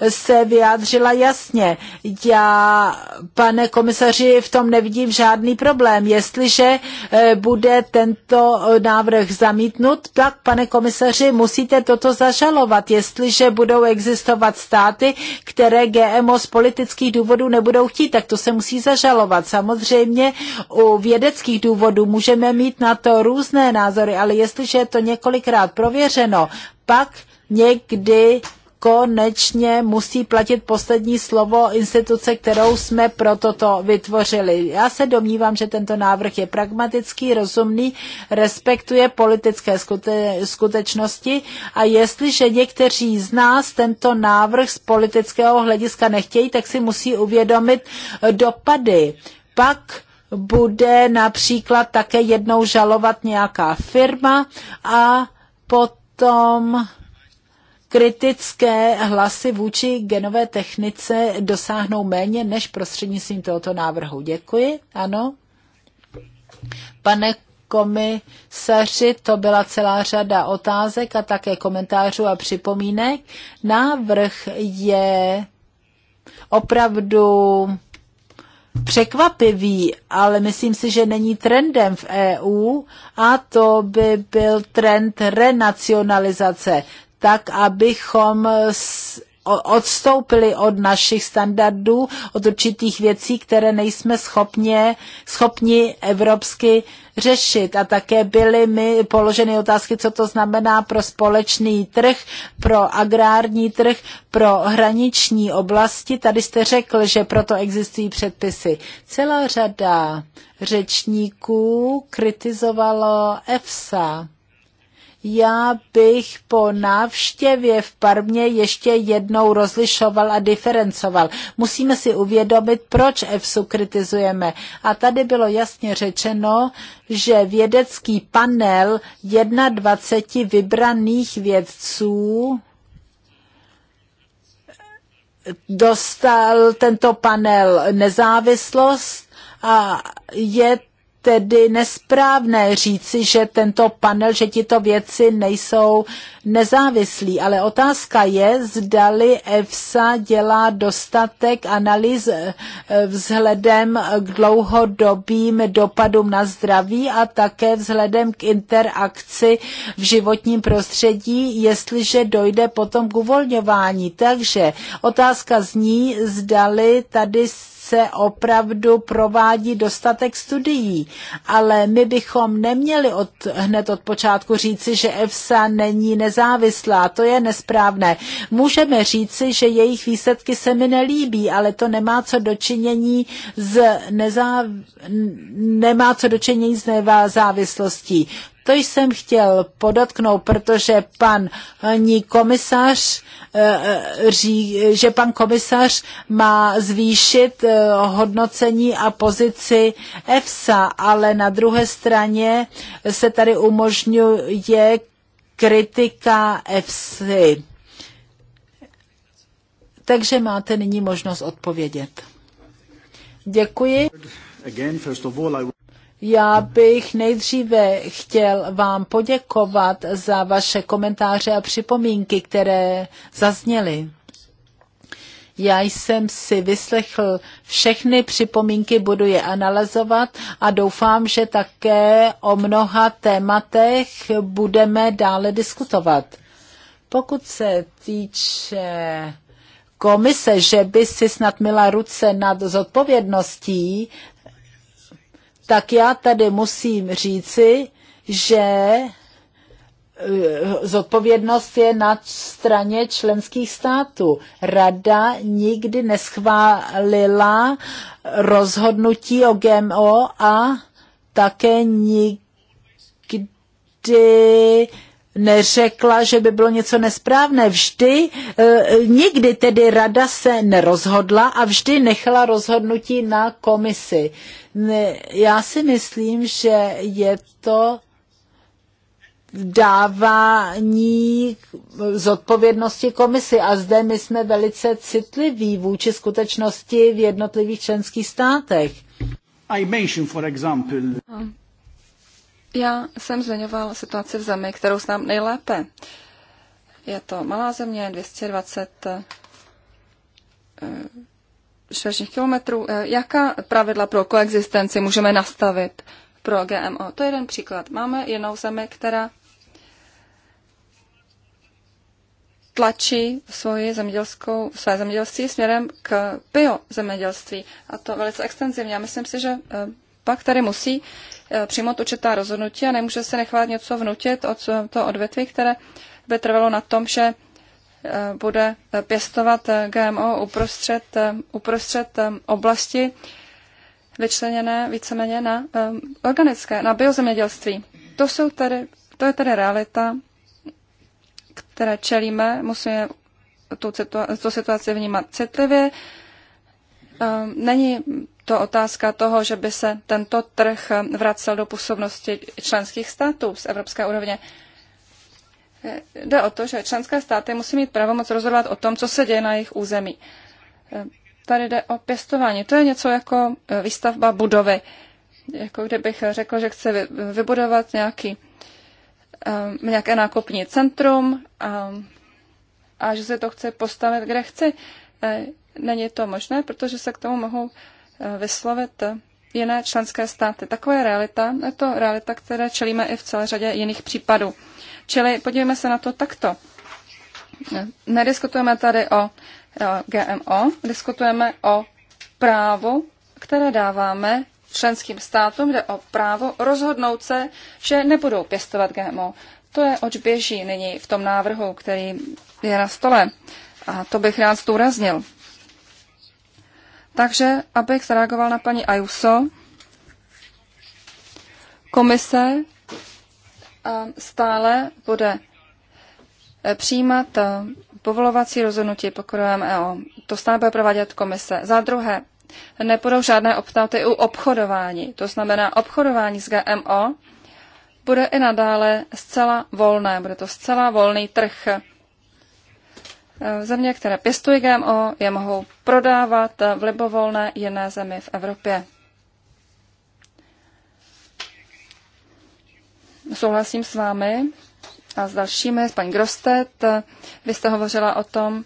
se vyjádřila jasně. Já, pane komisaři, v tom nevidím žádný problém. Jestliže eh, bude tento návrh zamítnut, tak, pane komisaři, musíte toto zažalovat. Jestliže budou existovat státy, které GMO z politických důvodů nebudou chtít, tak to se musí zažalovat. Samozřejmě u vědeckých důvodů můžeme mít na to různé názory, ale jestliže je to několikrát prověřeno, pak někdy konečně musí platit poslední slovo instituce, kterou jsme pro toto vytvořili. Já se domnívám, že tento návrh je pragmatický, rozumný, respektuje politické skute- skutečnosti a jestliže někteří z nás tento návrh z politického hlediska nechtějí, tak si musí uvědomit dopady. Pak bude například také jednou žalovat nějaká firma a potom kritické hlasy vůči genové technice dosáhnou méně než prostřednictvím tohoto návrhu. Děkuji. Ano. Pane komisaři, to byla celá řada otázek a také komentářů a připomínek. Návrh je opravdu překvapivý, ale myslím si, že není trendem v EU a to by byl trend renacionalizace, tak abychom odstoupili od našich standardů, od určitých věcí, které nejsme schopně, schopni evropsky řešit. A také byly mi položeny otázky, co to znamená pro společný trh, pro agrární trh, pro hraniční oblasti. Tady jste řekl, že proto existují předpisy. Celá řada řečníků kritizovalo EFSA já bych po návštěvě v Parmě ještě jednou rozlišoval a diferencoval. Musíme si uvědomit, proč EFSU kritizujeme. A tady bylo jasně řečeno, že vědecký panel 21 vybraných vědců dostal tento panel nezávislost a je tedy nesprávné říci, že tento panel, že tyto věci nejsou nezávislí, ale otázka je, zdali EFSA dělá dostatek analýz eh, vzhledem k dlouhodobým dopadům na zdraví a také vzhledem k interakci v životním prostředí, jestliže dojde potom k uvolňování. Takže otázka zní, zdali tady se opravdu provádí dostatek studií, ale my bychom neměli od, hned od počátku říci, že EFSA není nezávislá. To je nesprávné. Můžeme říci, že jejich výsledky se mi nelíbí, ale to nemá co dočinění z nezáv nemá co dočinění s nezávislostí. To jsem chtěl podotknout, protože pan eh, komisař eh, eh, že pan komisař má zvýšit hodnocení a pozici EFSA, ale na druhé straně se tady umožňuje kritika EFSA. Takže máte nyní možnost odpovědět. Děkuji. Já bych nejdříve chtěl vám poděkovat za vaše komentáře a připomínky, které zazněly. Já jsem si vyslechl všechny připomínky, budu je analyzovat a doufám, že také o mnoha tématech budeme dále diskutovat. Pokud se týče komise, že by si snad měla ruce nad zodpovědností, tak já tady musím říci, že eh, zodpovědnost je na straně členských států. Rada nikdy neschválila rozhodnutí o GMO a také nikdy neřekla, že by bylo něco nesprávné. Vždy, eh, nikdy tedy rada se nerozhodla a vždy nechala rozhodnutí na komisi. Já si myslím, že je to dávání zodpovědnosti komisi. A zde my jsme velice citliví vůči skutečnosti v jednotlivých členských státech. I mention, for example... No, já jsem zmiňoval situaci v zemi, kterou znám nejlépe. Je to malá země, 220 eh, čtverečních kilometrů. Eh, jaká pravidla pro koexistenci můžeme nastavit pro GMO? To je jeden příklad. Máme jednou zemi, která tlačí svoji zemědělskou, své zemědělství směrem k biozemědělství. A to velice extenzivně. Já myslím si, že eh, pak tady musí Eh, přijmout určitá rozhodnutí a nemůže se nechat něco vnutit od toho odvětví, které by trvalo na tom, že eh, bude eh, pěstovat GMO uprostřed, uprostřed oblasti vyčleněné víceméně na organické, na biozemědělství. To, jsou tady, to je tady realita, které čelíme. Musíme tu, situa- tu situaci vnímat citlivě. Není to otázka toho, že by se tento trh vracel do působnosti členských států z evropské úrovně. Jde o to, že členské státy musí mít pravomoc rozhodovat o tom, co se děje na jejich území. Tady jde o pěstování. To je něco jako výstavba budovy. Jako kdybych řekl, že chci vybudovat nějaký, eh, nějaké nákupní centrum a, eh, a že se to chci postavit, kde chci. Eh, není to možné, protože se k tomu mohou vyslovit jiné členské státy. Taková je realita, je to realita, které čelíme i v celé řadě jiných případů. Čili podívejme se na to takto. Nediskutujeme tady o GMO, diskutujeme o právu, které dáváme členským státům, jde o právo rozhodnout se, že nebudou pěstovat GMO. To je, oč běží nyní v tom návrhu, který je na stole. A to bych rád zdůraznil. Takže, abych zareagoval na paní Ayuso, komise eh, stále bude eh, přijímat eh, povolovací rozhodnutí, pokud EO. To stále bude provádět komise. Za druhé, nebudou žádné optáty u obchodování. To znamená, obchodování s GMO bude i nadále zcela volné. Bude to zcela volný trh. Eh, země, které pěstují GMO, je mohou prodávat eh, v libovolné jiné zemi v Evropě. Souhlasím s vámi a s dalšími, s paní Grostet. Vy jste hovořila o tom,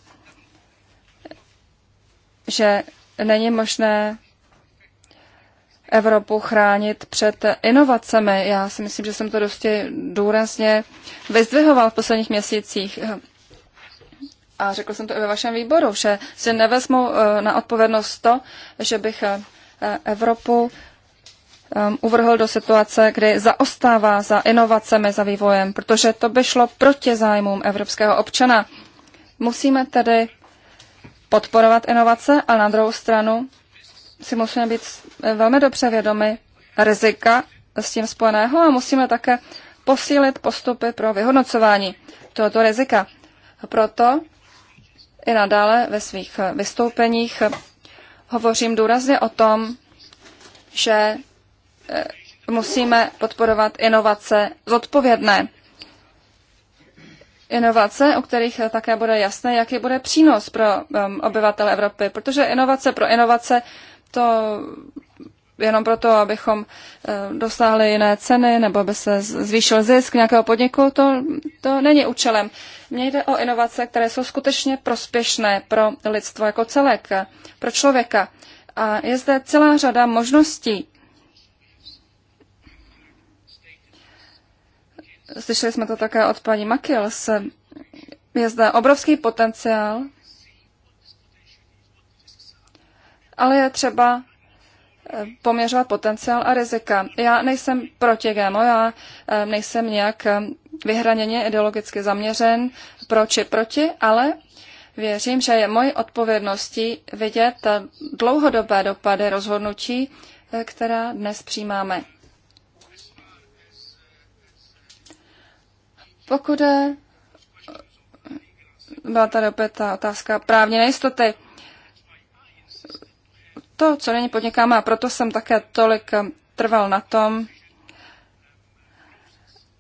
že není možné Evropu chránit před inovacemi. Já si myslím, že jsem to dosti důrazně vyzdvihoval v posledních měsících a řekl jsem to i ve vašem výboru, že si nevezmu eh, na odpovědnost to, že bych eh, Evropu ehm, uvrhl do situace, kdy zaostává za inovacemi, za vývojem, protože to by šlo proti zájmům evropského občana. Musíme tedy podporovat inovace, a na druhou stranu si musíme být eh, velmi dobře vědomi rizika s tím spojeného a musíme také posílit postupy pro vyhodnocování tohoto rizika. Proto i nadále ve svých vystoupeních hovořím důrazně o tom, že e, musíme podporovat inovace zodpovědné. Inovace, o kterých také bude jasné, jaký bude přínos pro um, obyvatele Evropy, protože inovace pro inovace to jenom proto, abychom eh, dosáhli jiné ceny nebo aby se zvýšil zisk nějakého podniku, to, to není účelem. Mně jde o inovace, které jsou skutečně prospěšné pro lidstvo jako celek, pro člověka. A je zde celá řada možností. Slyšeli jsme to také od paní Makils. Je zde obrovský potenciál, ale je třeba poměřovat potenciál a rizika. Já nejsem proti GMO, já nejsem nějak vyhraněně ideologicky zaměřen pro či proti, ale věřím, že je mojí odpovědností vidět eh, dlouhodobé dopady rozhodnutí, eh, která dnes přijímáme. Pokud je, eh, byla tady opět ta otázka právní nejistoty, to, co není podnikáme, a proto jsem také tolik eh, trval na tom,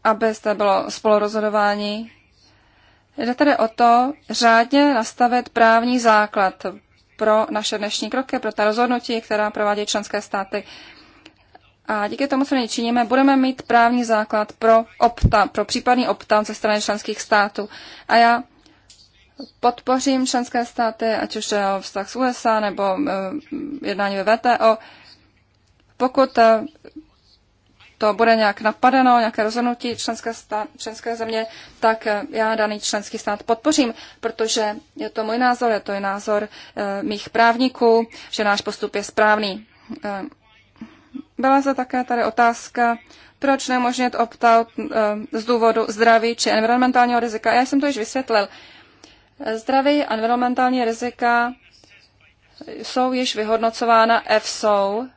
aby zde bylo spolurozhodování. Jde tedy o to řádně nastavit právní základ pro naše dnešní kroky, pro ta rozhodnutí, která provádí členské státy. A díky tomu, co nyní činíme, budeme mít právní základ pro opta, pro případný optan ze strany členských států. A já podpořím členské státy, ať už je vztah s USA nebo eh, jednání ve VTO. Pokud eh, to bude nějak napadeno, nějaké rozhodnutí členské, stát, členské země, tak eh, já daný členský stát podpořím, protože je to můj názor, je to i názor mých právníků, že náš postup je správný. Byla za také tady otázka, proč nemožnit opt-out z důvodu zdraví či environmentálního rizika. Já jsem to již vysvětlil. Zdraví environmentální rizika jsou již vyhodnocována EFSO,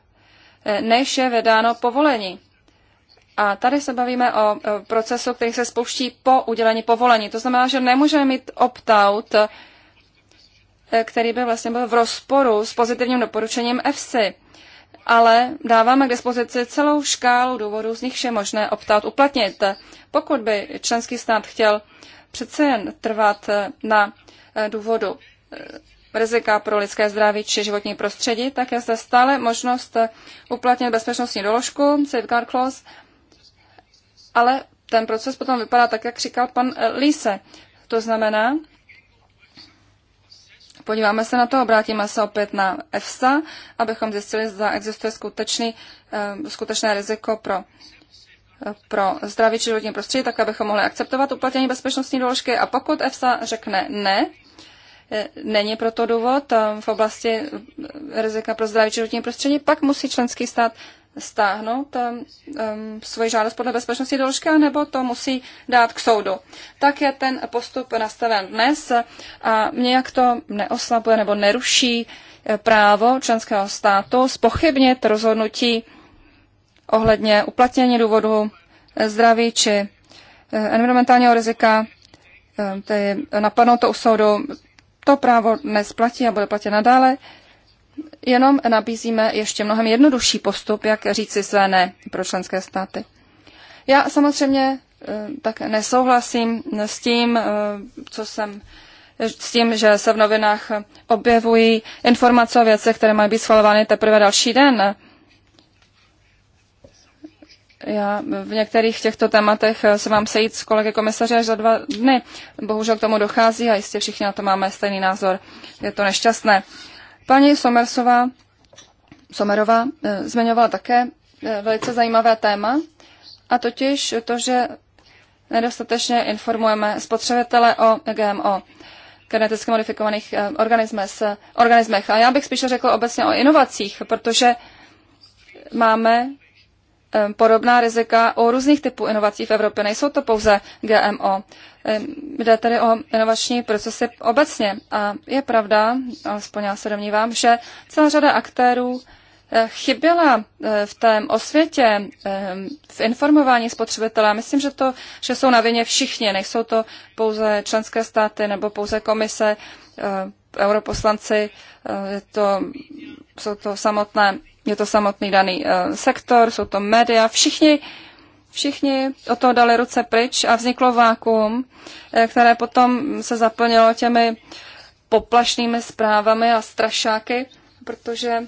eh, než je vydáno povolení. A tady se bavíme o procesu, který se spouští po udělení povolení. To znamená, že nemůžeme mít opt-out, eh, který by vlastně byl v rozporu s pozitivním doporučením EFSI. Ale dáváme k dispozici celou škálu důvodů, z nich je možné opt-out uplatnit. Pokud by členský stát chtěl přece jen trvat eh, na eh, důvodu eh, rizika pro lidské zdraví či životní prostředí, tak je zde stále možnost uplatnit bezpečnostní doložku, safeguard clause, ale ten proces potom vypadá tak, jak říkal pan Lise. To znamená, podíváme se na to, obrátíme se opět na EFSA, abychom zjistili, zda existuje skutečný, skutečné riziko pro pro zdraví či životní prostředí, tak abychom mohli akceptovat uplatnění bezpečnostní doložky. A pokud EFSA řekne ne, e, není proto důvod e, v oblasti rizika pro zdraví či životní prostředí, pak musí členský stát stáhnout um, svoji žádost podle bezpečnostní doložky, nebo to musí dát k soudu. Tak je ten postup nastaven dnes a nějak to neoslabuje nebo neruší právo členského státu spochybnit rozhodnutí ohledně uplatnění důvodu eh, zdraví či eh, environmentálního rizika, eh, tedy napadnout to u soudu, to právo dnes platí a bude platit nadále. Jenom nabízíme ještě mnohem jednodušší postup, jak říci své ne pro členské státy. Já samozřejmě tak nesouhlasím s tím, co jsem s tím, že se v novinách objevují informace o věcech, které mají být schvalovány teprve další den. Já v některých těchto tématech eh, se mám sejít s kolegy komisaře až za dva dny. Bohužel k tomu dochází a jistě všichni na to máme stejný názor. Je to nešťastné. Paní Somersová, Somerová eh, zmiňovala také eh, velice zajímavé téma, a totiž to, že nedostatečně informujeme spotřebitele o GMO geneticky modifikovaných organismech. A já bych spíše řekl obecně o inovacích, protože máme Ehm, podobná rizika u různých typů inovací v Evropě. Nejsou to pouze GMO. Ehm, jde tedy o inovační procesy obecně. A je pravda, alespoň já se domnívám, že celá řada aktérů eh, chyběla eh, v tom osvětě, ehm, v informování spotřebitele. Myslím, že, to, že jsou na vině všichni, nejsou to pouze členské státy nebo pouze komise, eh, europoslanci, to, jsou to samotné je to samotný daný eh, sektor, jsou to média, všichni, všichni o toho dali ruce pryč a vzniklo vákuum, eh, které potom se zaplnilo těmi poplašnými zprávami a strašáky, protože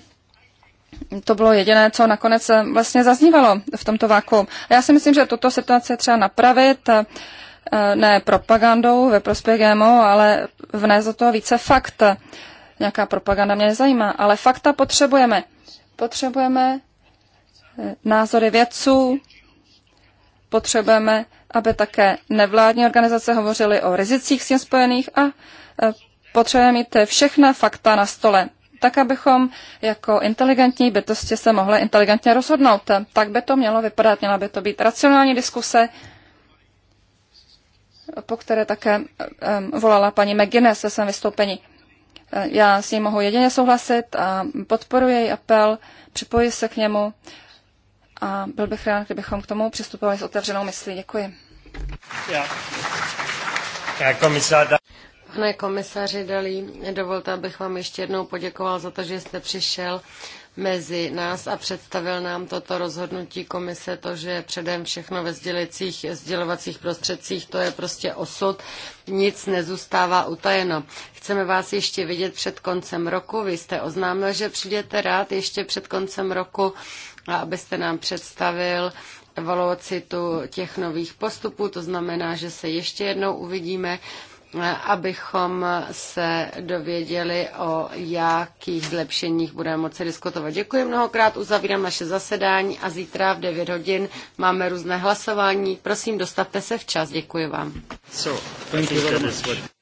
to bylo jediné, co nakonec eh, vlastně zaznívalo v tomto váku. A já si myslím, že tuto situaci třeba napravit ne propagandou ve prospěch GMO, ale vnést do toho více fakt. Nějaká propaganda mě nezajímá, ale fakta potřebujeme. Potřebujeme eh, názory vědců, potřebujeme, aby také nevládní organizace hovořily o rizicích s tím spojených a eh, potřebujeme mít všechna fakta na stole, tak abychom jako inteligentní bytosti se mohli inteligentně rozhodnout. Tak by to mělo vypadat, měla by to být racionální diskuse, po které také um, volala paní McGuinness ve svém vystoupení. Já s ním mohu jedině souhlasit a podporuji její apel, připoji se k němu a byl bych rád, kdybychom k tomu přistupovali s otevřenou myslí. Děkuji. Já. Já komisár, jako da... Pane komisaři Dalí, dovolte, abych vám ještě jednou poděkoval za to, že jste přišel mezi nás a představil nám toto rozhodnutí komise, to, že předem všechno ve sdělicích, sdělovacích prostředcích, to je prostě osud, nic nezůstává utajeno. Chceme vás ještě vidět před koncem roku, vy jste oznámil, že přijdete rád ještě před koncem roku, a abyste nám představil evaluaci tu, těch nových postupů, to znamená, že se ještě jednou uvidíme abychom se dověděli, o jakých zlepšeních budeme moci diskutovat. Děkuji mnohokrát, uzavírám naše zasedání a zítra v 9 hodin máme různé hlasování. Prosím, dostavte se včas. Děkuji vám. So, thank you very much.